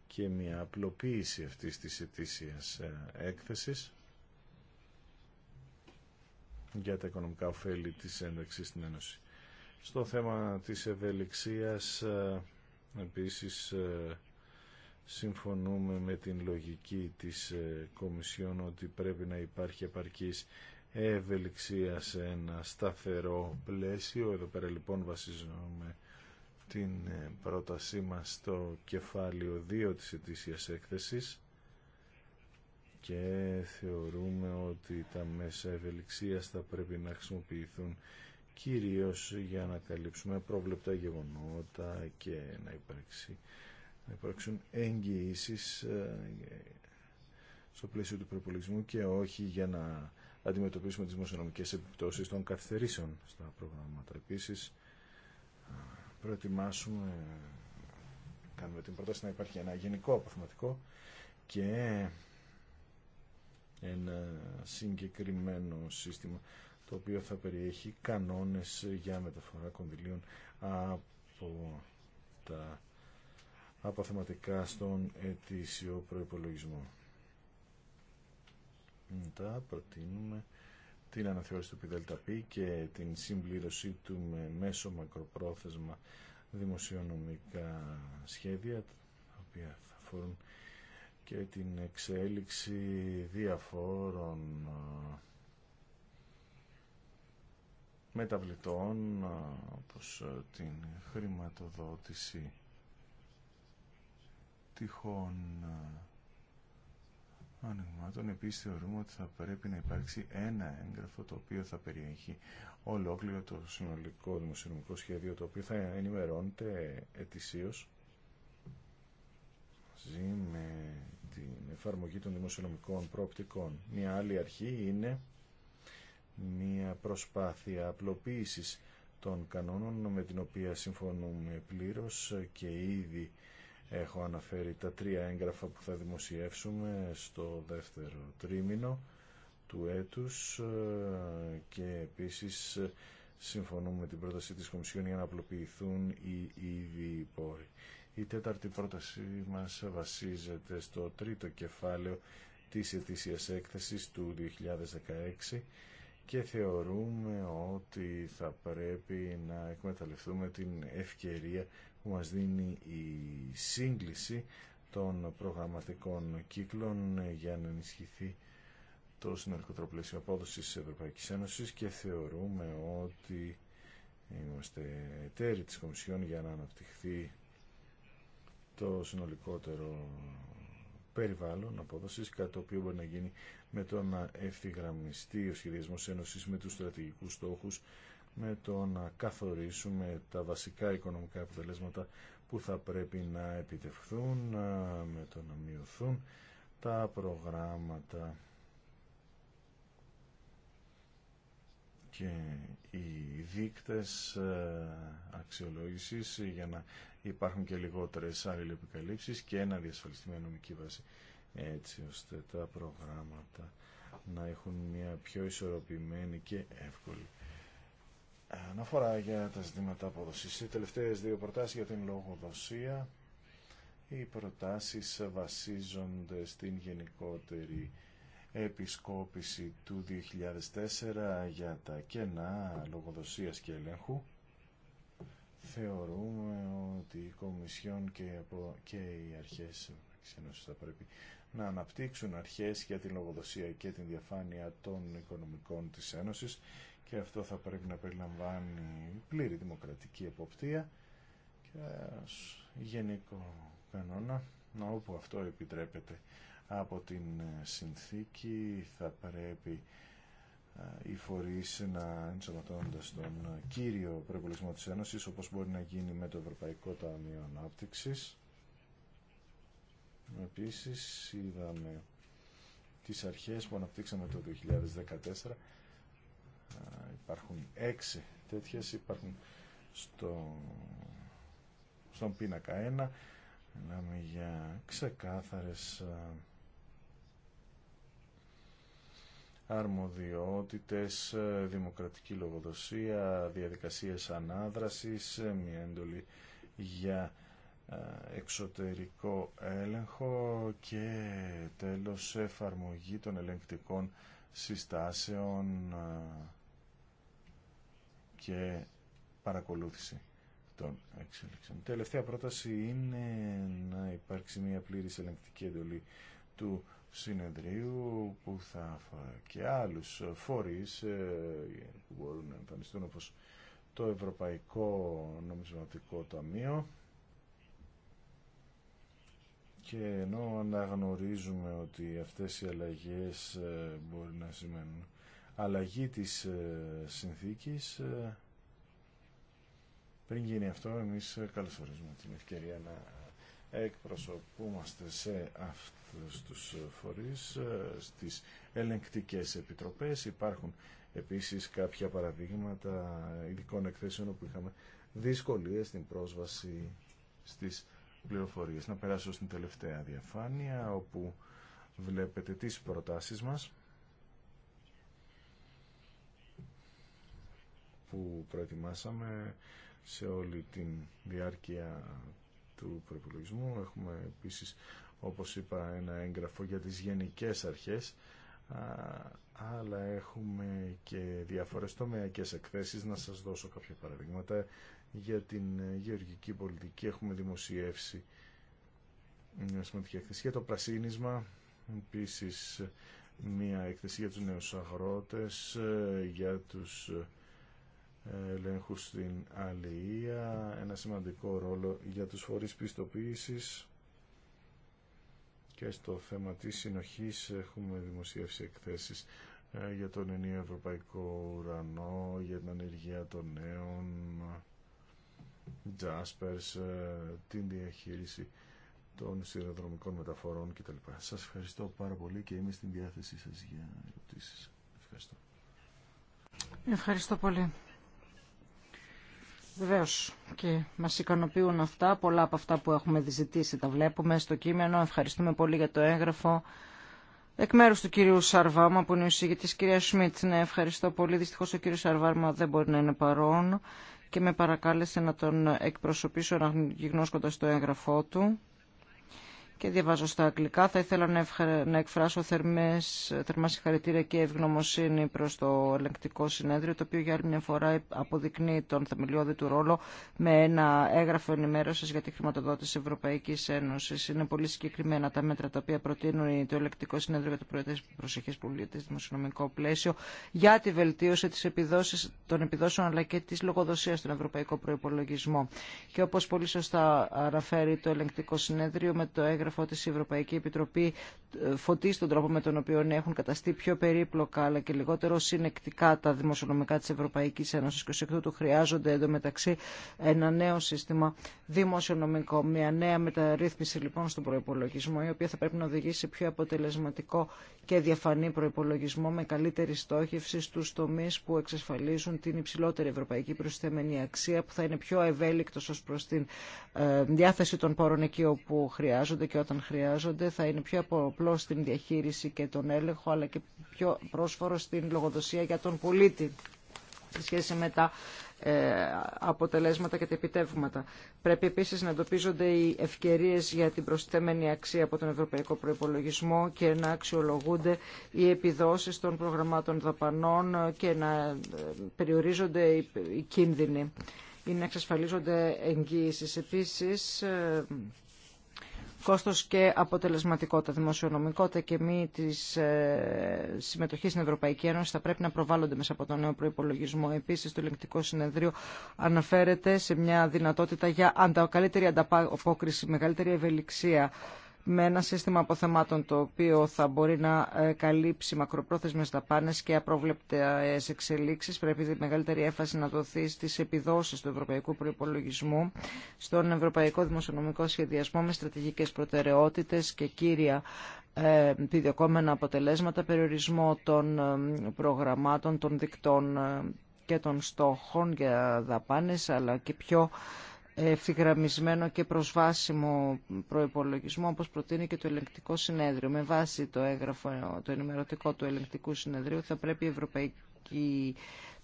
και μια απλοποίηση αυτής της ετήσιας ε, έκθεσης για τα οικονομικά ωφέλη της ένταξης στην Ένωση. Στο θέμα της ευελιξίας ε, επίσης ε, συμφωνούμε με την λογική της ε, Κομισιόν ότι πρέπει να υπάρχει επαρκής ευελιξία σε ένα σταθερό πλαίσιο. Εδώ πέρα λοιπόν βασίζουμε την πρότασή μας στο κεφάλαιο 2 της ετήσιας έκθεσης και θεωρούμε ότι τα μέσα ευελιξίας θα πρέπει να χρησιμοποιηθούν κυρίως για να καλύψουμε πρόβλεπτα γεγονότα και να, υπάρξει, να υπάρξουν εγγυήσεις ε, στο πλαίσιο του προπολογισμού και όχι για να αντιμετωπίσουμε τις δημοσιονομικές επιπτώσεις των καθυστερήσεων στα προγράμματα. Επίσης, ε, προετοιμάσουμε, κάνουμε την πρόταση να υπάρχει ένα γενικό αποθεματικό και ένα συγκεκριμένο σύστημα το οποίο θα περιέχει κανόνες για μεταφορά κονδυλίων από τα αποθεματικά στον ετήσιο προϋπολογισμό. Μετά προτείνουμε την αναθεώρηση του ΠΔΠ και την συμπλήρωσή του με μέσο μακροπρόθεσμα δημοσιονομικά σχέδια τα οποία θα και την εξέλιξη διαφόρων μεταβλητών όπως την χρηματοδότηση τυχών ανοιγμάτων. Επίσης θεωρούμε ότι θα πρέπει να υπάρξει ένα έγγραφο το οποίο θα περιέχει ολόκληρο το συνολικό δημοσιονομικό σχέδιο το οποίο θα ενημερώνεται ετησίως με την εφαρμογή των δημοσιονομικών προοπτικών. Μια άλλη αρχή είναι μια προσπάθεια απλοποίησης των κανόνων με την οποία συμφωνούμε πλήρως και ήδη έχω αναφέρει τα τρία έγγραφα που θα δημοσιεύσουμε στο δεύτερο τρίμηνο του έτους και επίσης συμφωνούμε με την πρόταση της Κομισιόν για να απλοποιηθούν οι ήδη πόροι. Η τέταρτη πρόταση μας βασίζεται στο τρίτο κεφάλαιο της ετήσιας έκθεσης του 2016 και θεωρούμε ότι θα πρέπει να εκμεταλλευτούμε την ευκαιρία που μας δίνει η σύγκληση των προγραμματικών κύκλων για να ενισχυθεί το συνολικό τροπλαίσιο απόδοση της Ευρωπαϊκής Ένωσης και θεωρούμε ότι είμαστε εταίροι της Κομισιόν για να αναπτυχθεί το συνολικότερο περιβάλλον απόδοσης, κάτι το οποίο μπορεί να γίνει με το να ευθυγραμμιστεί ο σχεδιασμός ένωσης με τους στρατηγικούς στόχους, με το να καθορίσουμε τα βασικά οικονομικά αποτελέσματα που θα πρέπει να επιτευχθούν, με το να μειωθούν τα προγράμματα και οι δείκτες ε, αξιολόγησης για να υπάρχουν και λιγότερες αλληλεπικαλύψεις και ένα διασφαλιστεί μια νομική βάση έτσι ώστε τα προγράμματα να έχουν μια πιο ισορροπημένη και εύκολη αναφορά για τα ζητήματα αποδοσής. Οι τελευταίες δύο προτάσεις για την λογοδοσία. Οι προτάσεις βασίζονται στην γενικότερη επισκόπηση του 2004 για τα κενά λογοδοσίας και ελέγχου θεωρούμε ότι η Κομισιόν και, από, και οι αρχές Ένωσης θα πρέπει να αναπτύξουν αρχές για την λογοδοσία και την διαφάνεια των οικονομικών της Ένωσης και αυτό θα πρέπει να περιλαμβάνει πλήρη δημοκρατική εποπτεία και γενικό κανόνα όπου αυτό επιτρέπεται από την συνθήκη θα πρέπει ε, οι φορείς να ενσωματώνονται στον κύριο προεμβολισμό της Ένωσης όπως μπορεί να γίνει με το Ευρωπαϊκό Ταμείο Ανάπτυξης. Επίσης είδαμε τις αρχές που αναπτύξαμε το 2014 ε, υπάρχουν έξι τέτοιες υπάρχουν στο, στον πίνακα 1 μιλάμε για ξεκάθαρες ε, αρμοδιότητες, ε, δημοκρατική λογοδοσία, διαδικασίες ανάδρασης, ε, μια εντολή για ε, εξωτερικό έλεγχο και τέλος εφαρμογή των ελεγκτικών συστάσεων και παρακολούθηση των εξέλιξεων. Τελευταία πρόταση είναι να υπάρξει μια πλήρης ελεγκτική εντολή του συνεδρίου που θα και άλλους φορείς που μπορούν να εμφανιστούν όπως το Ευρωπαϊκό Νομισματικό Ταμείο και ενώ αναγνωρίζουμε ότι αυτές οι αλλαγές ε, μπορεί να σημαίνουν αλλαγή της ε, συνθήκης ε, πριν γίνει αυτό εμείς καλωσορίζουμε την ευκαιρία να εκπροσωπούμαστε σε αυτούς τους φορείς, ε, στις ελεγκτικές επιτροπές. Υπάρχουν επίσης κάποια παραδείγματα ειδικών εκθέσεων όπου είχαμε δυσκολίες στην πρόσβαση στις πληροφορίες. Να περάσω στην τελευταία διαφάνεια όπου βλέπετε τις προτάσεις μας που προετοιμάσαμε σε όλη την διάρκεια του προπολογισμού. Έχουμε επίσης, όπως είπα, ένα έγγραφο για τις γενικές αρχές, αλλά έχουμε και διάφορες τομεακές εκθέσεις. Να σας δώσω κάποια παραδείγματα. Για την γεωργική πολιτική έχουμε δημοσιεύσει μια σημαντική εκθέση. Για το πρασίνισμα, επίσης, μια εκθέση για τους νέους αγρότες, ε, για τους ελέγχου στην αλληλεία, ένα σημαντικό ρόλο για τους φορείς πιστοποίησης και στο θέμα της συνοχής έχουμε δημοσίευσει εκθέσεις ε, για τον ενίο ευρωπαϊκό ουρανό, για την ανεργία των νέων, Jaspers, ε, την διαχείριση των σειροδρομικών μεταφορών κτλ. Σας ευχαριστώ πάρα πολύ και είμαι στην διάθεσή σας για ερωτήσεις. Ευχαριστώ. Ευχαριστώ πολύ. Βεβαίω και μα ικανοποιούν αυτά. Πολλά από αυτά που έχουμε διζητήσει τα βλέπουμε στο κείμενο. Ευχαριστούμε πολύ για το έγγραφο. Εκ μέρου του κυρίου Σαρβάμα, που είναι ο τη κυρία Σμιτ, ναι, ευχαριστώ πολύ. Δυστυχώ ο κύριο Σαρβάμα δεν μπορεί να είναι παρόν και με παρακάλεσε να τον εκπροσωπήσω αναγνώσκοντα το έγγραφό του και διαβάζω στα αγγλικά. Θα ήθελα να, ευχα... να εκφράσω θερμές, θερμά συγχαρητήρια και ευγνωμοσύνη προ το ελεγκτικό συνέδριο, το οποίο για άλλη μια φορά αποδεικνύει τον θεμελιώδη του ρόλο με ένα έγγραφο ενημέρωση για τη χρηματοδότηση Ευρωπαϊκή Ένωση. Είναι πολύ συγκεκριμένα τα μέτρα τα οποία προτείνουν το ελεγκτικό συνέδριο για το τη προσεχή πολίτες δημοσιονομικό πλαίσιο για τη βελτίωση της επιδόσης, των επιδόσεων αλλά και τη λογοδοσία στον ευρωπαϊκό προπολογισμό. Και όπω πολύ σωστά αναφέρει το ελεγκτικό συνέδριο με το έγγραφο έγγραφό η Ευρωπαϊκή Επιτροπή ε, φωτίσει τον τρόπο με τον οποίο έχουν καταστεί πιο περίπλοκα αλλά και λιγότερο συνεκτικά τα δημοσιονομικά τη Ευρωπαϊκή Ένωση, και ω εκ τούτου χρειάζονται εντωμεταξύ ένα νέο σύστημα δημοσιονομικό, μια νέα μεταρρύθμιση λοιπόν στον προπολογισμό η οποία θα πρέπει να οδηγήσει σε πιο αποτελεσματικό και διαφανή προπολογισμό με καλύτερη στόχευση στου τομεί που εξασφαλίζουν την υψηλότερη ευρωπαϊκή προσθεμένη αξία που θα είναι πιο ευέλικτο ω προ την ε, διάθεση των πόρων εκεί όπου χρειάζονται και όταν χρειάζονται, θα είναι πιο απλό στην διαχείριση και τον έλεγχο, αλλά και πιο πρόσφορο στην λογοδοσία για τον πολίτη σε σχέση με τα ε, αποτελέσματα και τα επιτεύγματα. Πρέπει επίσης να εντοπίζονται οι ευκαιρίες για την προσθέμενη αξία από τον Ευρωπαϊκό Προϋπολογισμό και να αξιολογούνται οι επιδόσεις των προγραμμάτων δαπανών και να ε, περιορίζονται οι κίνδυνοι ή να εξασφαλίζονται εγγύησεις. Επίσης, ε, κόστος και αποτελεσματικότητα, δημοσιονομικότητα και μη της ε, συμμετοχής στην Ευρωπαϊκή Ένωση θα πρέπει να προβάλλονται μέσα από τον νέο προϋπολογισμό. Επίσης, το ελεγκτικό συνεδρίο αναφέρεται σε μια δυνατότητα για καλύτερη ανταπόκριση, μεγαλύτερη ευελιξία με ένα σύστημα αποθεμάτων το οποίο θα μπορεί να ε, καλύψει μακροπρόθεσμες δαπάνες και απρόβλεπτες εξελίξεις. Πρέπει με μεγαλύτερη έφαση να δοθεί στις επιδόσεις του Ευρωπαϊκού Προϋπολογισμού, στον Ευρωπαϊκό Δημοσιονομικό Σχεδιασμό με στρατηγικές προτεραιότητες και κύρια ε, επιδιωκόμενα αποτελέσματα, περιορισμό των ε, προγραμμάτων, των δικτών και των στόχων για δαπάνες, αλλά και πιο ευθυγραμμισμένο και προσβάσιμο προϋπολογισμό όπως προτείνει και το ελεγκτικό συνέδριο. Με βάση το έγγραφο, το ενημερωτικό του ελεγκτικού συνεδρίου θα πρέπει η Ευρωπαϊκή,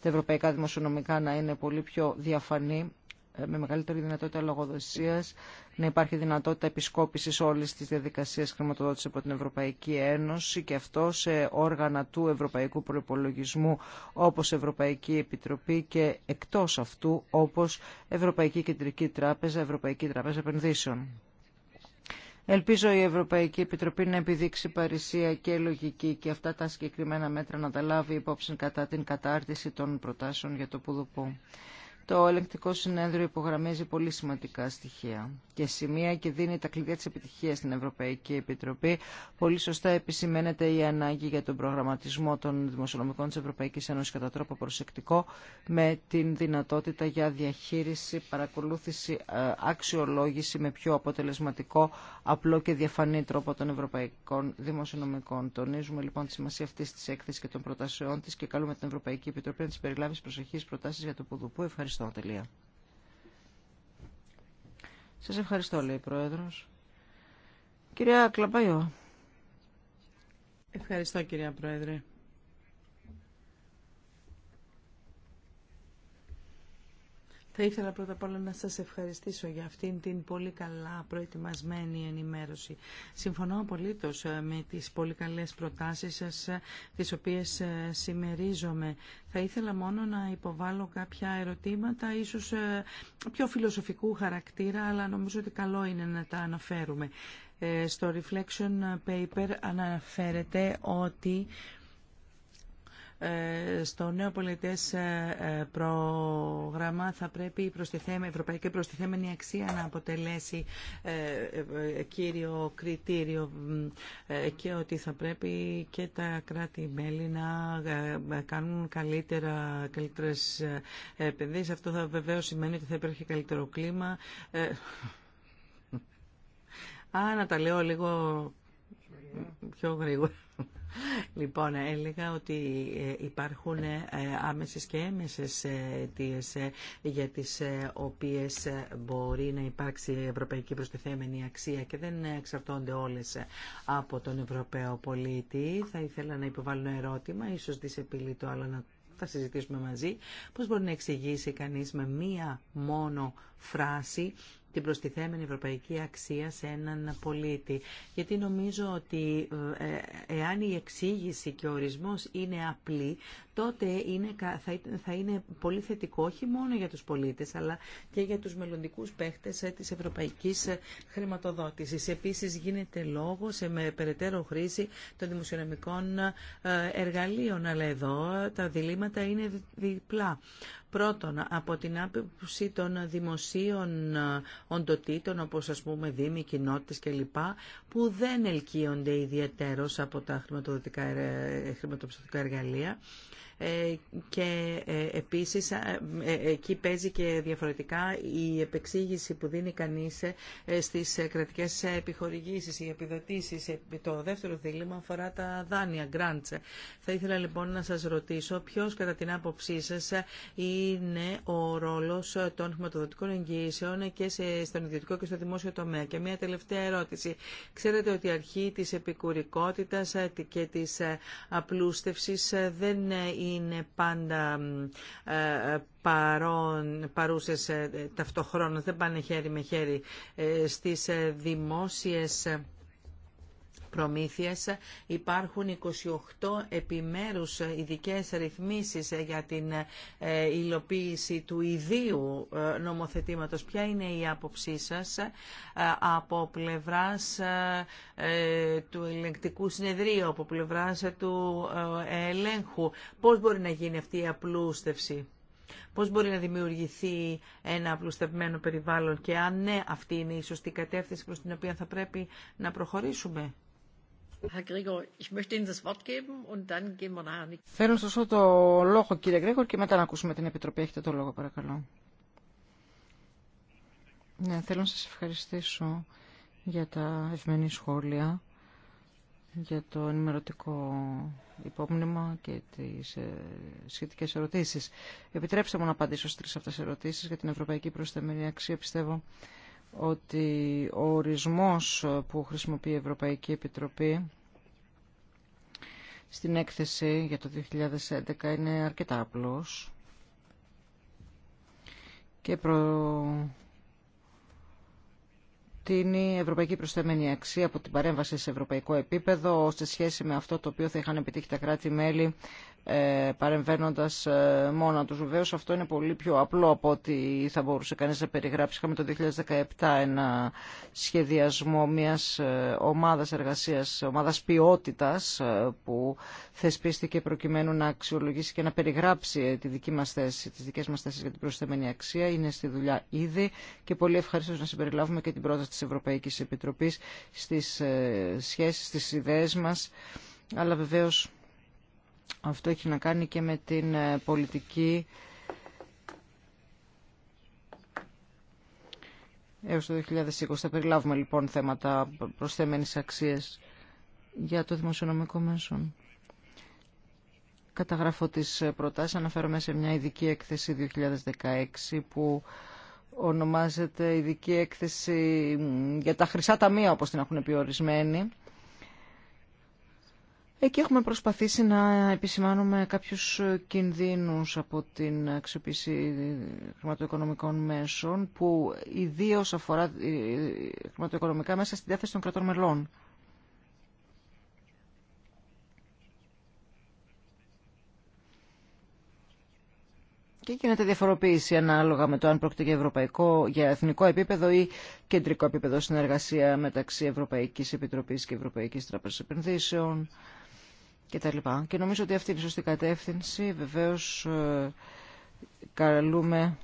τα ευρωπαϊκά δημοσιονομικά να είναι πολύ πιο διαφανή ε, με μεγαλύτερη δυνατότητα λογοδοσία να υπάρχει δυνατότητα επισκόπηση όλη τη διαδικασία χρηματοδότηση από την Ευρωπαϊκή Ένωση και αυτό σε όργανα του Ευρωπαϊκού Προπολογισμού όπω Ευρωπαϊκή Επιτροπή και εκτό αυτού όπω Ευρωπαϊκή Κεντρική Τράπεζα, Ευρωπαϊκή Τράπεζα Επενδύσεων. Ελπίζω η Ευρωπαϊκή Επιτροπή να επιδείξει παρησία και λογική και αυτά τα συγκεκριμένα μέτρα να τα λάβει υπόψη κατά την κατάρτιση των προτάσεων για το Πουδουπού. Το ελεγκτικό συνέδριο υπογραμμίζει πολύ σημαντικά στοιχεία και σημεία και δίνει τα κλειδιά της επιτυχίας στην Ευρωπαϊκή Επιτροπή. Πολύ σωστά επισημαίνεται η ανάγκη για τον προγραμματισμό των δημοσιονομικών της Ευρωπαϊκής Ένωσης κατά τρόπο προσεκτικό με την δυνατότητα για διαχείριση, παρακολούθηση, ε, αξιολόγηση με πιο αποτελεσματικό, απλό και διαφανή τρόπο των ευρωπαϊκών δημοσιονομικών. Τονίζουμε λοιπόν τη σημασία αυτή τη έκθεση και των προτάσεών τη και καλούμε την Ευρωπαϊκή Επιτροπή να τι περιλάβει προσοχή προτάσει για το Ευχαριστώ. Ευχαριστώ. Σας ευχαριστώ, λέει Πρόεδρος. Κυρία Κλαπαϊό. Ευχαριστώ, κυρία Πρόεδρε. Θα ήθελα πρώτα απ' όλα να σας ευχαριστήσω για αυτήν την πολύ καλά προετοιμασμένη ενημέρωση. Συμφωνώ απολύτως ε, με τις πολύ καλές προτάσεις σας, ε, τις οποίες ε, συμμερίζομαι. Θα ήθελα μόνο να υποβάλω κάποια ερωτήματα, ίσως πιο φιλοσοφικού χαρακτήρα, αλλά νομίζω ότι καλό είναι να τα αναφέρουμε. Στο Reflection Paper αναφέρεται ότι ε, στο νέο πολιτές ε, ε, πρόγραμμα θα πρέπει η ευρωπαϊκή προστιθέμενη αξία να αποτελέσει κύριο κριτήριο και ότι θα πρέπει και τα κράτη-μέλη να κάνουν καλύτερα, καλύτερες επενδύσεις. Αυτό θα βεβαίως σημαίνει ότι θα υπάρχει καλύτερο κλίμα. Α, να τα λέω λίγο πιο γρήγορα. Λοιπόν, έλεγα ότι ε, υπάρχουν ε, άμεσες και έμεσες ε, αιτίε για τις οποίες μπορεί να υπάρξει ευρωπαϊκή προστιθέμενη αξία και δεν εξαρτώνται όλες από τον Ευρωπαίο πολίτη. Θα ήθελα να υποβάλω ένα ερώτημα, ίσως δυσεπίλη το άλλο να θα συζητήσουμε μαζί, πώς μπορεί να εξηγήσει κανείς με μία μόνο φράση την προστιθέμενη ευρωπαϊκή αξία σε έναν πολίτη. Γιατί νομίζω ότι ε, ε, εάν η εξήγηση και ο ορισμός είναι απλή, τότε είναι, θα είναι πολύ θετικό όχι μόνο για τους πολίτες αλλά και για τους μελλοντικούς παίχτες ε, της ευρωπαϊκής ε, χρηματοδότησης. Επίσης γίνεται λόγο σε με περαιτέρω χρήση των δημοσιονομικών ε, εργαλείων αλλά εδώ τα διλήμματα είναι διπλά. Πρώτον, από την άποψη των δημοσίων οντοτήτων, όπως ας πούμε δήμοι, κοινότητες κλπ, που δεν ελκύονται ιδιαίτερως από τα χρηματοδοτικά, χρηματοπιστωτικά εργαλεία ε, και ε, επίσης ε, εκεί παίζει και διαφορετικά η επεξήγηση που δίνει κανείς στις κρατικές επιχορηγήσεις, οι επιδοτήσεις. Το δεύτερο δίλημα αφορά τα δάνεια, grants. Θα ήθελα λοιπόν να σας ρωτήσω ποιος κατά την άποψή σας είναι ο ρόλος των χρηματοδοτικών εγγυήσεων και στον ιδιωτικό και στο δημόσιο τομέα. Και μια τελευταία ερώτηση. Ξέρετε ότι η αρχή της επικουρικότητας και της απλούστευσης δεν είναι είναι πάντα ε, ε, παρόν, παρούσες ε, ταυτοχρόνως, δεν πάνε χέρι με χέρι στις δημόσιες προμήθειας. Υπάρχουν 28 επιμέρους ειδικέ ρυθμίσεις για την ε, υλοποίηση του ιδίου ε, νομοθετήματος. Ποια είναι η άποψή σας ε, από πλευράς του ελεγκτικού συνεδρίου, από πλευράς του ελέγχου. Πώς μπορεί να γίνει αυτή η απλούστευση. Πώς μπορεί να δημιουργηθεί ένα απλουστευμένο περιβάλλον και αν ναι αυτή είναι η σωστή κατεύθυνση προς την οποία θα πρέπει να προχωρήσουμε. Θέλω να σας δώσω το λόγο κύριε Γκρέγορ και μετά να ακούσουμε την Επιτροπή. Έχετε το λόγο παρακαλώ. Ναι, θέλω να σας ευχαριστήσω για τα ευμενή σχόλια, για το ενημερωτικό υπόμνημα και τις ε, σχετικές ερωτήσεις. Επιτρέψτε μου να απαντήσω στις τρεις αυτές ερωτήσεις για την Ευρωπαϊκή Προσταμενή Αξία. Πιστεύω ότι ο ορισμός που χρησιμοποιεί η Ευρωπαϊκή Επιτροπή στην έκθεση για το 2011 είναι αρκετά απλός και προ... την ευρωπαϊκή προσθέμενη αξία από την παρέμβαση σε ευρωπαϊκό επίπεδο σε σχέση με αυτό το οποίο θα είχαν επιτύχει τα κράτη-μέλη ε, παρεμβαίνοντας ε, μόνα τους. Βεβαίω αυτό είναι πολύ πιο απλό από ό,τι θα μπορούσε κανείς να περιγράψει. Είχαμε το 2017 ένα σχεδιασμό μιας ε, ομάδας εργασίας, ομάδας ποιότητας που θεσπίστηκε προκειμένου να αξιολογήσει και να περιγράψει τη δική μας θέση, τις δικές μας θέσεις για την προσθεμένη αξία. Είναι στη δουλειά ήδη και πολύ ευχαριστώ να συμπεριλάβουμε και την πρόταση της Ευρωπαϊκής Επιτροπής στις σχέσεις, στις ιδέες μας. Αλλά βεβαίως αυτό έχει να κάνει και με την ε, πολιτική έως το 2020. Θα περιλάβουμε λοιπόν θέματα προσθέμενης αξίες για το δημοσιονομικό μέσο. Καταγράφω τις προτάσεις, αναφέρομαι σε μια ειδική έκθεση 2016 που ονομάζεται ειδική έκθεση για τα χρυσά ταμεία όπως την έχουν πει Εκεί έχουμε προσπαθήσει να επισημάνουμε κάποιους κινδύνους από την αξιοποίηση χρηματοοικονομικών μέσων που ιδίως αφορά ε, χρηματοοικονομικά μέσα στη διάθεση των κρατών μελών. Και γίνεται διαφοροποίηση ανάλογα με το αν πρόκειται για, ευρωπαϊκό, για εθνικό επίπεδο ή κεντρικό επίπεδο συνεργασία μεταξύ Ευρωπαϊκής Επιτροπής και Ευρωπαϊκής Τράπεζας Επενδύσεων λοιπά. Και νομίζω ότι αυτή είναι η σωστή κατεύθυνση. Βεβαίως ε, καλούμε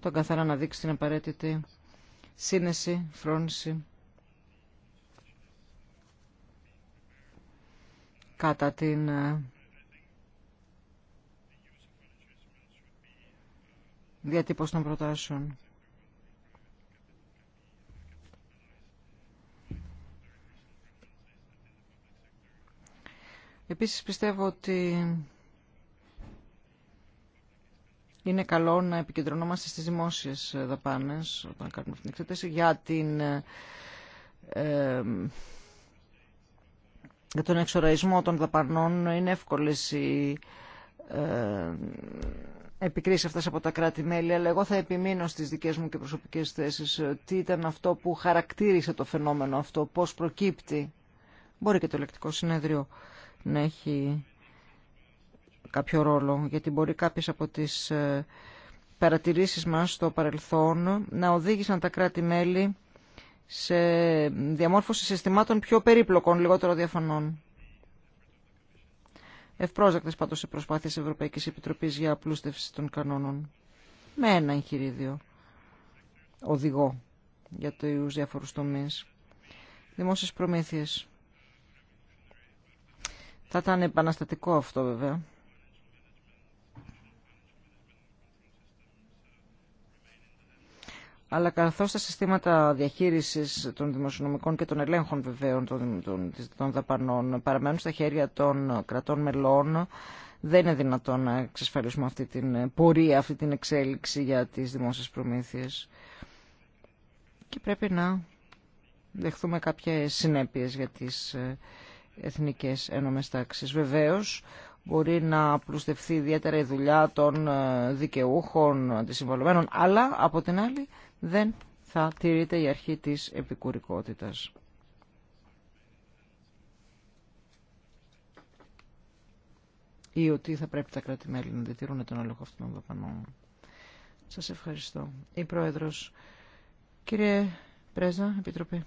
τον καθαρά να δείξει την απαραίτητη σύνεση, φρόνηση κατά την ε, διατύπωση των προτάσεων. Επίσης πιστεύω ότι είναι καλό να επικεντρωνόμαστε στις δημόσιες δαπάνες όταν κάνουμε αυτή την για, την, ε, για τον εξοραϊσμό των δαπανών. Είναι εύκολες οι ε, επικρίσεις αυτές από τα κράτη-μέλη, αλλά εγώ θα επιμείνω στις δικές μου και προσωπικές θέσεις τι ήταν αυτό που χαρακτήρισε το φαινόμενο αυτό, πώς προκύπτει. Μπορεί και το ελεκτικό συνέδριο να έχει κάποιο ρόλο, γιατί μπορεί κάποιες από τις ε, παρατηρήσεις μας στο παρελθόν να οδήγησαν τα κράτη-μέλη σε διαμόρφωση συστημάτων πιο περίπλοκων, λιγότερο διαφανών. Ευπρόσδεκτες πάντως οι προσπάθειες Ευρωπαϊκής Επιτροπής για απλούστευση των κανόνων. Με ένα εγχειρίδιο οδηγό για του διάφορους τομείς. Δημόσιες προμήθειες. Θα ήταν επαναστατικό αυτό βέβαια. αλλά καθώ τα συστήματα διαχείρισης των δημοσιονομικών και των ελέγχων βεβαίων των, των, των δαπανών παραμένουν στα χέρια των κρατών μελών, δεν είναι δυνατόν να εξασφαλίσουμε αυτή την πορεία, αυτή την εξέλιξη για τις δημόσιες προμήθειες. Και πρέπει να δεχθούμε κάποιε συνέπειε για τις ε, εθνικές ένωμες τάξεις. Βεβαίως, μπορεί να απλουστευθεί ιδιαίτερα η δουλειά των ε, δικαιούχων, των αλλά από την άλλη δεν θα τηρείται η αρχή της επικουρικότητας. Ή ότι θα πρέπει τα κράτη-μέλη να διτηρούν τον έλεγχο αυτών των δαπανών. Σας ευχαριστώ. Η Πρόεδρος. να διατηρουν τον ελεγχο Πρέζα, Επιτροπή.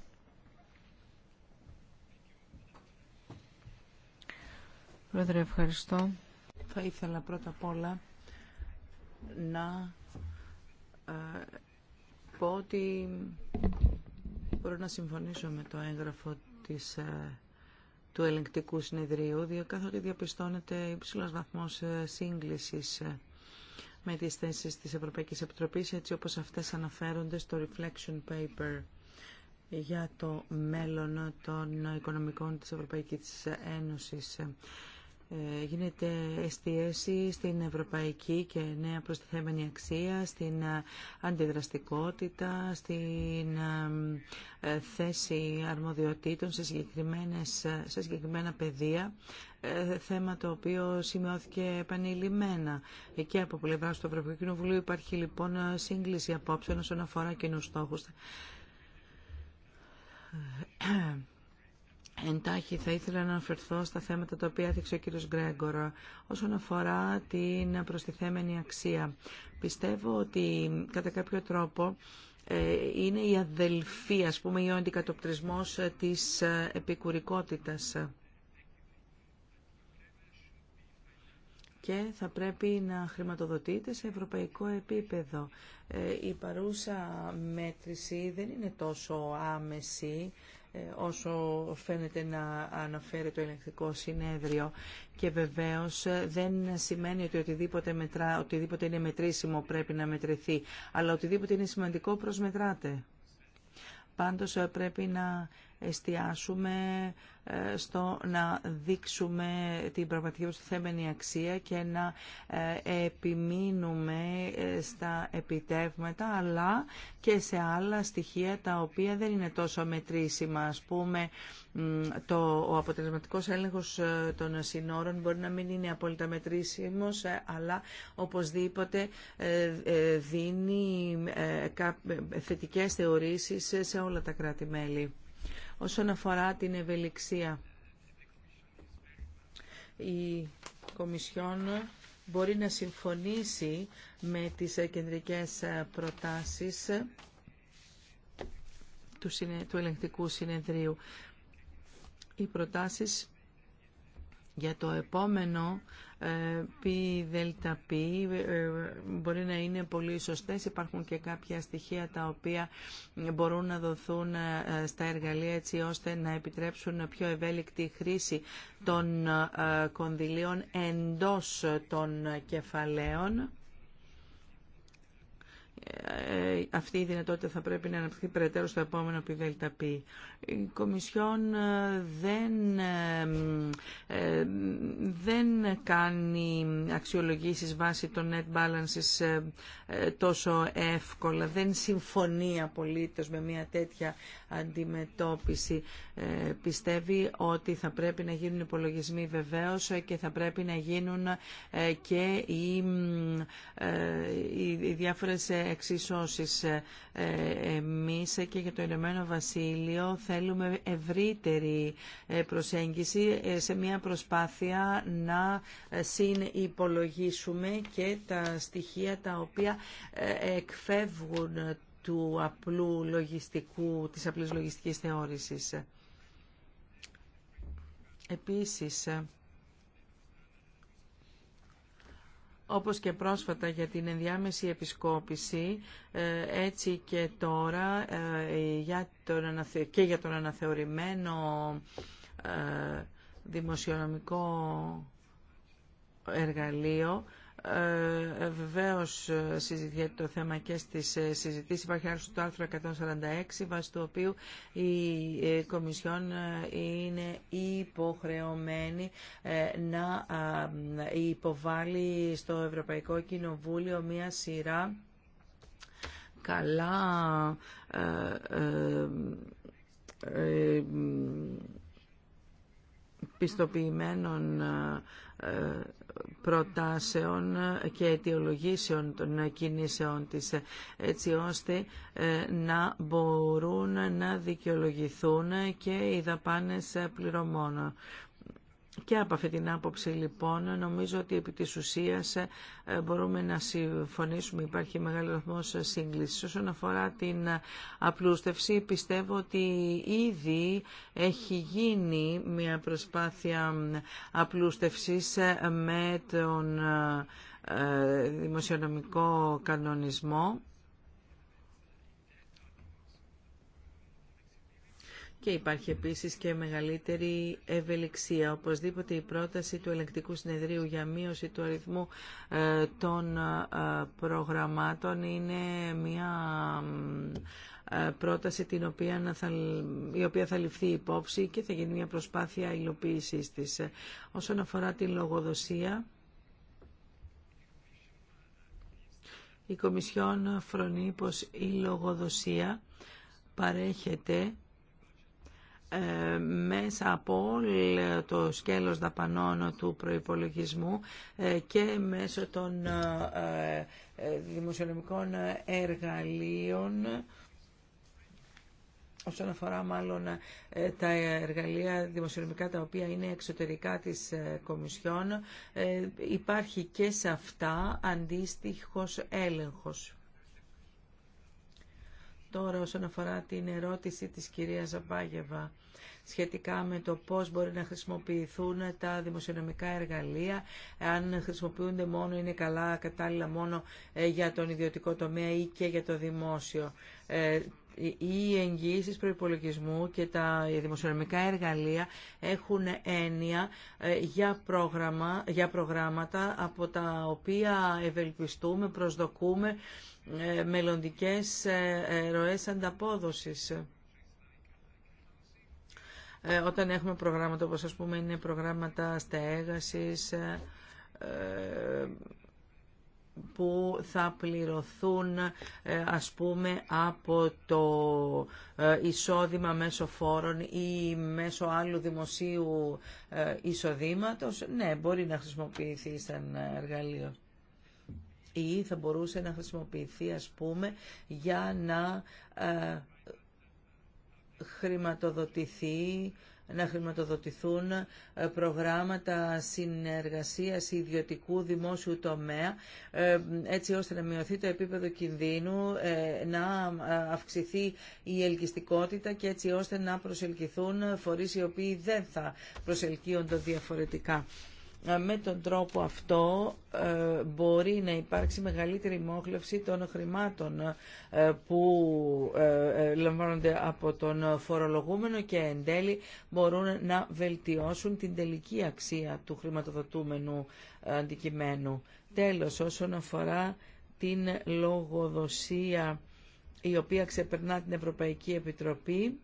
Πρόεδρε, ευχαριστώ. Θα ήθελα πρώτα απ' όλα να ε, πω ότι μπορώ να συμφωνήσω με το έγγραφο της, ε, του ελεγκτικού συνεδρίου, καθότι διαπιστώνεται υψηλός βαθμός ε, σύγκλησης με τις θέσεις της Ευρωπαϊκής Επιτροπής, έτσι όπως αυτές αναφέρονται στο Reflection Paper για το μέλλον των οικονομικών της Ευρωπαϊκής Ένωσης γίνεται εστίαση στην ευρωπαϊκή και νέα προστιθέμενη αξία, στην ε, αντιδραστικότητα, στην ε, ε, θέση αρμοδιοτήτων σε, συγκεκριμένες, σε συγκεκριμένα πεδία, θέμα το οποίο σημειώθηκε επανειλημμένα. Και από πλευρά του Ευρωπαϊκού Κοινοβουλίου υπάρχει λοιπόν σύγκληση απόψεων όσον αφορά κοινού στόχου Εντάχει θα ήθελα να αναφερθώ στα θέματα τα οποία έδειξε ο κύριος Γκρέγκορ όσον αφορά την προστιθέμενη αξία. Πιστεύω ότι κατά κάποιο τρόπο ε, είναι η αδελφή, ας πούμε, ή ο αντικατοπτρισμός της επικουρικότητας. και θα πρέπει να χρηματοδοτείται σε ευρωπαϊκό επίπεδο. Ε, η παρούσα μέτρηση δεν είναι τόσο άμεση ε, όσο φαίνεται να αναφέρει το ελεγκτικό συνέδριο. Και βεβαίως ε, δεν σημαίνει ότι οτιδήποτε, μετρά, οτιδήποτε είναι μετρήσιμο πρέπει να μετρηθεί, αλλά οτιδήποτε είναι σημαντικό προσμετράται. Πάντως ε, πρέπει να εστιάσουμε ε, στο να δείξουμε την πραγματική θέμενη αξία και να ε, επιμείνουμε ε, στα επιτεύγματα αλλά και σε άλλα στοιχεία τα οποία δεν είναι τόσο μετρήσιμα. Ας πούμε, το, ο αποτελεσματικός έλεγχος των συνόρων μπορεί να μην είναι απόλυτα μετρήσιμος αλλά οπωσδήποτε δίνει θετικές θεωρήσεις σε όλα τα κράτη-μέλη. Όσον αφορά την ευελιξία, η Κομισιόν μπορεί να συμφωνήσει με τις κεντρικές προτάσεις του ελεγκτικού συνεδρίου. Οι προτάσεις για το επόμενο ε, πι δελτα πι ε, μπορεί να είναι πολύ σωστές. Υπάρχουν και κάποια στοιχεία τα οποία μπορούν να δοθούν ε, στα εργαλεία έτσι ώστε να επιτρέψουν πιο ευέλικτη χρήση των κονδυλίων εντός των κεφαλαίων αυτή η δυνατότητα θα πρέπει να αναπτυχθεί περαιτέρω στο επόμενο ΠΔΠ. Η Κομισιόν ε, δεν, ε, δεν κάνει αξιολογήσεις βάσει των net balances ε, τόσο εύκολα. Δεν συμφωνεί απολύτως με μια τέτοια αντιμετώπιση. Πιστεύει ότι θα πρέπει να γίνουν υπολογισμοί βεβαίως και θα πρέπει να γίνουν και οι, οι διάφορες εξισώσεις. Ε, ε, εμείς και για το Ηνωμένο Βασίλειο θέλουμε ευρύτερη ε, προσέγγιση σε μια προσπάθεια να συνυπολογίσουμε και τα στοιχεία τα οποία εκφεύγουν του απλού λογιστικού, της απλής λογιστικής θεώρησης. Επίσης, όπως και πρόσφατα για την ενδιάμεση επισκόπηση, ε, έτσι και τώρα ε, για τον και για τον αναθεωρημένο ε, δημοσιονομικό εργαλείο, ε, Βεβαίω ε, συζητιέται το θέμα και στι ε, συζητήσει. Υπάρχει άρθρο του άρθρου 146, βάσει του οποίου η ε, Κομισιόν είναι υποχρεωμένη να υποβάλει στο Ευρωπαϊκό Κοινοβούλιο μία σειρά καλά πιστοποιημένων ε, ε, προτάσεων και αιτιολογήσεων των κινήσεων της ε, έτσι ώστε να μπορούν να δικαιολογηθούν και οι δαπάνες πληρωμών. Και από αυτή την άποψη λοιπόν νομίζω ότι επί της ουσίας ε, μπορούμε να συμφωνήσουμε. Υπάρχει μεγάλο βαθμό σύγκληση. Όσον αφορά την απλούστευση πιστεύω ότι ήδη έχει γίνει μια προσπάθεια απλούστευσης ε, με τον ε, δημοσιονομικό κανονισμό και υπάρχει επίσης και μεγαλύτερη ευελιξία. Οπωσδήποτε η πρόταση του ελεκτικού συνεδρίου για μείωση του αριθμού ε, των ε, προγραμμάτων είναι μια ε, πρόταση την οποία θα, η οποία θα ληφθεί υπόψη και θα γίνει μια προσπάθεια υλοποίησής της. Όσον αφορά την λογοδοσία, η Κομισιόν φρονεί πως η λογοδοσία παρέχεται ε, μέσα από όλο το σκέλος δαπανών του προϋπολογισμού ε, και μέσω των ε, δημοσιονομικών εργαλείων όσον αφορά μάλλον τα εργαλεία δημοσιονομικά τα οποία είναι εξωτερικά της Κομισιόν, υπάρχει και σε αυτά αντίστοιχος έλεγχος. Τώρα όσον αφορά την ερώτηση της κυρίας Ζαμπάγεβα σχετικά με το πώς μπορεί να χρησιμοποιηθούν τα δημοσιονομικά εργαλεία, αν χρησιμοποιούνται μόνο, είναι καλά, κατάλληλα μόνο ε, για τον ιδιωτικό τομέα ή και για το δημόσιο. Ε, οι εγγύησει προϋπολογισμού και τα δημοσιονομικά εργαλεία έχουν έννοια ε, για, πρόγραμμα, για προγράμματα από τα οποία ευελπιστούμε, προσδοκούμε ε, μελλοντικές ε, ε, ροές ανταπόδοσης. Όταν έχουμε προγράμματα όπως ας πούμε είναι προγράμματα στέγασης που θα πληρωθούν ας πούμε από το εισόδημα μέσω φόρων ή μέσω άλλου δημοσίου εισοδήματος, ναι μπορεί να χρησιμοποιηθεί σαν εργαλείο ή θα μπορούσε να χρησιμοποιηθεί ας πούμε για να ε, χρηματοδοτηθεί να χρηματοδοτηθούν ε, προγράμματα συνεργασίας ιδιωτικού δημόσιου τομέα ε, έτσι ώστε να μειωθεί το επίπεδο κινδύνου, να αυξηθεί η ελκυστικότητα και έτσι ώστε να προσελκυθούν φορείς οι οποίοι δεν θα προσελκύονται διαφορετικά. Ε, με τον τρόπο αυτό ε, μπορεί να υπάρξει μεγαλύτερη μόχλευση των χρημάτων ε, που λαμβάνονται από τον φορολογούμενο και εν τέλει μπορούν να βελτιώσουν την τελική αξία του χρηματοδοτούμενου αντικειμένου. Τέλος, όσον αφορά την λογοδοσία η οποία ξεπερνά την Ευρωπαϊκή Επιτροπή,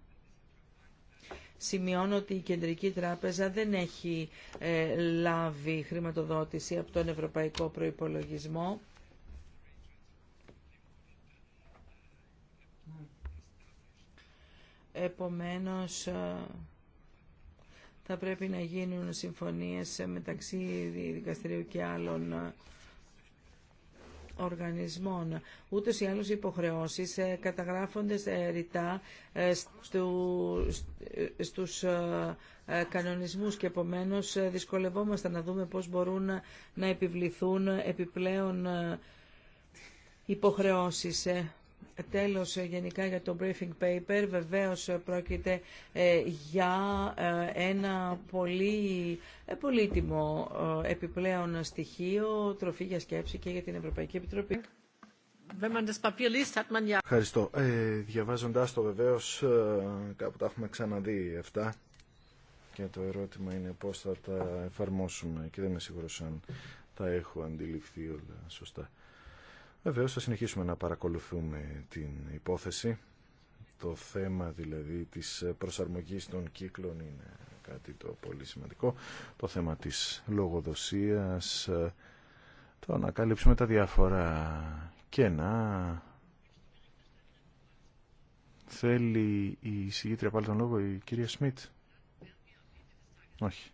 Σημειώνω ότι η Κεντρική Τράπεζα δεν έχει ε, λάβει χρηματοδότηση από τον Ευρωπαϊκό Προϋπολογισμό. Επομένως, ε, θα πρέπει να γίνουν συμφωνίες μεταξύ δικαστηρίου και άλλων ε, οργανισμών. ούτε ή άλλως οι υποχρεώσεις ε, καταγράφονται ε, ρητά ε, στους κανονισμούς και επομένως δυσκολευόμαστε να δούμε πώς μπορούν να επιβληθούν επιπλέον υποχρεώσεις. Τέλος, γενικά για το briefing paper, βεβαίως πρόκειται ε, για ε, ένα πολύ ε, πολύτιμο επιπλέον στοιχείο, τροφή για σκέψη και για την Ευρωπαϊκή Επιτροπή. Ευχαριστώ. Ε, διαβάζοντάς το βεβαίως, κάπου τα έχουμε ξαναδεί αυτά και το ερώτημα είναι πώς θα τα εφαρμόσουμε και δεν είμαι σίγουρος αν τα έχω αντιληφθεί όλα σωστά. Βεβαίως θα συνεχίσουμε να παρακολουθούμε την υπόθεση. Το θέμα δηλαδή της προσαρμογής των κύκλων είναι κάτι το πολύ σημαντικό. Το θέμα της λογοδοσίας, το να καλύψουμε τα διάφορα κενά. Θέλει η συγγήτρια πάλι τον λόγο, η κυρία Σμιτ. Όχι.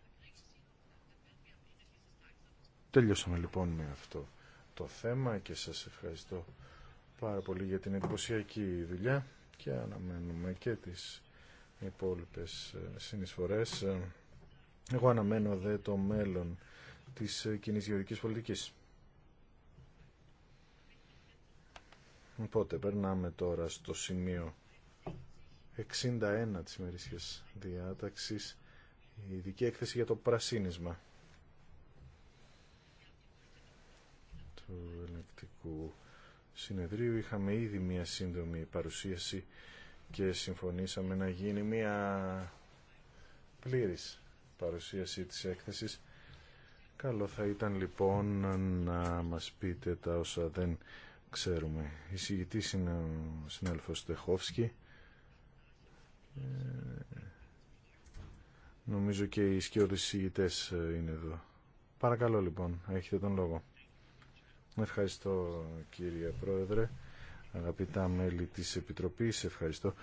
Τελειώσαμε λοιπόν με αυτό το θέμα και σας ευχαριστώ πάρα πολύ για την εντυπωσιακή δουλειά και αναμένουμε και τις υπόλοιπες ε, συνεισφορές. Ε, εγώ αναμένω δε το μέλλον της ε, κοινή γεωργικής πολιτικής. Οπότε περνάμε τώρα στο σημείο 61 της ημερήσιας διάταξης η ειδική έκθεση για το πρασίνισμα. του ελεκτικού συνεδρίου είχαμε ήδη μία σύντομη παρουσίαση και συμφωνήσαμε να γίνει μία πλήρης παρουσίαση της έκθεσης. Καλό θα ήταν λοιπόν να μας πείτε τα όσα δεν ξέρουμε. Η συγητής είναι ο συνέλφος Τεχόφσκι ε, Νομίζω και οι σκιώδεις συγητές είναι εδώ. Παρακαλώ λοιπόν, έχετε τον λόγο. Ευχαριστώ κύριε Πρόεδρε, αγαπητά μέλη της Επιτροπής, ευχαριστώ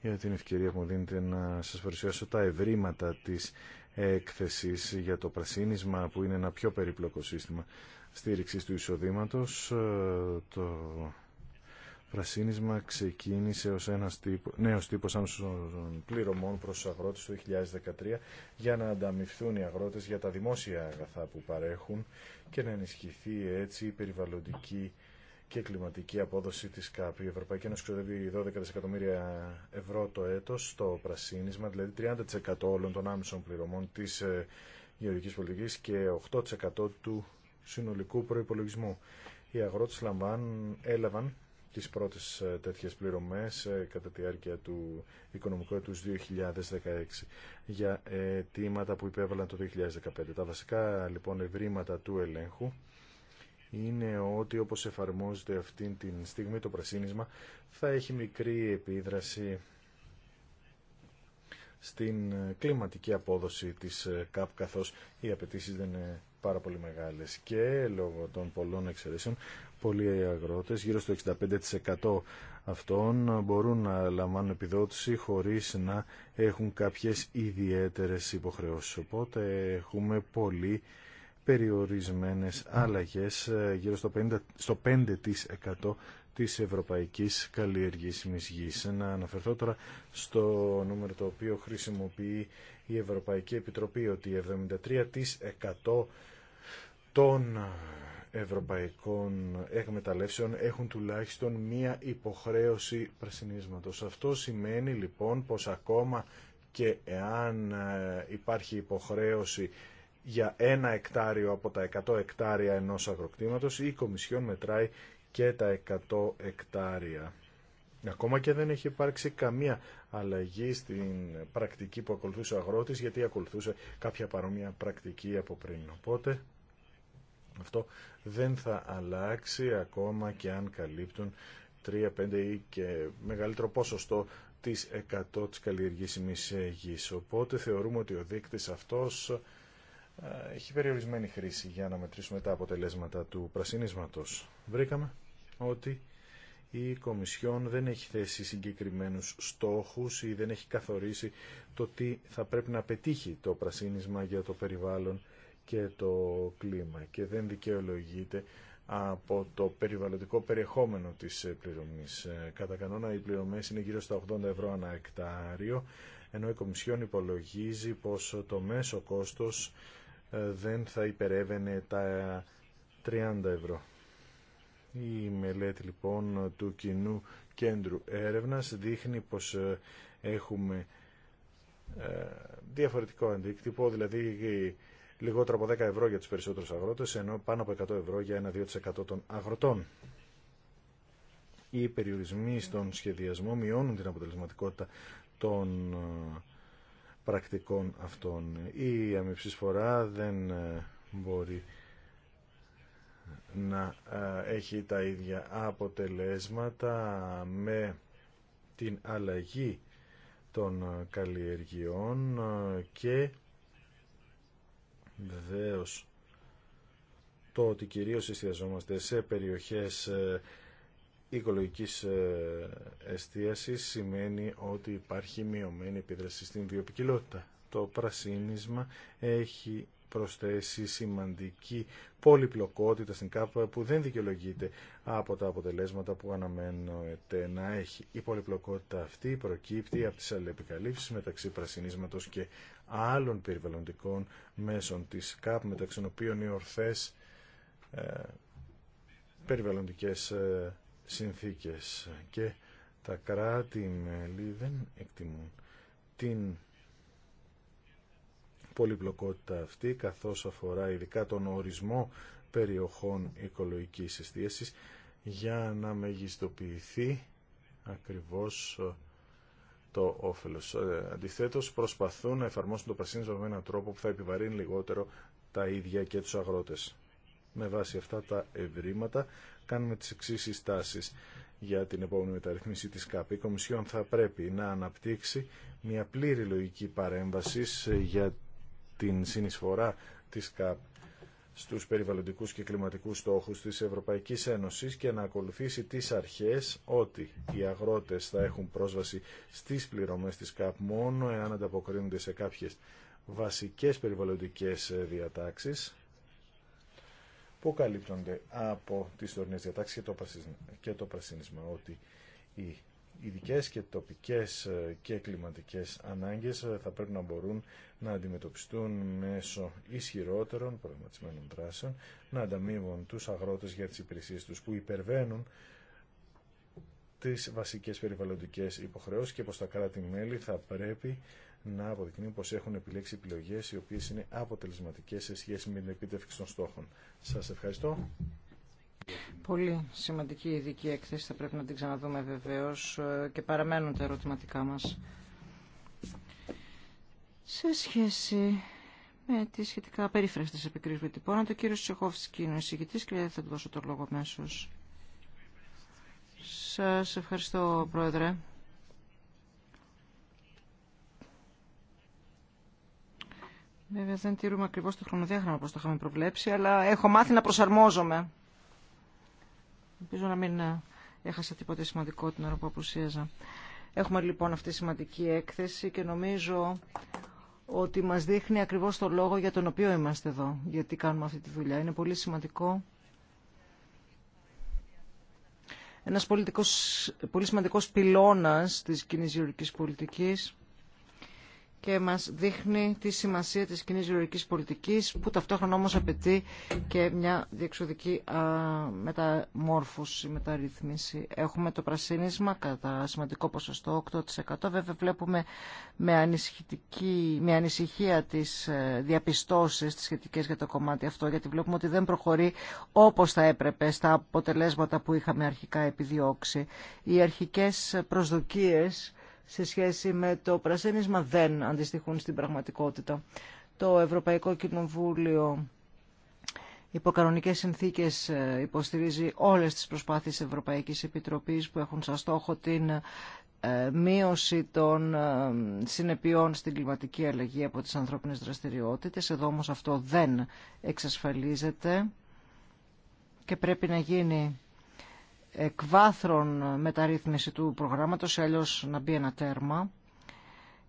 για την ευκαιρία που μου δίνετε να σας παρουσιάσω τα ευρήματα της έκθεσης για το πρασίνισμα που είναι ένα πιο περίπλοκο σύστημα στήριξης του εισοδήματος. Ε, πρασίνισμα ξεκίνησε ως ένας τύπο, νέος τύπος άμεσων πληρωμών προς τους αγρότες το 2013 για να ανταμυφθούν οι αγρότες για τα δημόσια αγαθά που παρέχουν και να ενισχυθεί έτσι η περιβαλλοντική και κλιματική απόδοση της ΚΑΠ. Η Ευρωπαϊκή Ένωση ξοδεύει 12 δισεκατομμύρια ευρώ το έτος στο πρασίνισμα, δηλαδή 30% όλων των άμεσων πληρωμών της ε, γεωργικής πολιτικής και 8% του συνολικού προϋπολογισμού. Οι αγρότες λαμβάνουν, έλαβαν τις πρώτες ε, τέτοιες πληρωμές ε, κατά τη διάρκεια του οικονομικού έτους 2016 για αιτήματα που υπέβαλαν το 2015. Τα βασικά λοιπόν ευρήματα του ελέγχου είναι ότι όπως εφαρμόζεται αυτή τη στιγμή το πρασίνισμα θα έχει μικρή επίδραση στην ε, κλιματική απόδοση της ΚΑΠ καθώς οι απαιτήσει δεν είναι πάρα πολύ μεγάλες και λόγω των πολλών εξαιρέσεων πολλοί αγρότες, γύρω στο 65% αυτών μπορούν να λαμβάνουν επιδότηση χωρίς να έχουν κάποιες ιδιαίτερες υποχρεώσεις. Οπότε έχουμε πολύ περιορισμένες άλλαγες ε, γύρω στο, 50, στο 5% της ευρωπαϊκής καλλιεργήσιμης γης. Να αναφερθώ τώρα στο νούμερο το οποίο χρησιμοποιεί η Ευρωπαϊκή Επιτροπή ότι 73% των ευρωπαϊκών εκμεταλλεύσεων έχουν τουλάχιστον μία υποχρέωση πρασινίσματος. Αυτό σημαίνει λοιπόν πως ακόμα και εάν ε, υπάρχει υποχρέωση για ένα εκτάριο από τα 100 εκτάρια ενός αγροκτήματος, η Κομισιόν μετράει και τα 100 εκτάρια. Ακόμα και δεν έχει υπάρξει καμία αλλαγή στην πρακτική που ακολουθούσε ο αγρότης, γιατί ακολουθούσε κάποια παρόμοια πρακτική από πριν. Οπότε αυτό δεν θα αλλάξει ακόμα και αν καλύπτουν 3, 5 ή και μεγαλύτερο ποσοστό της 100 της καλλιεργήσιμης γης. Οπότε θεωρούμε ότι ο δείκτης αυτός ε, έχει περιορισμένη χρήση για να μετρήσουμε τα αποτελέσματα του πρασινίσματος. Βρήκαμε ότι η Κομισιόν δεν έχει θέσει συγκεκριμένους στόχους ή δεν έχει καθορίσει το τι θα πρέπει να πετύχει το πρασίνισμα για το περιβάλλον και το κλίμα και δεν δικαιολογείται από το περιβαλλοντικό περιεχόμενο της πληρωμής. Ε, κατά κανόνα οι πληρωμές είναι γύρω στα 80 ευρώ ανά εκτάριο, ενώ η Κομισιόν υπολογίζει πως το μέσο κόστος ε, δεν θα υπερεύαινε τα 30 ευρώ. Η μελέτη λοιπόν του Κοινού Κέντρου Έρευνας δείχνει πως ε, έχουμε διαφορετικό αντίκτυπο, δηλαδή λιγότερο από 10 ευρώ για τους περισσότερους αγρότες, ενώ πάνω από 100 ευρώ για ένα 2 των αγροτών. Οι περιορισμοί στον σχεδιασμό μειώνουν την αποτελεσματικότητα των ε, πρακτικών αυτών. Η φορά δεν ε, μπορεί να ε, έχει τα ίδια αποτελέσματα με την αλλαγή των καλλιεργειών και Βεβαίω το ότι κυρίως εστιαζόμαστε σε περιοχές ε, οικολογικής ε, εστίασης σημαίνει ότι υπάρχει μειωμένη επίδραση στην βιοπικιλότητα. Το πρασίνισμα έχει προσθέσει σημαντική πολυπλοκότητα στην ΚΑΠ που δεν δικαιολογείται από τα αποτελέσματα που αναμένεται να έχει. Η πολυπλοκότητα αυτή προκύπτει από τις αλληλεπικαλύψεις μεταξύ πρασινίσματος και άλλων περιβαλλοντικών μέσων της ΚΑΠ, μεταξύ των οποίων οι ορθές ε, περιβαλλοντικές ε, συνθήκες και τα κράτη-μέλη δεν εκτιμούν την πολυπλοκότητα αυτή καθώς αφορά ειδικά τον ορισμό περιοχών οικολογικής εστίασης για να μεγιστοποιηθεί ακριβώς ε, το όφελος. Ε, αντιθέτως προσπαθούν να εφαρμόσουν το πρασίνισμα με έναν τρόπο που θα επιβαρύνει λιγότερο τα ίδια και τους αγρότες. Με βάση αυτά τα ευρήματα κάνουμε τις εξής συστάσεις για την επόμενη μεταρρυθμίση της ΚΑΠ. Η Κομισιόν θα πρέπει να αναπτύξει μια πλήρη λογική παρέμβαση ε, για την συνεισφορά της ΚΑΠ στους περιβαλλοντικούς και κλιματικούς στόχους της Ευρωπαϊκής Ένωσης και να ακολουθήσει τις αρχές ότι οι αγρότες θα έχουν πρόσβαση στις πληρωμές της ΚΑΠ μόνο εάν ανταποκρίνονται σε κάποιες βασικές περιβαλλοντικές διατάξεις που καλύπτονται από τις τωρινές διατάξεις και το, πρασίνισμα, ότι ειδικέ και τοπικές ε, και κλιματικές ανάγκες ε, θα πρέπει να μπορούν να αντιμετωπιστούν μέσω ισχυρότερων προγραμματισμένων δράσεων, να ανταμείβουν τους αγρότες για τις υπηρεσίε τους που υπερβαίνουν τις βασικές περιβαλλοντικές υποχρεώσεις και πω τα κράτη-μέλη θα πρέπει να αποδεικνύουν πως έχουν επιλέξει επιλογέ, οι οποίε είναι αποτελεσματικέ σε σχέση με την επίτευξη των στόχων. Σα ευχαριστώ. Πολύ σημαντική ειδική έκθεση, θα πρέπει να την ξαναδούμε βεβαίω ε, και παραμένουν τα ερωτηματικά μα. Σε σχέση με τι σχετικά περίφραστε επικρίσει με πόρνα το κύριο Τσεχόφσκι είναι ο εισηγητή και θα του δώσω το λόγο αμέσω. Σα ευχαριστώ, Πρόεδρε. Βέβαια δεν τηρούμε ακριβώς το χρονοδιάγραμμα όπως το είχαμε προβλέψει, αλλά έχω μάθει να προσαρμόζομαι. Ελπίζω να μην ε, έχασα τίποτα σημαντικό την ώρα που απουσίαζα. Έχουμε λοιπόν αυτή τη σημαντική έκθεση και νομίζω ότι μας δείχνει ακριβώς το λόγο για τον οποίο είμαστε εδώ, γιατί κάνουμε αυτή τη δουλειά. Είναι πολύ σημαντικό. Ένας πολιτικός, πολύ σημαντικός πυλώνας της κοινής γεωργικής πολιτικής και μας δείχνει τη σημασία της κοινή γεωργικής πολιτικής που ταυτόχρονα όμως απαιτεί και μια διεξοδική α, μεταμόρφωση, μεταρρύθμιση. Έχουμε το πρασίνισμα κατά σημαντικό ποσοστό 8%. Βέβαια βλέπουμε με, με ανησυχία τις ε, διαπιστώσεις τις σχετικές για το κομμάτι αυτό γιατί βλέπουμε ότι δεν προχωρεί όπως θα έπρεπε στα αποτελέσματα που είχαμε αρχικά επιδιώξει. Οι αρχικές προσδοκίες σε σχέση με το πρασένισμα δεν αντιστοιχούν στην πραγματικότητα. Το Ευρωπαϊκό Κοινοβούλιο υπό κανονικές συνθήκες ε, υποστηρίζει όλες τις προσπάθειες Ευρωπαϊκής Επιτροπής που έχουν σαν στόχο την ε, μείωση των ε, συνεπειών στην κλιματική αλλαγή από τις ανθρώπινες δραστηριότητες. Εδώ όμως αυτό δεν εξασφαλίζεται και πρέπει να γίνει εκβάθρων μεταρρύθμιση του προγράμματος, αλλιώ να μπει ένα τέρμα.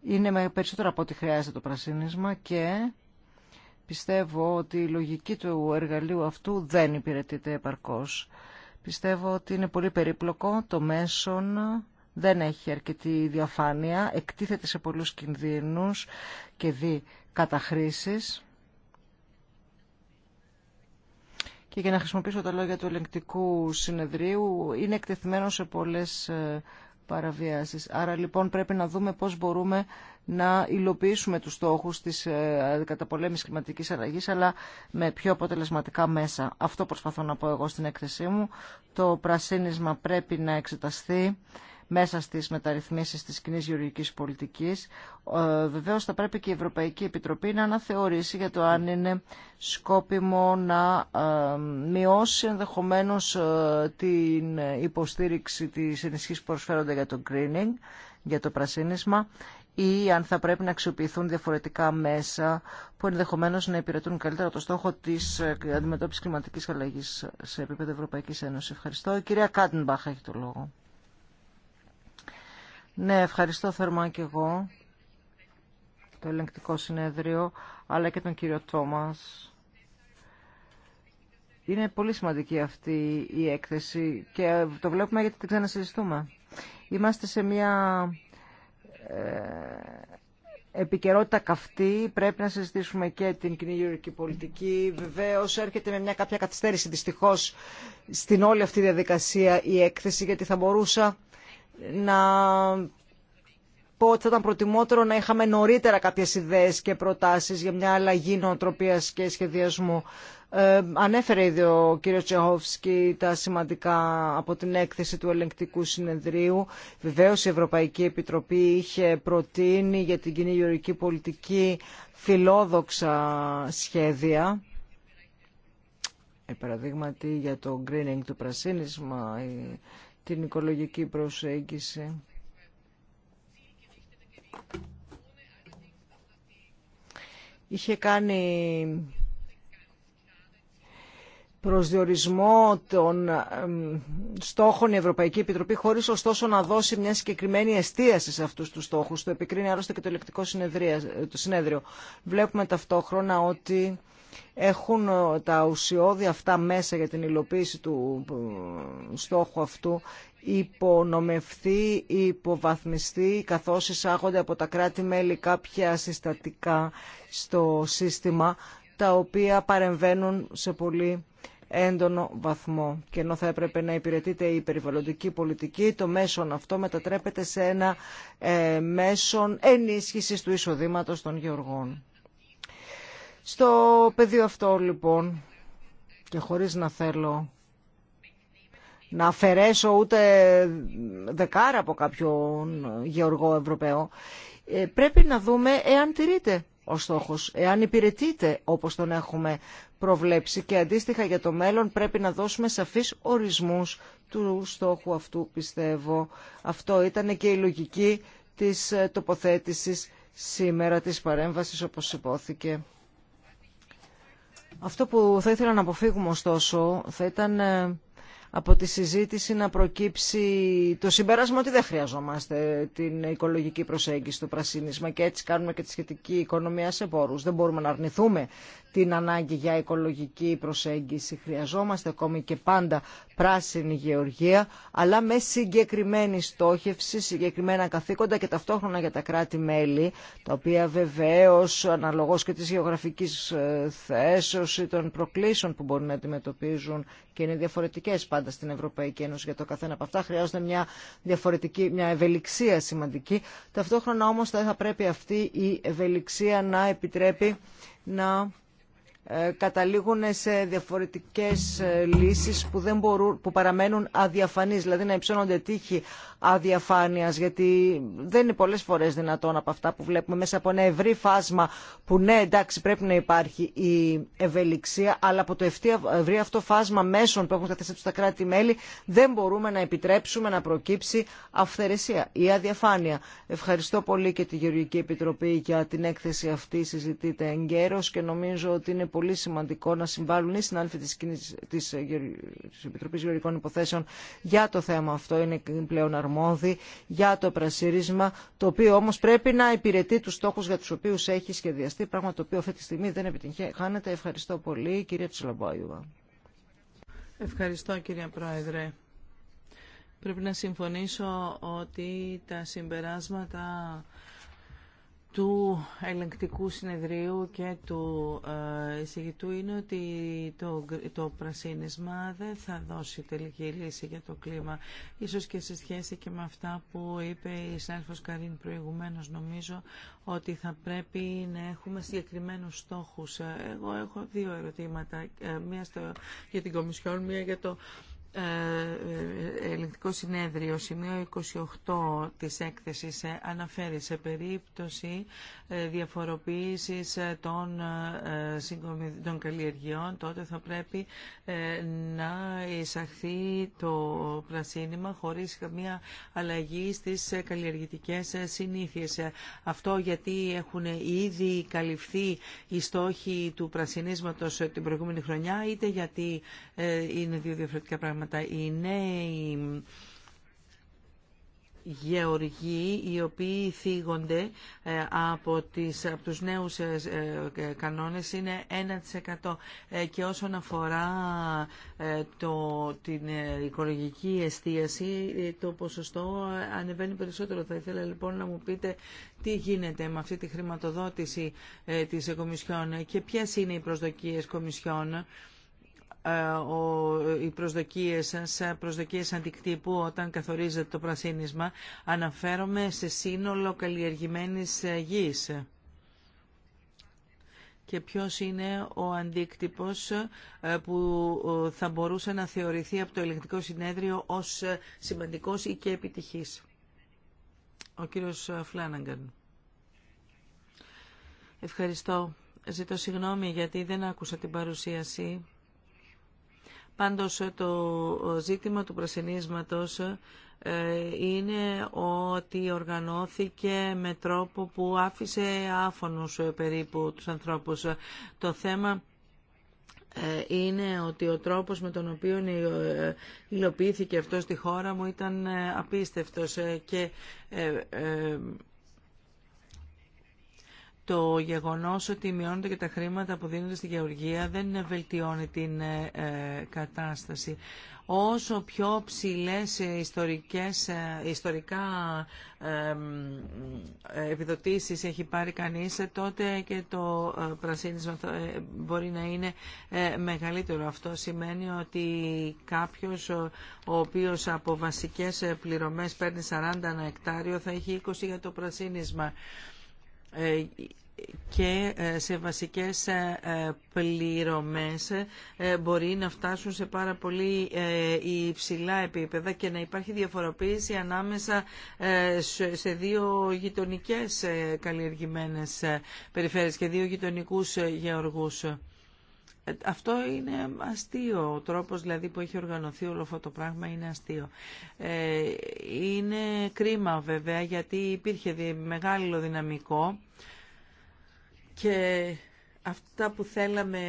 Είναι με περισσότερο από ό,τι χρειάζεται το πρασίνισμα και πιστεύω ότι η λογική του εργαλείου αυτού δεν υπηρετείται επαρκώς. Πιστεύω ότι είναι πολύ περίπλοκο το μέσον δεν έχει αρκετή διαφάνεια, εκτίθεται σε πολλούς κινδύνους και δι καταχρήσεις και για να χρησιμοποιήσω τα λόγια του ελεγκτικού συνεδρίου είναι εκτεθειμένο σε πολλές ε, παραβιάσεις. Άρα λοιπόν πρέπει να δούμε πώς μπορούμε να υλοποιήσουμε τους στόχους της ε, καταπολέμησης κλιματικής αλλαγής αλλά με πιο αποτελεσματικά μέσα. Αυτό προσπαθώ να πω εγώ στην έκθεσή μου. Το πρασίνισμα πρέπει να εξεταστεί μέσα στις μεταρρυθμίσεις της κοινή γεωργικής πολιτικής. Ε, βεβαίως θα πρέπει και η Ευρωπαϊκή Επιτροπή να αναθεωρήσει για το αν είναι σκόπιμο να ε, μειώσει ενδεχομένως ε, την υποστήριξη της ενισχύσης που προσφέρονται για το greening, για το πρασίνισμα ή αν θα πρέπει να αξιοποιηθούν διαφορετικά μέσα που ενδεχομένως να υπηρετούν καλύτερα το στόχο της αντιμετώπισης κλιματικής αλλαγής σε επίπεδο Ευρωπαϊκής Ένωσης. Ευχαριστώ. Η κυρία Κάντενμπαχ έχει το λόγο. Ναι, ευχαριστώ θερμά και εγώ το ελεγκτικό συνέδριο, αλλά και τον κύριο Τόμας. Είναι πολύ σημαντική αυτή η έκθεση και το βλέπουμε γιατί την ξανασυζητούμε. Είμαστε σε μια ε, επικαιρότητα καυτή. Πρέπει να συζητήσουμε και την κοινή γεωργική πολιτική. Βεβαίω έρχεται με μια κάποια καθυστέρηση δυστυχώ στην όλη αυτή διαδικασία η έκθεση, γιατί θα μπορούσα να πω ότι θα ήταν προτιμότερο να είχαμε νωρίτερα κάποιες ιδέες και προτάσεις για μια αλλαγή νοοτροπίας και σχεδιασμού. Ε, ανέφερε ήδη ο κύριος Τσεχόφσκι τα σημαντικά από την έκθεση του ελεγκτικού συνεδρίου. Βεβαίως η Ευρωπαϊκή Επιτροπή είχε προτείνει για την κοινή γεωρική πολιτική φιλόδοξα σχέδια. Ε, παραδείγματι για το greening του πρασίνισμα, την οικολογική προσέγγιση. Είχε κάνει προσδιορισμό των στόχων η Ευρωπαϊκή Επιτροπή χωρίς ωστόσο να δώσει μια συγκεκριμένη εστίαση σε αυτούς τους στόχους. Το επικρίνει άλλωστε και το ελεκτικό συνεδρίο. Βλέπουμε ταυτόχρονα ότι έχουν ε, τα ουσιώδη αυτά μέσα για την υλοποίηση του ε, στόχου αυτού υπονομευθεί, υποβαθμιστεί, καθώς εισάγονται από τα κράτη-μέλη κάποια συστατικά στο σύστημα, τα οποία παρεμβαίνουν σε πολύ έντονο βαθμό. Και ενώ θα έπρεπε να υπηρετείται η περιβαλλοντική πολιτική, το μέσον αυτό μετατρέπεται σε ένα ε, μέσον ενίσχυσης του εισοδήματος των γεωργών. Στο πεδίο αυτό λοιπόν και χωρίς να θέλω να αφαιρέσω ούτε δεκάρα από κάποιον γεωργό Ευρωπαίο, ε, πρέπει να δούμε εάν τηρείται ο στόχος, εάν υπηρετείται όπως τον έχουμε προβλέψει και αντίστοιχα για το μέλλον πρέπει να δώσουμε σαφείς ορισμούς του στόχου αυτού πιστεύω. Αυτό ήταν και η λογική της ε, τοποθέτησης σήμερα της παρέμβασης όπως υπόθηκε. Αυτό που θα ήθελα να αποφύγουμε ωστόσο θα ήταν ε, από τη συζήτηση να προκύψει το συμπέρασμα ότι δεν χρειαζόμαστε την οικολογική προσέγγιση, του πρασίνισμα και έτσι κάνουμε και τη σχετική οικονομία σε πόρους. Δεν μπορούμε να αρνηθούμε την ανάγκη για οικολογική προσέγγιση. Χρειαζόμαστε ακόμη και πάντα πράσινη γεωργία, αλλά με συγκεκριμένη στόχευση, συγκεκριμένα καθήκοντα και ταυτόχρονα για τα κράτη-μέλη, τα οποία βεβαίως αναλογώς και της γεωγραφικής ε, θέσεως ή των προκλήσεων που μπορούν να αντιμετωπίζουν και είναι διαφορετικές πάντα στην Ευρωπαϊκή Ένωση για το καθένα από αυτά, χρειάζονται μια διαφορετική, μια ευελιξία σημαντική. Ταυτόχρονα όμως θα πρέπει αυτή η ευελιξία να επιτρέπει να ε, καταλήγουν σε διαφορετικές ε, λύσεις που, παραμένουν αδιαφανείς, δηλαδή να υψώνονται τείχη αδιαφάνειας, γιατί δεν είναι πολλές φορές δυνατόν από αυτά που βλέπουμε μέσα από ένα ευρύ φάσμα που ναι εντάξει πρέπει να υπάρχει η ευελιξία, αλλά από το ευρύ αυτό φάσμα μέσων που έχουν του τα κράτη-μέλη δεν μπορούμε να επιτρέψουμε να προκύψει αυθαιρεσία ή αδιαφάνεια. Ευχαριστώ πολύ και τη Γεωργική Επιτροπή για την έκθεση αυτή, συζητείτε εγκαίρως και νομίζω ότι είναι πολύ πολύ σημαντικό να συμβάλλουν οι συνάδελφοι της, Επιτροπή της Επιτροπής Γεωργικών Υποθέσεων για το θέμα αυτό, είναι πλέον αρμόδιοι για το πρασίρισμα, το οποίο όμως πρέπει να υπηρετεί τους στόχους για τους οποίους έχει σχεδιαστεί, πράγμα το οποίο αυτή τη στιγμή δεν επιτυγχάνεται. Ευχαριστώ πολύ, κυρία Τσιλαμπάιουα. Ευχαριστώ, κυρία Πρόεδρε. Πρέπει να συμφωνήσω ότι τα συμπεράσματα του ελεγκτικού συνεδρίου και του ε, εισηγητού είναι ότι το, το πρασίνισμα δεν θα δώσει τελική λύση για το κλίμα. Ίσως και σε σχέση και με αυτά που είπε η Σάρφος Καρίν προηγουμένως νομίζω ότι θα πρέπει να έχουμε συγκεκριμένους στόχους. Ε, εγώ έχω δύο ερωτήματα, ε, μία στο, για την Κομισιόν, μία για το ε, ε, ε, Ελληνικό συνέδριο, σημείο 28 της έκθεσης, αναφέρει σε περίπτωση διαφοροποίησης των, των καλλιεργειών, τότε θα πρέπει να εισαχθεί το πρασίνημα χωρίς καμία αλλαγή στις καλλιεργητικές συνήθειες. Αυτό γιατί έχουν ήδη καλυφθεί οι στόχοι του πρασινίσματος την προηγούμενη χρονιά, είτε γιατί είναι δύο διαφορετικά πράγματα πράγματα. Οι νέοι γεωργοί οι οποίοι θίγονται ε, από, τις, από τους νέους ε, ε, κανόνες είναι 1% και όσον αφορά το, την οικολογική εστίαση το ποσοστό ανεβαίνει περισσότερο. Θα ήθελα λοιπόν να μου πείτε τι γίνεται με αυτή τη χρηματοδότηση της Κομισιόν και ποιες είναι οι προσδοκίες Κομισιόν ε, οι προσδοκίες σας, προσδοκίες αντικτύπου όταν καθορίζεται το πρασίνισμα, αναφέρομαι σε σύνολο καλλιεργημένης γης. Και ποιος είναι ο αντίκτυπος ε, που ε, θα μπορούσε να θεωρηθεί από το ελεγκτικό συνέδριο ως σημαντικός ή και επιτυχής. Ο κύριος Φλάνναγκαν. Ευχαριστώ. Ζητώ συγγνώμη γιατί δεν άκουσα την παρουσίαση Πάντως το ζήτημα του προσυνείσματος ε, είναι ότι οργανώθηκε με τρόπο που άφησε άφωνους ε, περίπου τους ανθρώπους. Το θέμα ε, είναι ότι ο τρόπος με τον οποίο υλοποιήθηκε αυτό στη χώρα μου ήταν απίστευτος και το γεγονός ότι μειώνονται και τα χρήματα που δίνονται στη γεωργία δεν βελτιώνει την ε, ε, κατάσταση. Όσο πιο ψηλές ιστορικές, ε, ιστορικά επιδοτήσεις έχει πάρει κανείς, τότε και το πρασίνισμα μπορεί να είναι μεγαλύτερο. Αυτό σημαίνει ότι κάποιος ο οποίος από βασικές πληρωμές παίρνει 40 ένα εκτάριο θα έχει 20 για το πρασίνισμα. Ε, και ε, σε βασικές ε, πληρωμές μπορεί να φτάσουν σε πάρα πολύ υψηλά επίπεδα και να υπάρχει διαφοροποίηση ανάμεσα σε δύο γειτονικές καλλιεργημένες περιφέρειες και δύο γειτονικούς γεωργούς. Ε, αυτό είναι αστείο. Ο τρόπος δηλαδή που έχει οργανωθεί όλο αυτό το πράγμα είναι αστείο. Ε, είναι κρίμα βέβαια γιατί υπήρχε μεγάλο δυναμικό και αυτά που θέλαμε,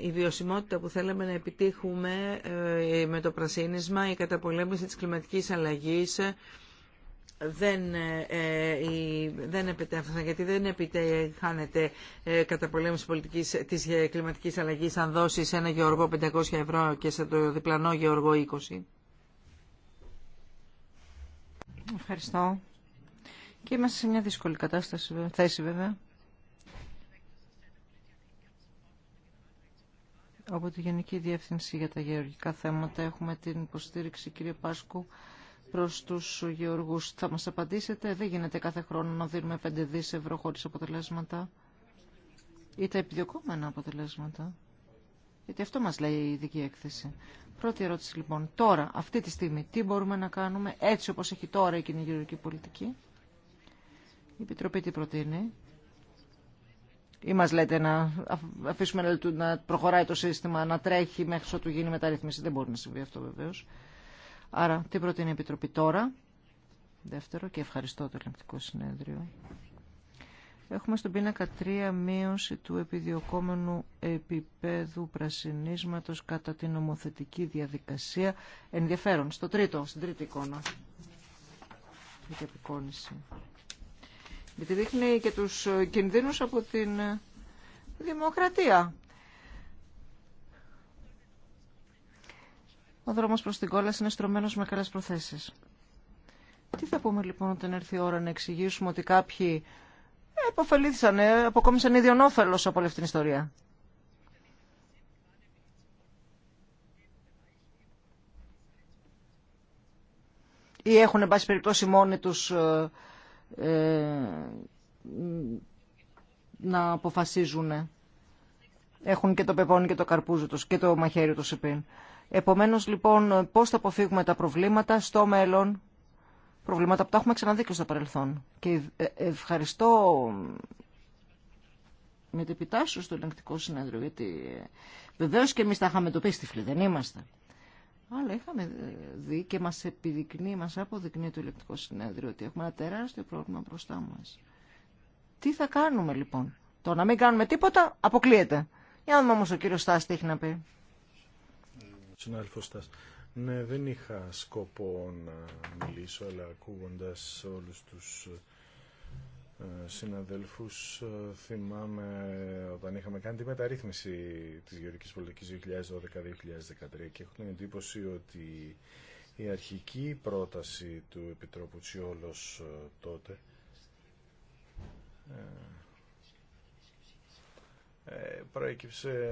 η βιωσιμότητα που θέλαμε να επιτύχουμε ε, με το πρασίνισμα, η καταπολέμηση της κλιματικής αλλαγής, δεν, ε, ε δεν γιατί δεν επιτέχανεται ε, πολέμηση πολιτικής της ε, κλιματικής αλλαγής αν δώσει σε ένα γεωργό 500 ευρώ και σε το διπλανό γεωργό 20. Ευχαριστώ. Και είμαστε σε μια δύσκολη κατάσταση, θέση βέβαια. Από τη Γενική Διεύθυνση για τα Γεωργικά Θέματα έχουμε την υποστήριξη κύριε Πάσκου Προ του γεωργού, Θα μας απαντήσετε, δεν γίνεται κάθε χρόνο να δίνουμε 5 δις ευρώ χωρίς αποτελέσματα χωρί Γιατί αυτό μας λέει η ειδική έκθεση. Πρώτη ερώτηση λοιπόν. Τώρα, αυτή τη στιγμή, τι μπορούμε να κάνουμε έτσι όπως έχει τώρα η κοινή γεωργική πολιτική. Η Επιτροπή τι προτείνει. Ή μας λέτε να κανουμε ετσι οπως εχει τωρα η κοινη πολιτικη η επιτροπη τι προτεινει η μα λετε να προχωράει το σύστημα, να τρέχει μέχρι ότου γίνει μεταρρύθμιση. Δεν μπορεί να συμβεί αυτό συμβει αυτο βεβαίω. Άρα, τι προτείνει η Επιτροπή τώρα. Δεύτερο και ευχαριστώ το Ελληνικό Συνέδριο. Έχουμε στον πίνακα τρία, μείωση του επιδιωκόμενου επίπεδου πρασινίσματος κατά την νομοθετική διαδικασία. Ενδιαφέρον. Στο τρίτο, στην τρίτη εικόνα. Η επικόνηση. Γιατί δείχνει και τους κινδύνους από την δημοκρατία. Ο δρόμο προς την κόλαση είναι στρωμένο με καλές προθέσεις. Τι θα πούμε λοιπόν όταν έρθει η ώρα να εξηγήσουμε ότι κάποιοι υποφελήθησαν, ε, αποκόμισαν ίδιον όφελος από όλη αυτή την ιστορία. Ή έχουν, εν πάση περιπτώσει, μόνοι τους ε, ε να αποφασίζουν. Έχουν και το πεπόνι και το καρπούζι τους και το μαχαίρι του επίν. Επομένως λοιπόν πώς θα αποφύγουμε τα προβλήματα στο μέλλον, προβλήματα που τα έχουμε ξαναδεί και στο παρελθόν. Και ε, ευχαριστώ ε, με την επιτάσσεως στο ελεγκτικό συνέδριο, γιατί ε, βεβαίως και εμείς τα είχαμε το πίστηφλοι, δεν είμαστε. Αλλά είχαμε δει και μας επιδεικνύει, μας αποδεικνύει το ηλεκτρικό συνέδριο ότι έχουμε ένα τεράστιο πρόβλημα μπροστά μας. Τι θα κάνουμε λοιπόν. Το να μην κάνουμε τίποτα αποκλείεται. Για να δούμε όμως ο κύριος Στάστη έχει να πει συνάδελφος Στάς. Ναι, δεν είχα σκοπό να μιλήσω, αλλά ακούγοντας όλους τους ε, συναδέλφους ε, θυμάμαι όταν είχαμε κάνει τη μεταρρύθμιση της γεωργικης πολιτικης πολιτικής 2012-2013 και έχω την εντύπωση ότι η αρχική πρόταση του Επιτρόπου Τσιόλος ε, τότε προέκυψε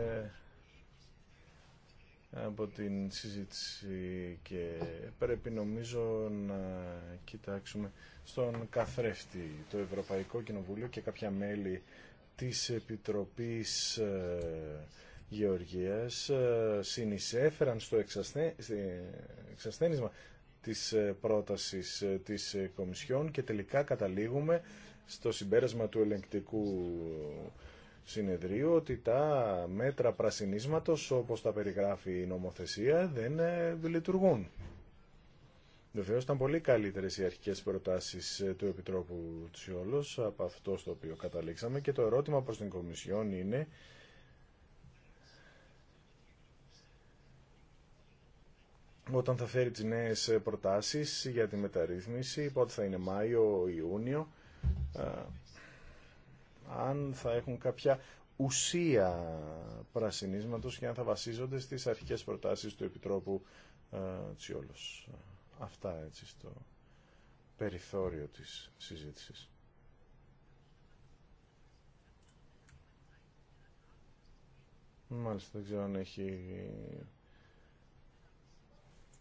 από την συζήτηση και πρέπει νομίζω να κοιτάξουμε στον καθρέφτη το Ευρωπαϊκό Κοινοβούλιο και κάποια μέλη της Επιτροπής ε, Γεωργίας ε, συνεισέφεραν στο εξασθένισμα της ε, πρότασης της Κομισιόν και τελικά καταλήγουμε στο συμπέρασμα του ελεγκτικού συνεδρίου ότι τα μέτρα πρασινίσματος όπως τα περιγράφει η νομοθεσία δεν ε, λειτουργούν. Βεβαίω ήταν πολύ καλύτερες οι αρχικές προτάσεις ε, του Επιτρόπου Τσιόλος από αυτό στο οποίο καταλήξαμε και το ερώτημα προς την Κομισιόν είναι όταν θα φέρει τις νέες ε, προτάσεις για τη μεταρρύθμιση, πότε θα είναι Μάιο, Ιούνιο, αν θα έχουν κάποια ουσία πρασινίσματος και αν θα βασίζονται στις αρχικές προτάσεις του Επιτρόπου ε, Τσιόλος. Αυτά έτσι στο περιθώριο της συζήτησης. Μάλιστα, δεν ξέρω αν έχει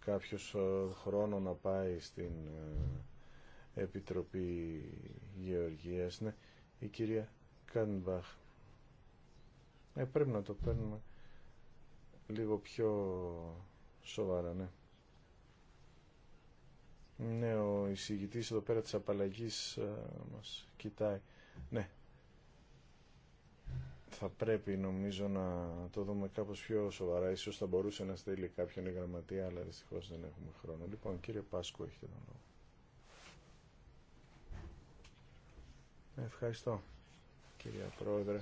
κάποιος ε, χρόνο να πάει στην ε, Επιτροπή Γεωργίας. Ναι, η κυρία Κάνιμπαχ. Ε, πρέπει να το παίρνουμε λίγο πιο σοβαρά, ναι. Ναι, ο εισηγητής εδώ πέρα της απαλλαγής ε, μας κοιτάει. Ναι, θα πρέπει νομίζω να το δούμε κάπως πιο σοβαρά. Ίσως θα μπορούσε να στείλει κάποιον η γραμματεία, αλλά δυστυχώς δεν έχουμε χρόνο. Λοιπόν, κύριε Πάσκο, έχετε τον λόγο. Ευχαριστώ κυρία Πρόεδρε.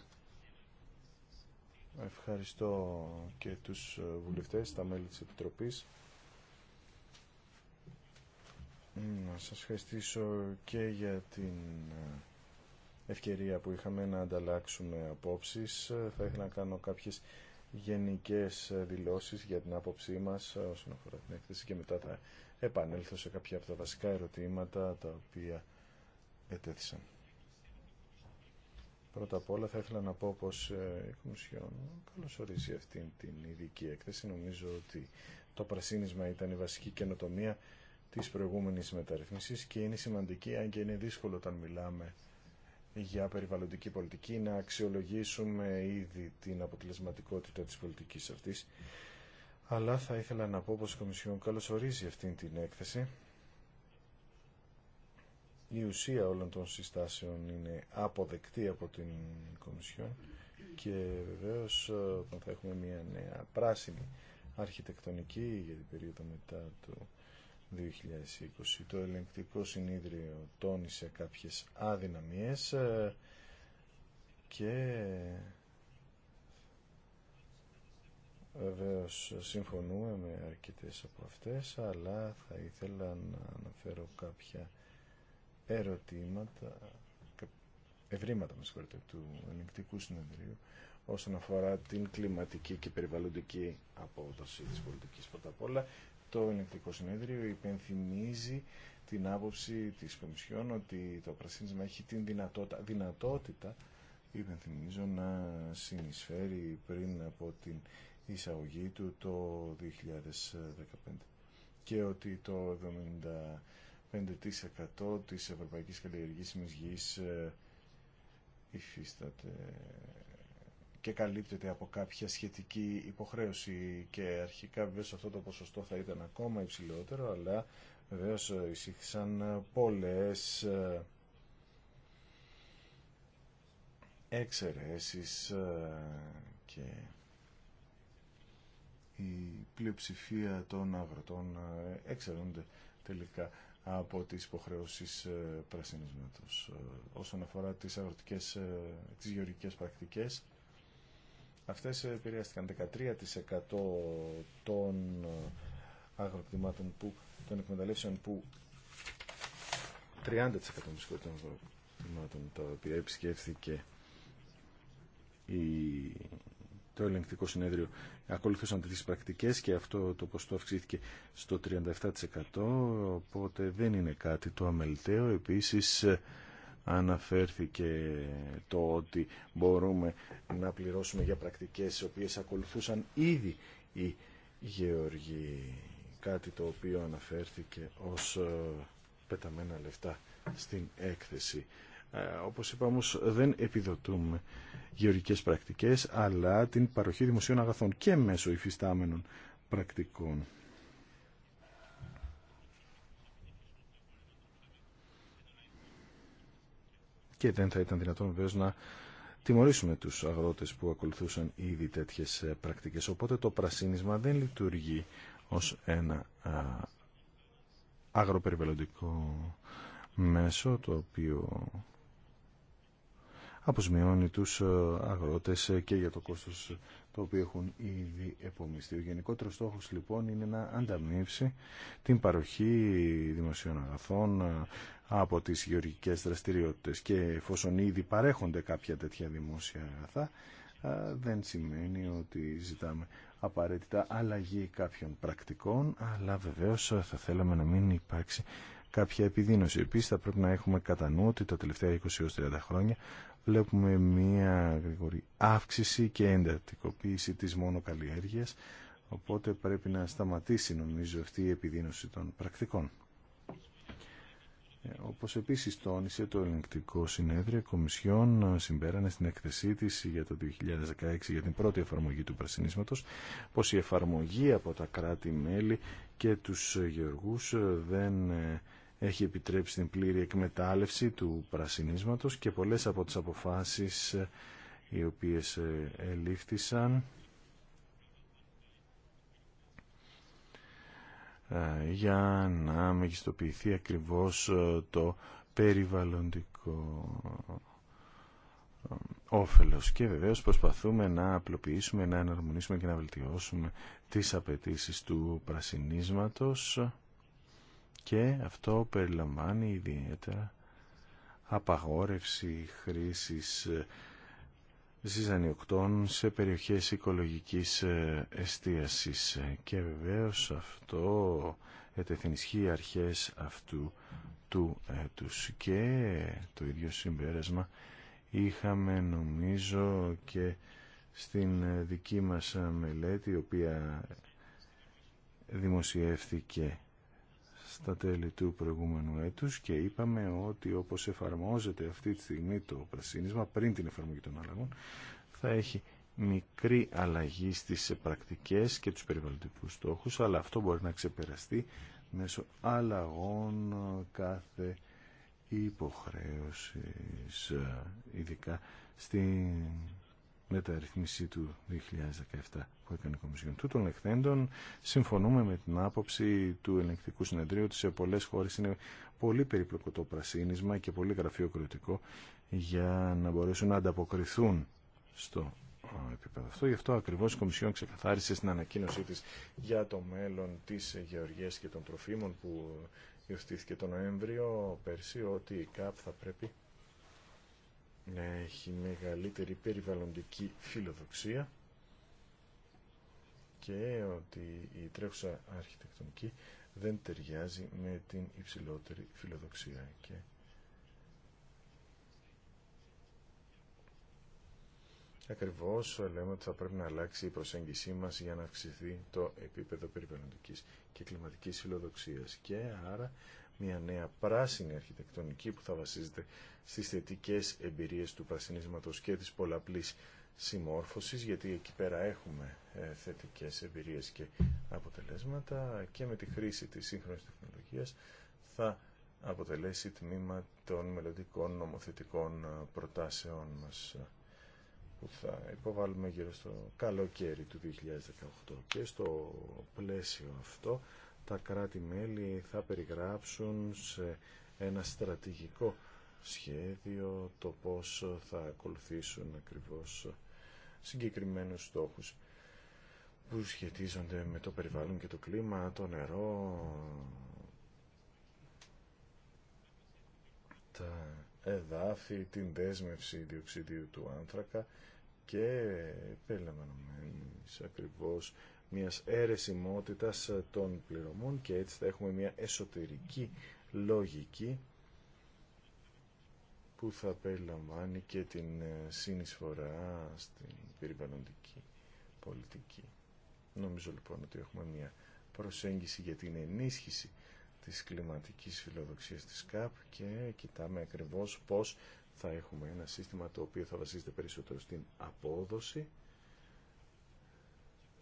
Ευχαριστώ και τους βουλευτές, τα μέλη της Επιτροπής. Να σας ευχαριστήσω και για την ευκαιρία που είχαμε να ανταλλάξουμε απόψεις. Θα ήθελα να κάνω κάποιες γενικές δηλώσεις για την άποψή μας όσον αφορά την έκθεση και μετά θα επανέλθω σε κάποια από τα βασικά ερωτήματα τα οποία ετέθησαν. Πρώτα απ' όλα θα ήθελα να πω πως ε, η Κομισιόν καλωσορίζει αυτή την ειδική έκθεση. Νομίζω ότι το πρασίνισμα ήταν η βασική καινοτομία της προηγούμενης μεταρρυθμίσης και είναι σημαντική, αν και είναι δύσκολο όταν μιλάμε για περιβαλλοντική πολιτική, να αξιολογήσουμε ήδη την αποτελεσματικότητα της πολιτικής αυτής. Αλλά θα ήθελα να πω πως η Κομισιόν καλωσορίζει αυτή την έκθεση η ουσία όλων των συστάσεων είναι αποδεκτή από την Κομισιόν και βεβαίως ε, όταν θα έχουμε μια νέα πράσινη αρχιτεκτονική για την περίοδο μετά το 2020 το ελεγκτικό συνείδριο τόνισε κάποιες αδυναμίες ε, και Βεβαίω συμφωνούμε με αρκετές από αυτές αλλά θα ήθελα να αναφέρω κάποια ερωτήματα, ευρήματα μας συγχωρείτε, του ενεκτικού συνεδρίου όσον αφορά την κλιματική και περιβαλλοντική απόδοση της πολιτικής. Πρώτα απ' όλα, το ενεκτικό συνέδριο υπενθυμίζει την άποψη της Κομισιόν ότι το πρασίνισμα έχει την δυνατότητα, δυνατότητα υπενθυμίζω, να συνεισφέρει πριν από την εισαγωγή του το 2015 και ότι το 5% της ευρωπαϊκής καλλιεργήσιμης γης ε, υφίσταται και καλύπτεται από κάποια σχετική υποχρέωση και αρχικά βέβαια αυτό το ποσοστό θα ήταν ακόμα υψηλότερο αλλά βέβαια ε, εισήχθησαν πολλές ε, εξαιρέσεις και η πλειοψηφία των αγροτών εξαιρούνται τελικά από τις υποχρεώσεις ε, πρασινίσματος. Ε, όσον αφορά τις αγροτικές, ε, τις γεωργικές πρακτικές, αυτές επηρεάστηκαν 13% των αγροκτημάτων που, των εκμεταλλεύσεων που 30% των αγροκτημάτων τα οποία επισκέφθηκε η το ελεγκτικό συνέδριο ακολουθούσαν τις πρακτικές και αυτό το ποστό αυξήθηκε στο 37% οπότε δεν είναι κάτι το αμεληταίο επίσης αναφέρθηκε το ότι μπορούμε να πληρώσουμε για πρακτικές οι οποίες ακολουθούσαν ήδη οι γεωργοί κάτι το οποίο αναφέρθηκε ως ε, πεταμένα λεφτά στην έκθεση ε, όπως είπα όμως δεν επιδοτούμε γεωργικές πρακτικές αλλά την παροχή δημοσίων αγαθών και μέσω υφιστάμενων πρακτικών. Και δεν θα ήταν δυνατόν βεβαίως να τιμωρήσουμε τους αγρότες που ακολουθούσαν ήδη τέτοιες ε, πρακτικές. Οπότε το πρασίνισμα δεν λειτουργεί ως ένα αγροπεριβαλλοντικό μέσο το οποίο αποσμειώνει τους ε, αγρότες ε, και για το κόστος ε, το οποίο έχουν ήδη επομιστεί. Ο γενικότερος στόχος λοιπόν είναι να ανταμείψει την παροχή δημοσίων αγαθών από τις γεωργικές δραστηριότητες και εφόσον ήδη παρέχονται κάποια τέτοια δημόσια αγαθά δεν σημαίνει ότι ζητάμε απαραίτητα αλλαγή κάποιων πρακτικών αλλά βεβαίως θα θέλαμε να μην υπάρξει κάποια επιδίνωση. Επίσης θα πρέπει να έχουμε κατά νου ότι τα τελευταία 20-30 χρόνια βλέπουμε μία γρήγορη αύξηση και εντατικοποίηση της μονοκαλλιέργειας, οπότε πρέπει να σταματήσει νομίζω αυτή η επιδείνωση των πρακτικών. Ε, όπως επίσης τόνισε το ελεγκτικό συνέδριο Κομισιόν ε, συμπέρανε στην έκθεσή της για το 2016 για την πρώτη εφαρμογή του πρασινίσματος πως η εφαρμογή από τα κράτη-μέλη και τους γεωργούς ε, δεν έχει επιτρέψει την πλήρη εκμετάλλευση του πρασινίσματος και πολλές από τις αποφάσεις ε, οι οποίες ε, ελήφθησαν ε, για να μεγιστοποιηθεί ακριβώς το περιβαλλοντικό όφελος και βεβαίως προσπαθούμε να απλοποιήσουμε, να εναρμονίσουμε και να βελτιώσουμε τις απαιτήσεις του πρασινίσματος και αυτό περιλαμβάνει ιδιαίτερα απαγόρευση χρήσης ε, ζυζανιοκτών σε περιοχές οικολογικής ε, εστίασης ε, και βεβαίως αυτό ισχύει αρχές αυτού του έτους και το ίδιο συμπέρασμα είχαμε νομίζω και στην δική μας μελέτη η οποία δημοσιεύθηκε στα τέλη του προηγούμενου έτους και είπαμε ότι όπως εφαρμόζεται αυτή τη στιγμή το πρασίνισμα πριν την εφαρμογή των αλλαγών θα έχει μικρή αλλαγή στις πρακτικές και τους περιβαλλοντικούς στόχους αλλά αυτό μπορεί να ξεπεραστεί μέσω αλλαγών κάθε υποχρέωσης ειδικά στην μεταρρυθμίση του 2017 που έκανε η Κομισιόν. Τούτων λεχθέντων συμφωνούμε με την άποψη του ελεγκτικού συνεδρίου ότι σε πολλέ χώρε είναι πολύ περίπλοκο το πρασίνισμα και πολύ γραφειοκροτικό για να μπορέσουν να ανταποκριθούν στο επίπεδο αυτό. Γι' αυτό ακριβώς η Κομισιόν ξεκαθάρισε στην ανακοίνωσή τη για το μέλλον τη γεωργίας και των τροφίμων που υιοθετήθηκε το Νοέμβριο πέρσι ότι η ΚΑΠ θα πρέπει να έχει μεγαλύτερη περιβαλλοντική φιλοδοξία και ότι η τρέχουσα αρχιτεκτονική δεν ταιριάζει με την υψηλότερη φιλοδοξία και Ακριβώς λέμε ότι θα πρέπει να αλλάξει η προσέγγισή μας για να αυξηθεί το επίπεδο περιβαλλοντικής και κλιματικής φιλοδοξίας και άρα μια νέα πράσινη αρχιτεκτονική που θα βασίζεται στις θετικές εμπειρίες του πρασινίσματος και της πολλαπλής συμμόρφωσης, γιατί εκεί πέρα έχουμε ε, θετικές εμπειρίες και αποτελέσματα και με τη χρήση της σύγχρονης τεχνολογίας θα αποτελέσει τμήμα των μελλοντικών νομοθετικών ε, προτάσεων μας ε, που θα υποβάλουμε γύρω στο καλοκαίρι του 2018 και στο πλαίσιο αυτό τα κράτη-μέλη θα περιγράψουν σε ένα στρατηγικό σχέδιο το πώς θα ακολουθήσουν ακριβώς συγκεκριμένους στόχους που σχετίζονται με το περιβάλλον και το κλίμα, το νερό, τα εδάφη, την δέσμευση διοξιδίου του άνθρακα και περιλαμβανομένης ακριβώς μιας αίρεσιμότητας ε, των πληρωμών και έτσι θα έχουμε μια εσωτερική λογική που θα περιλαμβάνει και την ε, συνεισφορά στην περιβαλλοντική πολιτική. Νομίζω λοιπόν ότι έχουμε μια προσέγγιση για την ενίσχυση της κλιματικής φιλοδοξίας της ΚΑΠ και κοιτάμε ακριβώς πώς θα έχουμε ένα σύστημα το οποίο θα βασίζεται περισσότερο στην απόδοση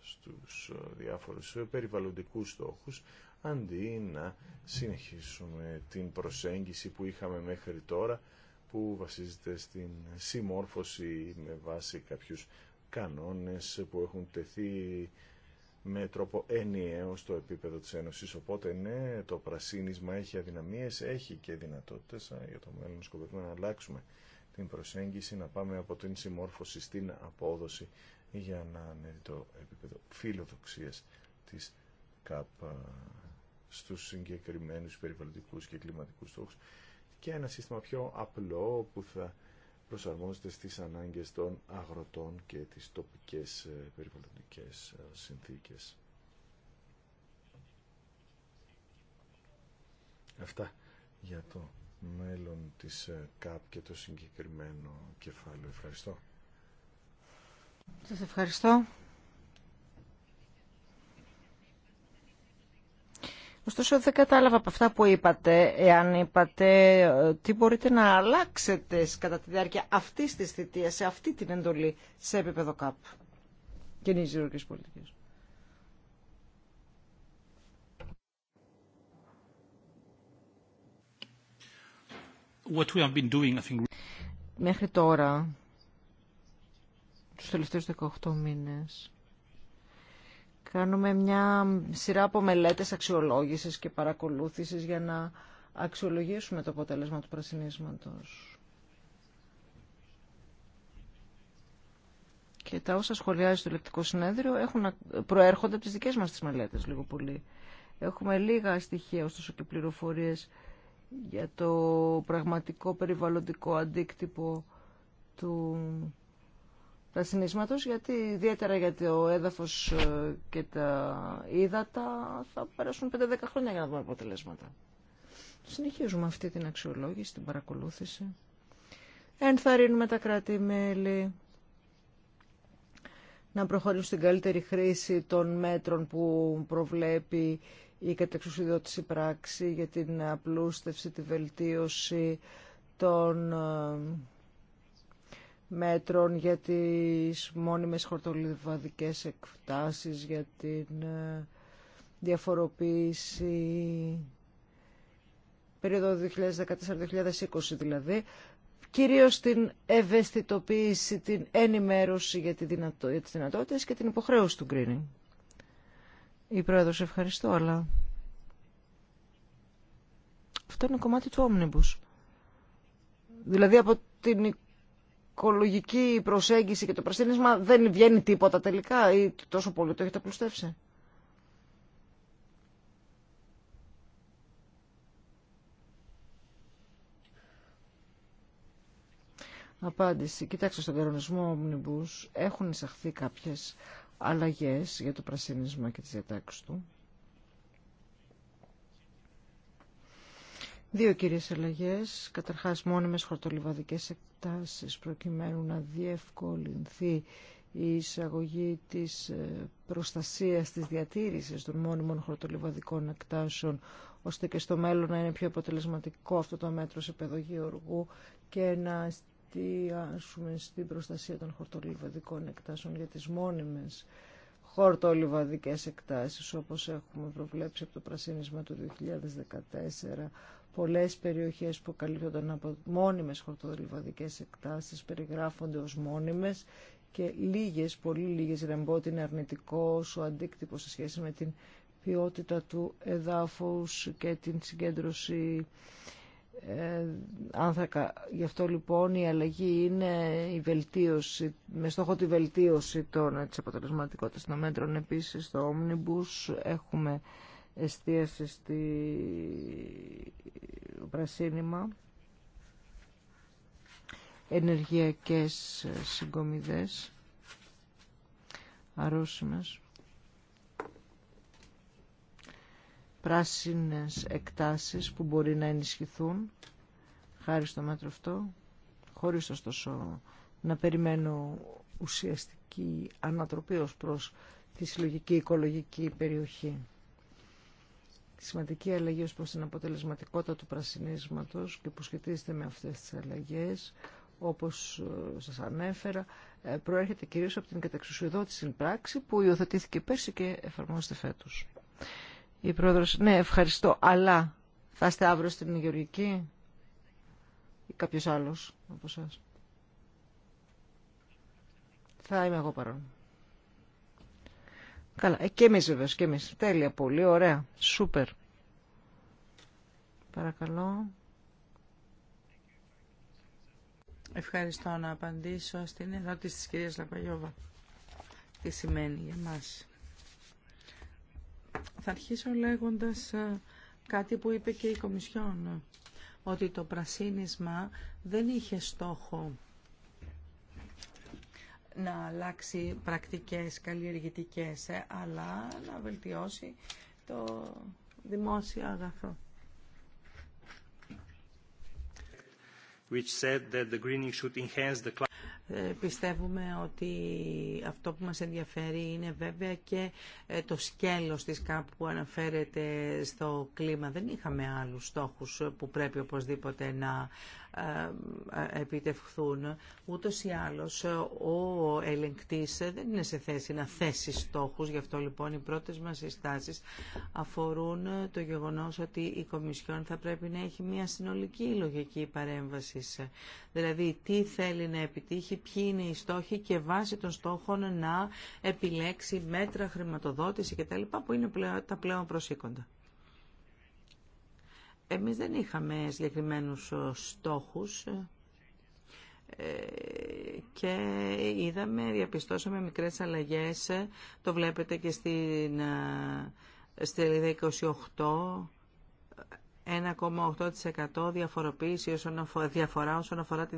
στους ε, διάφορους ε, περιβαλλοντικούς στόχους αντί να συνεχίσουμε την προσέγγιση που είχαμε μέχρι τώρα που βασίζεται στην συμμόρφωση με βάση κάποιους κανόνες που έχουν τεθεί με τρόπο ενιαίο στο επίπεδο της Ένωσης. Οπότε ναι, το πρασίνισμα έχει αδυναμίες, έχει και δυνατότητες. Ε, για το μέλλον σκοπεύουμε να αλλάξουμε την προσέγγιση, να πάμε από την συμμόρφωση στην απόδοση για να ανέβει το επίπεδο φιλοδοξίας της ΚΑΠ στους συγκεκριμένους περιβαλλοντικούς και κλιματικούς στόχους και ένα σύστημα πιο απλό που θα προσαρμόζεται στις ανάγκες των αγροτών και τις τοπικές ε, περιβαλλοντικές ε, συνθήκες. Αυτά για το μέλλον της ε, ΚΑΠ και το συγκεκριμένο κεφάλαιο. Ευχαριστώ. Σας ευχαριστώ. Ωστόσο δεν κατάλαβα από αυτά που είπατε, εάν είπατε ε, τι μπορείτε να αλλάξετε κατά τη διάρκεια αυτή της θητεία, σε αυτή την εντολή, σε επίπεδο ΚΑΠ. και ζηρουργικής πολιτικής. πολιτική. Μέχρι τώρα τους τελευταίους 18 μήνες. Κάνουμε μια σειρά από μελέτες αξιολόγησης και παρακολούθησης για να αξιολογήσουμε το αποτέλεσμα του πρασινίσματος. Και τα όσα σχολιάζει το ηλεκτρικό συνέδριο έχουν, προέρχονται από τις δικές μας τις μελέτες λίγο πολύ. Έχουμε λίγα στοιχεία ωστόσο και πληροφορίες για το πραγματικό περιβαλλοντικό αντίκτυπο του γιατί ιδιαίτερα γιατί ο έδαφος ε, και τα ύδατα θα περάσουν 5-10 χρόνια για να δούμε αποτελέσματα. Συνεχίζουμε αυτή την αξιολόγηση, την παρακολούθηση. Ενθαρρύνουμε τα κράτη-μέλη να προχωρήσουν στην καλύτερη χρήση των μέτρων που προβλέπει η κατεξουσιδότηση πράξη για την απλούστευση, τη βελτίωση των ε, μέτρων για τις μόνιμες χορτολιβαδικές εκτάσεις, για την ε, διαφοροποίηση περίοδο 2014-2020 δηλαδή, κυρίως την ευαισθητοποίηση, την ενημέρωση για, τη δυνατό, για τις δυνατότητες και την υποχρέωση του greening. Η Πρόεδρος ευχαριστώ, αλλά αυτό είναι κομμάτι του Omnibus. Δηλαδή από την οικολογική προσέγγιση και το πρασίνισμα δεν βγαίνει τίποτα τελικά ή τόσο πολύ το έχετε απλουστεύσει. Απάντηση. Κοιτάξτε, στον κανονισμό Omnibus έχουν εισαχθεί κάποιες αλλαγές για το πρασίνισμα και τις διατάξεις του. Δύο κυρίες αλλαγέ, καταρχάς μόνιμες χορτολιβαδικές εκτάσεις προκειμένου να διευκολυνθεί η εισαγωγή της ε, προστασίας της διατήρησης των μόνιμων χορτολιβαδικών εκτάσεων ώστε και στο μέλλον να είναι πιο αποτελεσματικό αυτό το μέτρο σε οργού και να εστιάσουμε στην προστασία των χορτολιβαδικών εκτάσεων για τις μόνιμες χορτολιβαδικές εκτάσεις όπως έχουμε προβλέψει από το πρασίνισμα του 2014 Πολλές περιοχές που καλύπτονταν από μόνιμες χορτοδολιβαδικές εκτάσεις περιγράφονται ως μόνιμες και λίγες, πολύ λίγες ρεμπό είναι αρνητικός ο αντίκτυπος σε σχέση με την ποιότητα του εδάφους και την συγκέντρωση ε, άνθρακα. Γι' αυτό λοιπόν η αλλαγή είναι η βελτίωση, με στόχο τη βελτίωση των, της αποτελεσματικότητας των μέτρων. Επίσης στο Omnibus έχουμε εστίαση στη πρασίνημα, ενεργειακές συγκομιδές, αρρώσιμες, πράσινες εκτάσεις που μπορεί να ενισχυθούν χάρη στο μέτρο αυτό, χωρίς ωστόσο να περιμένω ουσιαστική ανατροπή ως προς τη συλλογική οικολογική περιοχή τη σημαντική αλλαγή ως προς την αποτελεσματικότητα του πρασινίσματος και που σχετίζεται με αυτές τις αλλαγές, όπως ε, σας ανέφερα, ε, προέρχεται κυρίως από την καταξουσιοδότηση πράξη που υιοθετήθηκε πέρσι και εφαρμόζεται φέτος. Η πρόεδρος, ναι, ευχαριστώ, αλλά θα είστε αύριο στην Γεωργική ή κάποιος άλλος από εσάς. Θα είμαι εγώ παρόν. Καλά, ε, και εμείς βέβαια, και εμείς. Τέλεια, πολύ ωραία. Σούπερ. Παρακαλώ. Ευχαριστώ να απαντήσω στην ερώτηση της κυρίας Λαπαγιώβα. Τι σημαίνει για μας. Θα αρχίσω λέγοντας ε, κάτι που είπε και η Κομισιόν, ότι το πρασίνισμα δεν είχε στόχο να αλλάξει πρακτικές καλλιεργητικές, ε, αλλά να βελτιώσει το δημόσιο αγαθό. πιστεύουμε ότι αυτό που μας ενδιαφέρει είναι βέβαια και ε, το σκέλος της κάπου που αναφέρεται στο κλίμα. Δεν είχαμε άλλους στόχους που πρέπει οπωσδήποτε να ε, επιτευχθούν. Ούτως ή άλλως ο ελεγκτής δεν είναι σε θέση να θέσει στόχους, γι' αυτό λοιπόν οι πρώτες μας συστάσεις αφορούν το γεγονός ότι η Κομισιόν θα πρέπει να έχει μια συνολική λογική παρέμβαση. Δηλαδή τι θέλει να επιτύχει, ποιοι είναι οι στόχοι και βάσει των στόχων να επιλέξει μέτρα χρηματοδότηση κτλ. που είναι τα πλέον προσήκοντα. Εμείς δεν είχαμε συγκεκριμένους ε, στόχους ε, και είδαμε, διαπιστώσαμε μικρές αλλαγές. Το βλέπετε και στην σελίδα 28. 1,8% διαφοροποίηση όσον αφορά, διαφορά όσον αφορά τη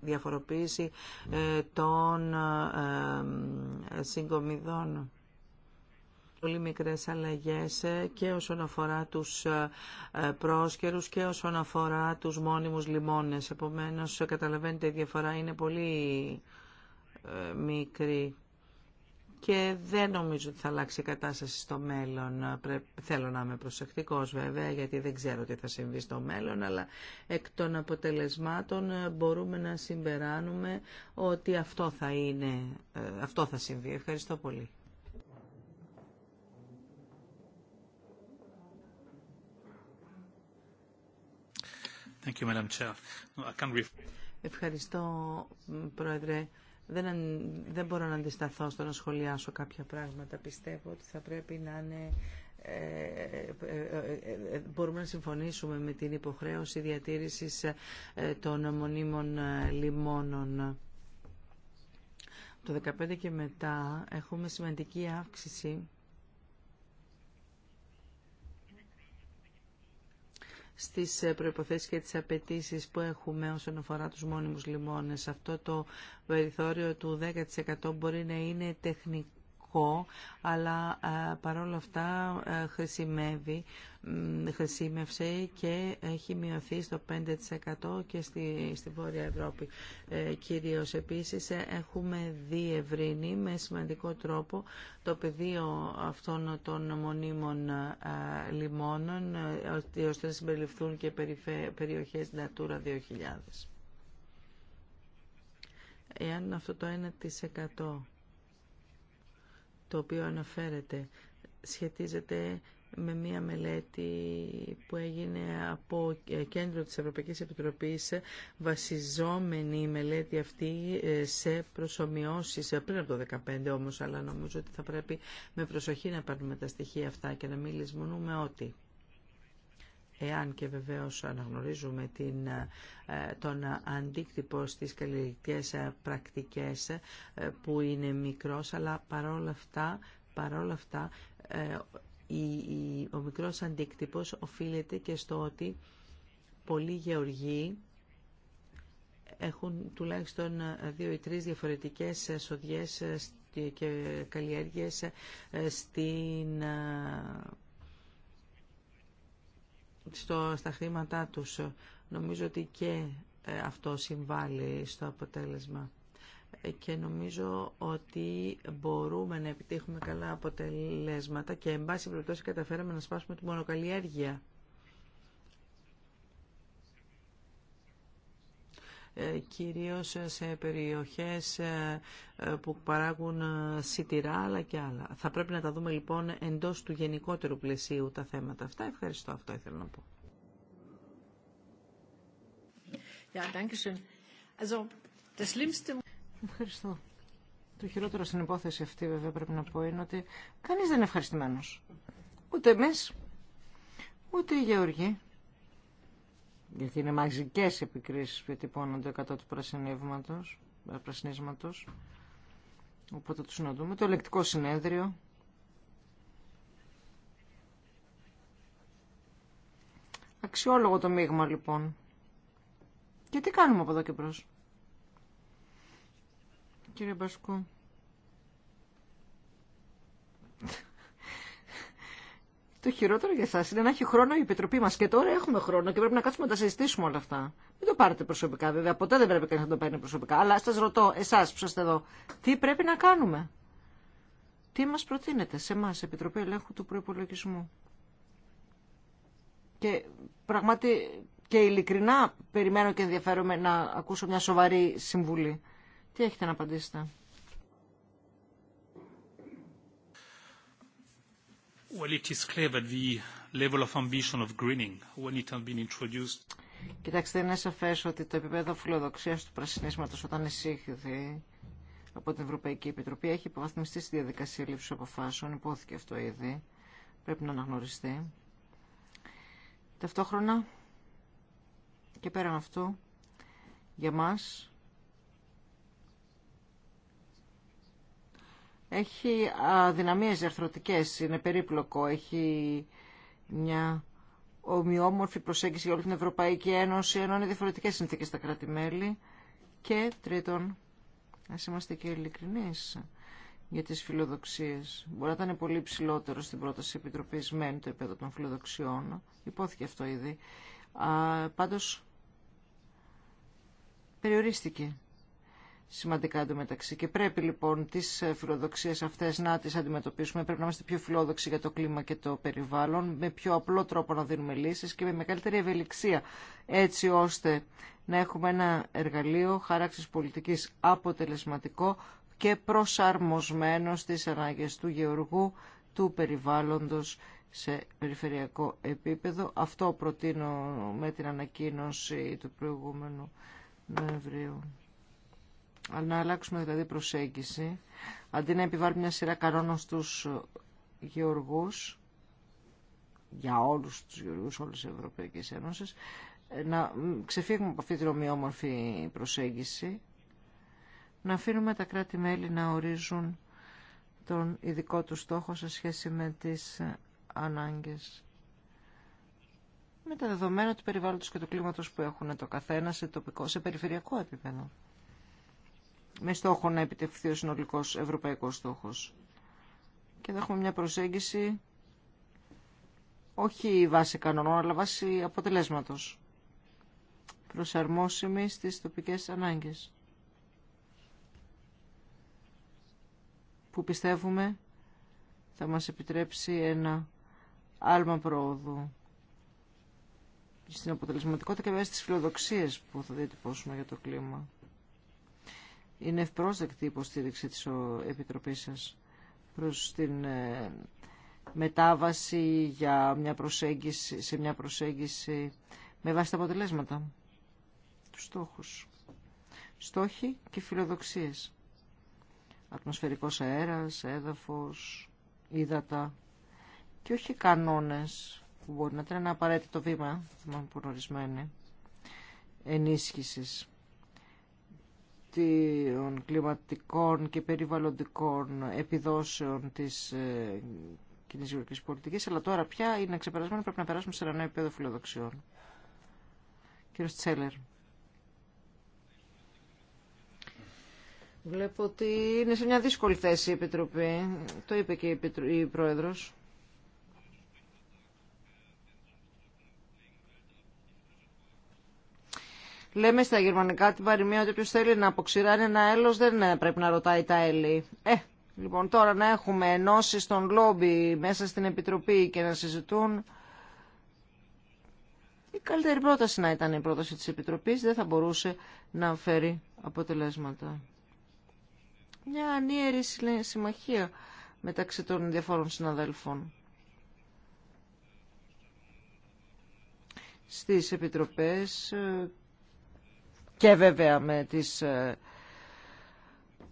διαφοροποίηση ε, των συγκομιδών πολύ μικρές αλλαγές ε, και όσον αφορά τους ε, ε, πρόσκαιρους και όσον αφορά τους μόνιμους λιμόνες. Επομένως, καταλαβαίνετε, η διαφορά είναι πολύ μικρή και δεν νομίζω ότι θα αλλάξει η κατάσταση στο μέλλον. Θέλω να είμαι προσεκτικός βέβαια γιατί δεν ξέρω τι θα συμβεί στο μέλλον αλλά εκ των αποτελεσμάτων μπορούμε να συμπεράνουμε ότι αυτό θα, αυτό θα συμβεί. Ευχαριστώ πολύ. Ευχαριστώ, Πρόεδρε. Δεν, μπορώ να αντισταθώ στο να σχολιάσω κάποια πράγματα. Πιστεύω ότι θα πρέπει να είναι ε, ε, ε, μπορούμε να συμφωνήσουμε με την υποχρέωση διατήρησης των μονίμων λιμόνων. Το 2015 και μετά έχουμε σημαντική αύξηση στις ε, προϋποθέσεις και τις απαιτήσεις που έχουμε όσον αφορά τους μόνιμους λιμόνες. Αυτό το περιθώριο του 10% μπορεί να είναι τεχνικό αλλά ε, παρόλα αυτά ε, χρησιμεύει, χρησιμεύσε και έχει μειωθεί στο 5% και στη, στη Βόρεια Ευρώπη. Ε, κυρίως επίσης ε, έχουμε διευρύνει με σημαντικό τρόπο το πεδίο αυτών των μονίμων λιμώνων ώστε να συμπεριληφθούν και περιοχές Natura 2000. Εάν αυτό το 1% το οποίο αναφέρεται σχετίζεται με μία μελέτη που έγινε από ε, κέντρο της Ευρωπαϊκής Επιτροπής ε, βασιζόμενη η μελέτη αυτή ε, σε προσωμιώσεις πριν από το 2015 όμως αλλά νομίζω ότι θα πρέπει με προσοχή να παίρνουμε τα στοιχεία αυτά και να μην λησμονούμε ότι εάν και βεβαίως αναγνωρίζουμε την, ε, τον αντίκτυπο στις καλλιεργικές ε, πρακτικές ε, που είναι μικρός, αλλά παρόλα αυτά, παρόλα αυτά ο μικρός αντίκτυπος οφείλεται και στο ότι πολλοί γεωργοί έχουν τουλάχιστον δύο ή τρεις διαφορετικές σοδιές και καλλιέργειες στην στο, στα χρήματά τους. Νομίζω ότι και ε, αυτό συμβάλλει στο αποτέλεσμα ε, και νομίζω ότι μπορούμε να επιτύχουμε καλά αποτελέσματα και εν πάση περιπτώσει καταφέραμε να σπάσουμε τη μονοκαλλιέργεια. Ε, κυρίως σε περιοχές ε, ε, που παράγουν σιτηρά αλλά και άλλα. Θα πρέπει να τα δούμε λοιπόν εντός του γενικότερου πλαισίου τα θέματα αυτά. Ευχαριστώ. Αυτό ήθελα να πω. Ευχαριστώ. Το χειρότερο στην υπόθεση αυτή βέβαια πρέπει να πω είναι ότι κανείς δεν είναι ευχαριστημένος. Ούτε εμείς, ούτε οι γεωργοί, γιατί είναι μαζικές επικρίσεις που τυπώνονται κατά του ε, πρασινίσματος. Οπότε τους συναντούμε. Το ελεκτικό συνέδριο. Αξιόλογο το μείγμα λοιπόν. Και τι κάνουμε από εδώ και μπρος. Κύριε Μπασκού. Το χειρότερο για εσά είναι να έχει χρόνο η Επιτροπή μα. Και τώρα έχουμε χρόνο και πρέπει να κάτσουμε να τα συζητήσουμε όλα αυτά. Μην το πάρετε προσωπικά, βέβαια. Ποτέ δεν πρέπει κανεί να το παίρνει προσωπικά. Αλλά σα ρωτώ, εσά που είστε εδώ, τι πρέπει να κάνουμε. Τι μα προτείνετε σε εμά, Επιτροπή Ελέγχου του Προπολογισμού. Και πραγματι και ειλικρινά περιμένω και ενδιαφέρομαι να ακούσω μια σοβαρή συμβουλή. Τι έχετε να απαντήσετε. Well, it is clear that the level of ambition of greening, when it been introduced... Κοιτάξτε, είναι σαφέ ότι το επίπεδο φιλοδοξία του πρασινίσματο όταν εισήχθη από την Ευρωπαϊκή Επιτροπή έχει υποβαθμιστεί στη διαδικασία λήψη αποφάσεων. Υπόθηκε αυτό ήδη. Πρέπει να αναγνωριστεί. Ταυτόχρονα και πέραν αυτού, για μας έχει αδυναμίες διαρθρωτικές, είναι περίπλοκο, έχει μια ομοιόμορφη προσέγγιση για όλη την Ευρωπαϊκή Ένωση, ενώ είναι διαφορετικές συνθήκες στα κράτη-μέλη. Και τρίτον, ας είμαστε και ειλικρινείς για τις φιλοδοξίες. Μπορεί να ήταν πολύ ψηλότερο στην πρόταση επιτροπής μεν το επίπεδο των φιλοδοξιών. Υπόθηκε αυτό ήδη. Α, πάντως, περιορίστηκε σημαντικά εντωμεταξύ. Και πρέπει λοιπόν τι φιλοδοξίε αυτέ να τι αντιμετωπίσουμε. Πρέπει να είμαστε πιο φιλόδοξοι για το κλίμα και το περιβάλλον, με πιο απλό τρόπο να δίνουμε λύσει και με μεγαλύτερη ευελιξία, έτσι ώστε να έχουμε ένα εργαλείο χάραξη πολιτική αποτελεσματικό και προσαρμοσμένο στι ανάγκε του γεωργού, του περιβάλλοντο σε περιφερειακό επίπεδο. Αυτό προτείνω με την ανακοίνωση του προηγούμενου Νοεμβρίου να αλλάξουμε δηλαδή προσέγγιση, αντί να επιβάλλουμε μια σειρά κανόνων στους γεωργούς, για όλους τους γεωργούς όλες τις Ευρωπαϊκές Ένωση, να ξεφύγουμε από αυτή την ομοιόμορφη προσέγγιση, να αφήνουμε τα κράτη-μέλη να ορίζουν τον ειδικό του στόχο σε σχέση με τις ανάγκες με τα δεδομένα του περιβάλλοντος και του κλίματος που έχουν το καθένα σε τοπικό, σε περιφερειακό επίπεδο με στόχο να επιτευχθεί ο συνολικός ευρωπαϊκός στόχος. Και θα έχουμε μια προσέγγιση όχι βάση κανονών, αλλά βάση αποτελέσματος. Προσαρμόσιμη στις τοπικές ανάγκες. Που πιστεύουμε θα μας επιτρέψει ένα άλμα πρόοδου στην αποτελεσματικότητα και βέβαια στις φιλοδοξίες που θα διατυπώσουμε για το κλίμα. Είναι ευπρόσδεκτη η υποστήριξη της Επιτροπής σας προς την ε, μετάβαση για μια προσέγγιση, σε μια προσέγγιση με βάση τα αποτελέσματα, τους στόχους. Στόχοι και φιλοδοξίες. Ατμοσφαιρικός αέρας, έδαφος, ύδατα και όχι κανόνες που μπορεί να είναι ένα απαραίτητο βήμα, θυμάμαι που ορισμένοι, ενίσχυσης κλιματικών και περιβαλλοντικών επιδόσεων της ε, κοινή γεωργική πολιτική, αλλά τώρα πια είναι ξεπερασμένο, πρέπει να περάσουμε σε ένα νέο επίπεδο φιλοδοξιών. Κύριο Τσέλερ. Βλέπω ότι είναι σε μια δύσκολη θέση η Επιτροπή. Το είπε και η Πρόεδρος. Λέμε στα γερμανικά την παροιμία ότι όποιος θέλει να αποξηράνει ένα έλο δεν ε, πρέπει να ρωτάει τα έλη. Ε, λοιπόν τώρα να έχουμε ενώσει στον λόμπι μέσα στην Επιτροπή και να συζητούν. Η καλύτερη πρόταση να ήταν η πρόταση της Επιτροπής δεν θα μπορούσε να φέρει αποτελέσματα. Μια ανίερη συμμαχία μεταξύ των διαφόρων συναδέλφων. στις επιτροπές ε, και βέβαια με τις ε,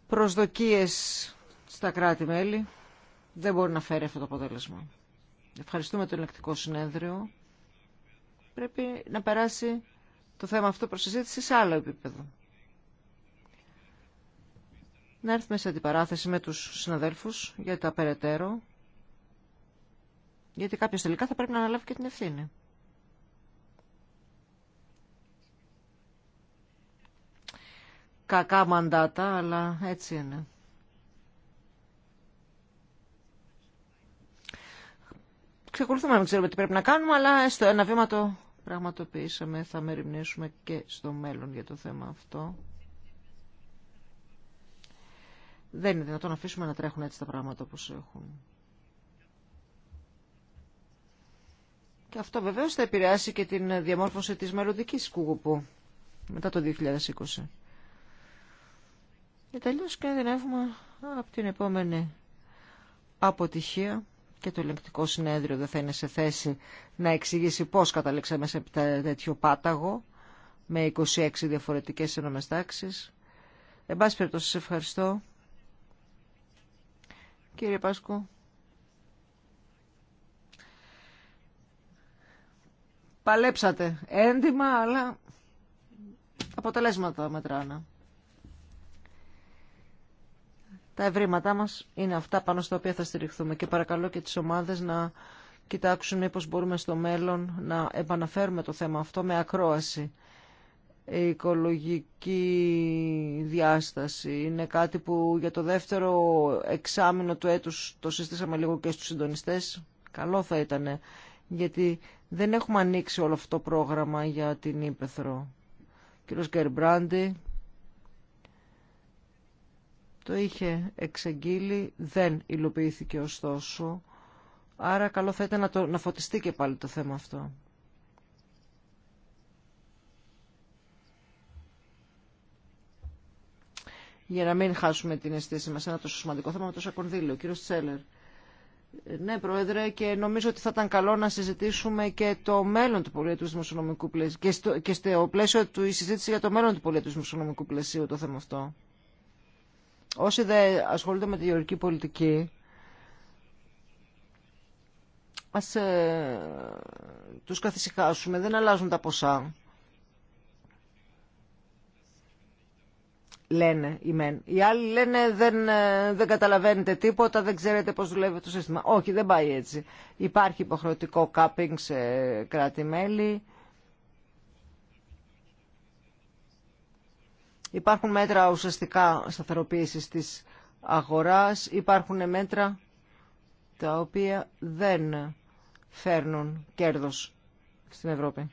προσδοκίες στα κράτη-μέλη δεν μπορεί να φέρει αυτό το αποτέλεσμα. Ευχαριστούμε το ελεκτικό συνέδριο. Πρέπει να περάσει το θέμα αυτό προς σε άλλο επίπεδο. Να έρθουμε σε αντιπαράθεση με τους συναδέλφους για τα περαιτέρω, γιατί κάποιος τελικά θα πρέπει να αναλάβει και την ευθύνη. κακά μαντάτα, αλλά έτσι είναι. Ξεκολουθούμε να μην ξέρουμε τι πρέπει να κάνουμε, αλλά στο ένα βήμα το πραγματοποιήσαμε. Θα μεριμνήσουμε και στο μέλλον για το θέμα αυτό. Δεν είναι δυνατόν να αφήσουμε να τρέχουν έτσι τα πράγματα όπως έχουν. Και αυτό βεβαίως θα επηρεάσει και την διαμόρφωση της μελλοντική κουγουπού μετά το 2020 και κινδυνεύουμε από την επόμενη αποτυχία και το ελεγκτικό συνέδριο δεν θα είναι σε θέση να εξηγήσει πώς καταλήξαμε σε τέτοιο πάταγο με 26 διαφορετικές ενόμες τάξεις. Εν πάση ευχαριστώ. Κύριε Πάσκου. Παλέψατε έντιμα, αλλά αποτελέσματα μετράνα τα ευρήματά μας είναι αυτά πάνω στα οποία θα στηριχθούμε και παρακαλώ και τις ομάδες να κοιτάξουν πώ μπορούμε στο μέλλον να επαναφέρουμε το θέμα αυτό με ακρόαση. Η οικολογική διάσταση είναι κάτι που για το δεύτερο εξάμεινο του έτους το συστήσαμε λίγο και στους συντονιστές. Καλό θα ήταν γιατί δεν έχουμε ανοίξει όλο αυτό το πρόγραμμα για την Ήπεθρο. κύριος Γκερμπράντι το είχε εξαγγείλει, δεν υλοποιήθηκε ωστόσο. Άρα καλό θα ήταν να, το, να φωτιστεί και πάλι το θέμα αυτό. Για να μην χάσουμε την αισθήση μας ένα τόσο σημαντικό θέμα με τόσο κονδύλιο. Κύριος Τσέλερ. Ναι, Πρόεδρε, και νομίζω ότι θα ήταν καλό να συζητήσουμε και το μέλλον του πολιτισμού δημοσιονομικού πλαισίου και στο, και στο πλαίσιο του η συζήτηση για το μέλλον του πολιτισμού δημοσιονομικού πλαισίου το θέμα αυτό όσοι δεν ασχολούνται με τη γεωργική πολιτική, ας ε, τους καθησυχάσουμε, δεν αλλάζουν τα ποσά. Λένε οι μεν. Οι άλλοι λένε δεν, ε, δεν καταλαβαίνετε τίποτα, δεν ξέρετε πώς δουλεύει το σύστημα. Όχι, δεν πάει έτσι. Υπάρχει υποχρεωτικό κάπινγκ σε κράτη-μέλη. Υπάρχουν μέτρα ουσιαστικά σταθεροποίησης της αγοράς, υπάρχουν μέτρα τα οποία δεν φέρνουν κέρδος στην Ευρώπη.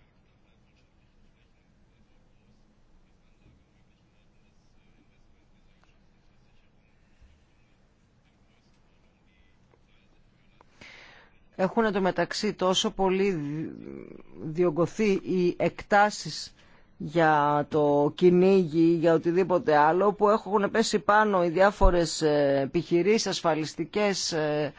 Έχουν το τόσο πολύ διωγγωθεί οι εκτάσεις για το κυνήγι, για οτιδήποτε άλλο που έχουν πέσει πάνω οι διάφορες ε, επιχειρήσεις ασφαλιστικές ε,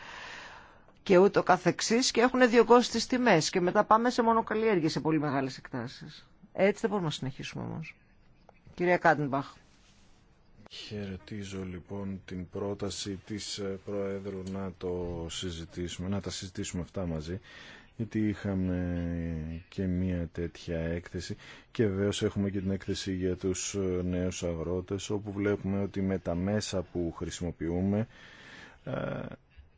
και ούτω καθεξής και έχουν διωγώσει τις τιμές και μετά πάμε σε μονοκαλλιέργεια σε πολύ μεγάλες εκτάσεις. Έτσι δεν μπορούμε να συνεχίσουμε όμως. Κυρία Κάντεμπαχ. Χαιρετίζω λοιπόν την πρόταση της ε, Προέδρου να το συζητήσουμε, να τα συζητήσουμε αυτά μαζί γιατί είχαμε και μία τέτοια έκθεση και βέβαια έχουμε και την έκθεση για τους νέους αγρότες όπου βλέπουμε ότι με τα μέσα που χρησιμοποιούμε ε,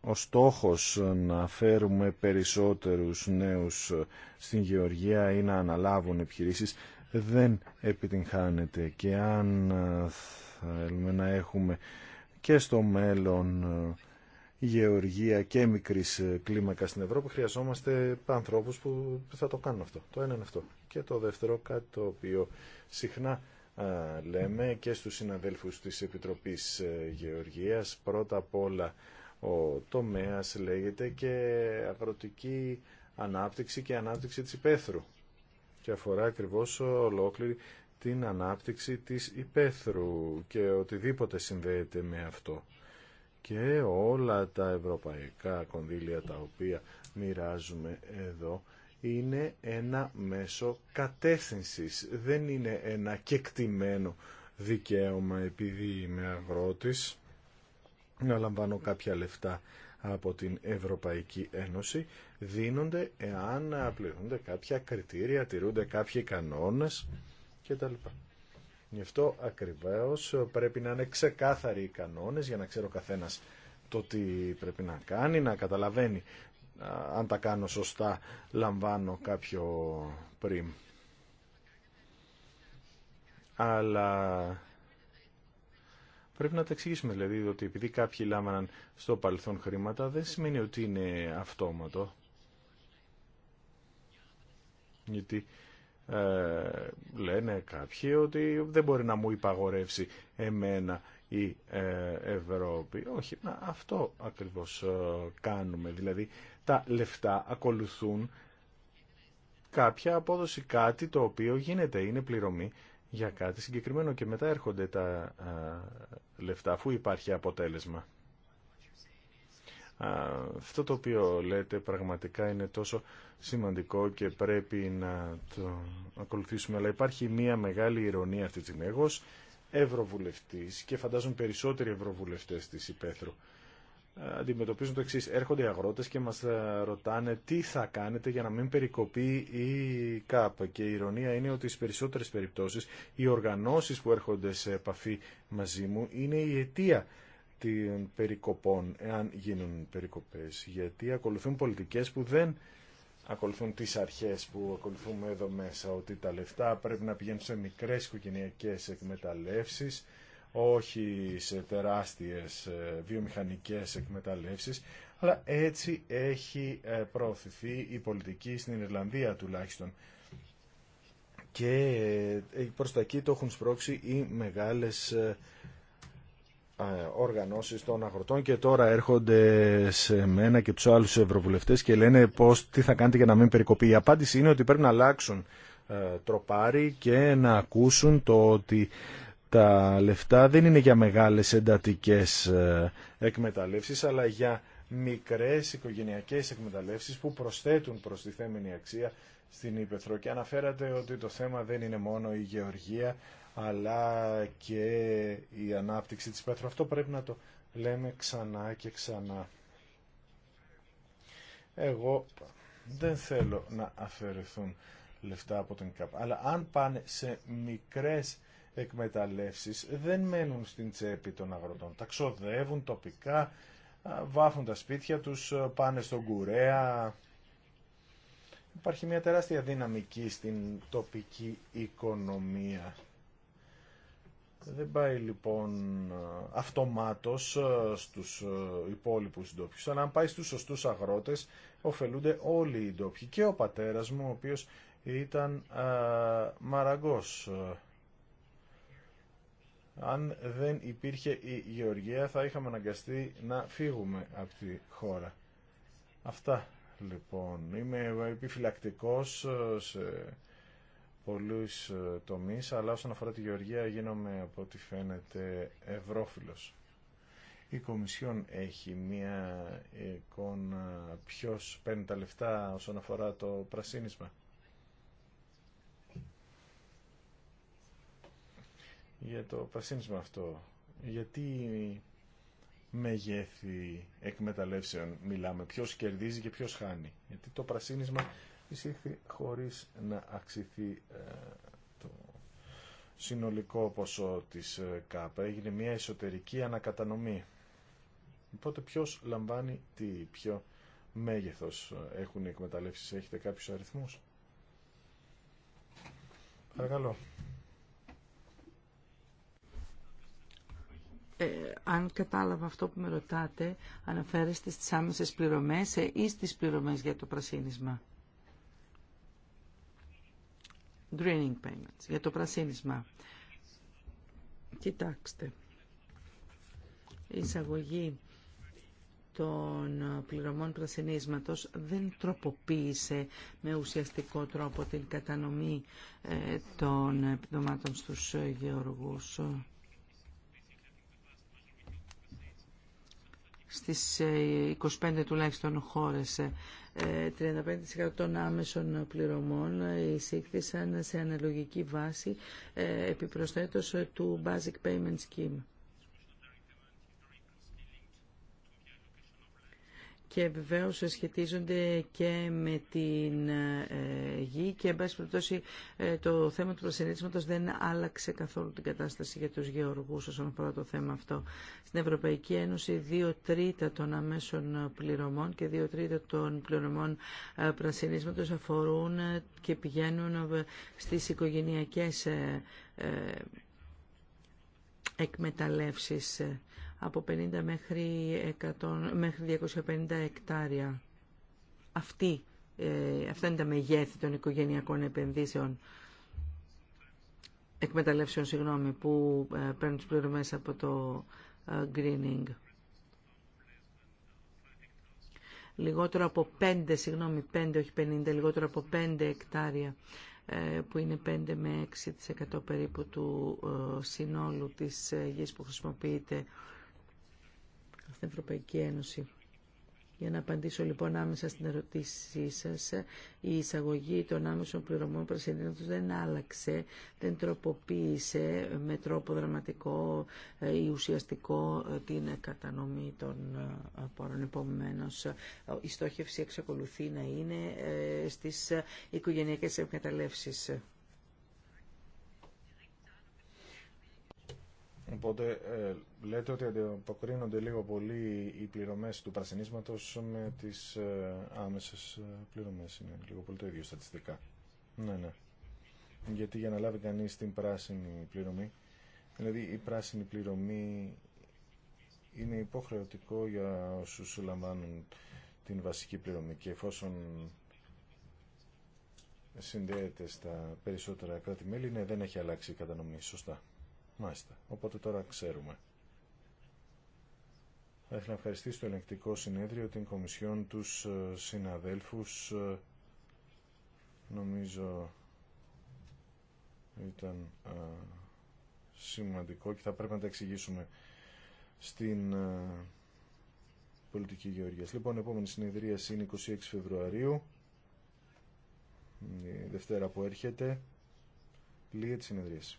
ο στόχος να φέρουμε περισσότερους νέους στην Γεωργία ή να αναλάβουν επιχειρήσεις δεν επιτυγχάνεται και αν θέλουμε να έχουμε και στο μέλλον γεωργία και μικρή ε, κλίμακα στην Ευρώπη, χρειαζόμαστε ανθρώπου που θα το κάνουν αυτό. Το ένα είναι αυτό. Και το δεύτερο, κάτι το οποίο συχνά λέμε και στους συναδέλφου της Επιτροπής ε, Γεωργίας, πρώτα απ' όλα ο τομέας λέγεται και αγροτική ανάπτυξη και ανάπτυξη της υπαίθρου και αφορά ακριβώ ολόκληρη την ανάπτυξη της υπαίθρου και οτιδήποτε συνδέεται με αυτό και όλα τα ευρωπαϊκά κονδύλια τα οποία μοιράζουμε εδώ είναι ένα μέσο κατεύθυνσης, δεν είναι ένα κεκτημένο δικαίωμα επειδή είμαι αγρότης να λαμβάνω κάποια λεφτά από την Ευρωπαϊκή Ένωση δίνονται εάν πληρούνται κάποια κριτήρια, τηρούνται κάποιοι κανόνες κτλ. Γι' αυτό ακριβώ πρέπει να είναι ξεκάθαροι οι κανόνες για να ξέρει ο καθένας το τι πρέπει να κάνει, να καταλαβαίνει αν τα κάνω σωστά λαμβάνω κάποιο πριμ. Αλλά πρέπει να τα εξηγήσουμε δηλαδή ότι επειδή κάποιοι λάμβαναν στο παρελθόν χρήματα δεν σημαίνει ότι είναι αυτόματο. Γιατί ε, λένε κάποιοι ότι δεν μπορεί να μου υπαγορεύσει εμένα η ε, Ευρώπη. Όχι, να, αυτό ακριβώς ε, κάνουμε. Δηλαδή τα λεφτά ακολουθούν κάποια απόδοση, κάτι το οποίο γίνεται, είναι πληρωμή για κάτι συγκεκριμένο και μετά έρχονται τα ε, λεφτά αφού υπάρχει αποτέλεσμα. Αυτό το οποίο λέτε πραγματικά είναι τόσο σημαντικό και πρέπει να το ακολουθήσουμε. Αλλά υπάρχει μια μεγάλη ηρωνία αυτή τη στιγμή. Εγώ ευρωβουλευτής και φαντάζομαι περισσότεροι ευρωβουλευτές της Υπέθρου αντιμετωπίζουν το εξή. Έρχονται οι αγρότε και μα ε, ρωτάνε τι θα κάνετε για να μην περικοπεί η ΚΑΠ. Και η ηρωνία είναι ότι στι περισσότερε περιπτώσει οι οργανώσει που έρχονται σε επαφή μαζί μου είναι η αιτία των περικοπών, εάν γίνουν περικοπές, γιατί ακολουθούν πολιτικές που δεν ακολουθούν τις αρχές που ακολουθούμε εδώ μέσα, ότι τα λεφτά πρέπει να πηγαίνουν σε μικρές οικογενειακές εκμεταλλεύσεις, όχι σε τεράστιες ε, βιομηχανικές εκμεταλλεύσεις, αλλά έτσι έχει ε, προωθηθεί η πολιτική στην Ιρλανδία τουλάχιστον. Και ε, προς τα εκεί το έχουν σπρώξει οι μεγάλες οργανώσεις των αγροτών και τώρα έρχονται σε μένα και τους άλλους ευρωβουλευτές και λένε πώς, τι θα κάνετε για να μην περικοπεί. Η απάντηση είναι ότι πρέπει να αλλάξουν ε, τροπάρι και να ακούσουν το ότι τα λεφτά δεν είναι για μεγάλες εντατικές ε, εκμεταλλεύσεις αλλά για μικρές οικογενειακές εκμεταλλεύσεις που προσθέτουν τη θέμενη αξία στην Ήπεθρο και αναφέρατε ότι το θέμα δεν είναι μόνο η γεωργία αλλά και η ανάπτυξη της πέθρου. Αυτό πρέπει να το λέμε ξανά και ξανά. Εγώ δεν θέλω να αφαιρεθούν λεφτά από τον ΚΑΠ, αλλά αν πάνε σε μικρές εκμεταλλεύσεις δεν μένουν στην τσέπη των αγροτών. Τα ξοδεύουν τοπικά, βάφουν τα σπίτια τους, πάνε στον κουρέα. Υπάρχει μια τεράστια δυναμική στην τοπική οικονομία δεν πάει λοιπόν αυτομάτως ε, στους ε, υπόλοιπους ντόπιου, αλλά αν πάει στους σωστούς αγρότες ωφελούνται όλοι οι ντόπιοι και ο πατέρας μου ο οποίος ήταν α, ε, μαραγκός. Αν δεν υπήρχε η Γεωργία θα είχαμε αναγκαστεί να φύγουμε από τη χώρα. Αυτά λοιπόν. Είμαι επιφυλακτικός σε Πολλού ε, τομείς, αλλά όσον αφορά τη γεωργία γίνομαι από ό,τι φαίνεται ευρώφιλος. Η Κομισιόν έχει μία εικόνα ποιο παίρνει τα λεφτά όσον αφορά το πρασίνισμα. Για το πρασίνισμα αυτό, γιατί μεγέθη εκμεταλλεύσεων μιλάμε, ποιος κερδίζει και ποιος χάνει. Γιατί το πρασίνισμα εισήχθη χωρίς να αξιθεί ε, το συνολικό ποσό της ε, ΚΑΠ. Έγινε μια εσωτερική ανακατανομή. Οπότε ποιος λαμβάνει τι, ποιο μέγεθος ε, έχουν οι εκμεταλλεύσεις. Έχετε κάποιους αριθμούς. Παρακαλώ. αν κατάλαβα αυτό που με ρωτάτε, αναφέρεστε στις άμεσες πληρωμές ή στις πληρωμές για το πρασίνισμα payments, για το πρασίνισμα. Κοιτάξτε, η εισαγωγή των πληρωμών πρασινίσματος δεν τροποποίησε με ουσιαστικό τρόπο την κατανομή ε, των επιδομάτων στους γεωργούς. Στις ε, 25 τουλάχιστον χώρες ε, 35% ε, των άμεσων πληρωμών εισήχθησαν σε αναλογική βάση ε, επιπροσθέτως του Basic Payment Scheme. και βεβαίως σχετίζονται και με την ε, γη και εν πάση περιπτώσει ε, το θέμα του πρασινισματο δεν άλλαξε καθόλου την κατάσταση για τους γεωργούς όσον αφορά το θέμα αυτό. Στην Ευρωπαϊκή Ένωση δύο τρίτα των αμέσων πληρωμών και δύο τρίτα των πληρωμών ε, πρασινίσματος αφορούν και πηγαίνουν στις οικογενειακές εκμεταλλεύσεις από 50 μέχρι, 100, μέχρι 250 εκτάρια. Αυτή, ε, αυτά είναι τα μεγέθη των οικογενειακών επενδύσεων εκμεταλλεύσεων συγγνώμη, που ε, παίρνουν τις πληρωμές από το ε, greening. Λιγότερο από 5, συγγνώμη, 5 όχι 50, λιγότερο από 5 εκτάρια ε, που είναι 5 με 6% περίπου του συνόλου της γης που χρησιμοποιείται στην Ευρωπαϊκή Ένωση. Για να απαντήσω λοιπόν άμεσα στην ερωτήσή σας, η εισαγωγή των άμεσων πληρωμών προσυνδύνατος δεν άλλαξε, δεν τροποποίησε με τρόπο δραματικό ε, ή ουσιαστικό ε, την κατανομή των ε, πόρων. επομένω. η στόχευση εξακολουθεί να είναι στις οικογενειακές εκμεταλλεύσει. Οπότε ε, λέτε ότι αποκρίνονται λίγο πολύ οι πληρωμές του πρασινίσματος με τις ε, άμεσες ε, πληρωμές. Είναι λίγο πολύ το ίδιο στατιστικά. Ναι, ναι. Γιατί για να λάβει κανείς την πράσινη πληρωμή, δηλαδή η πράσινη πληρωμή είναι υποχρεωτικό για όσους λαμβάνουν την βασική πληρωμή και εφόσον συνδέεται στα περισσότερα κράτη-μέλη, ναι, δεν έχει αλλάξει η κατανομή. Σωστά. Μάλιστα. Οπότε τώρα ξέρουμε. Θα ήθελα να ευχαριστήσω το ελεγκτικό συνέδριο, την Κομισιόν, τους ε, συναδέλφους. Ε, νομίζω ήταν ε, σημαντικό και θα πρέπει να τα εξηγήσουμε στην πολιτική γεωργία. Λοιπόν, η επόμενη συνεδρία είναι 26 Φεβρουαρίου, η Δευτέρα που έρχεται, λίγη τη συνεδρίαση.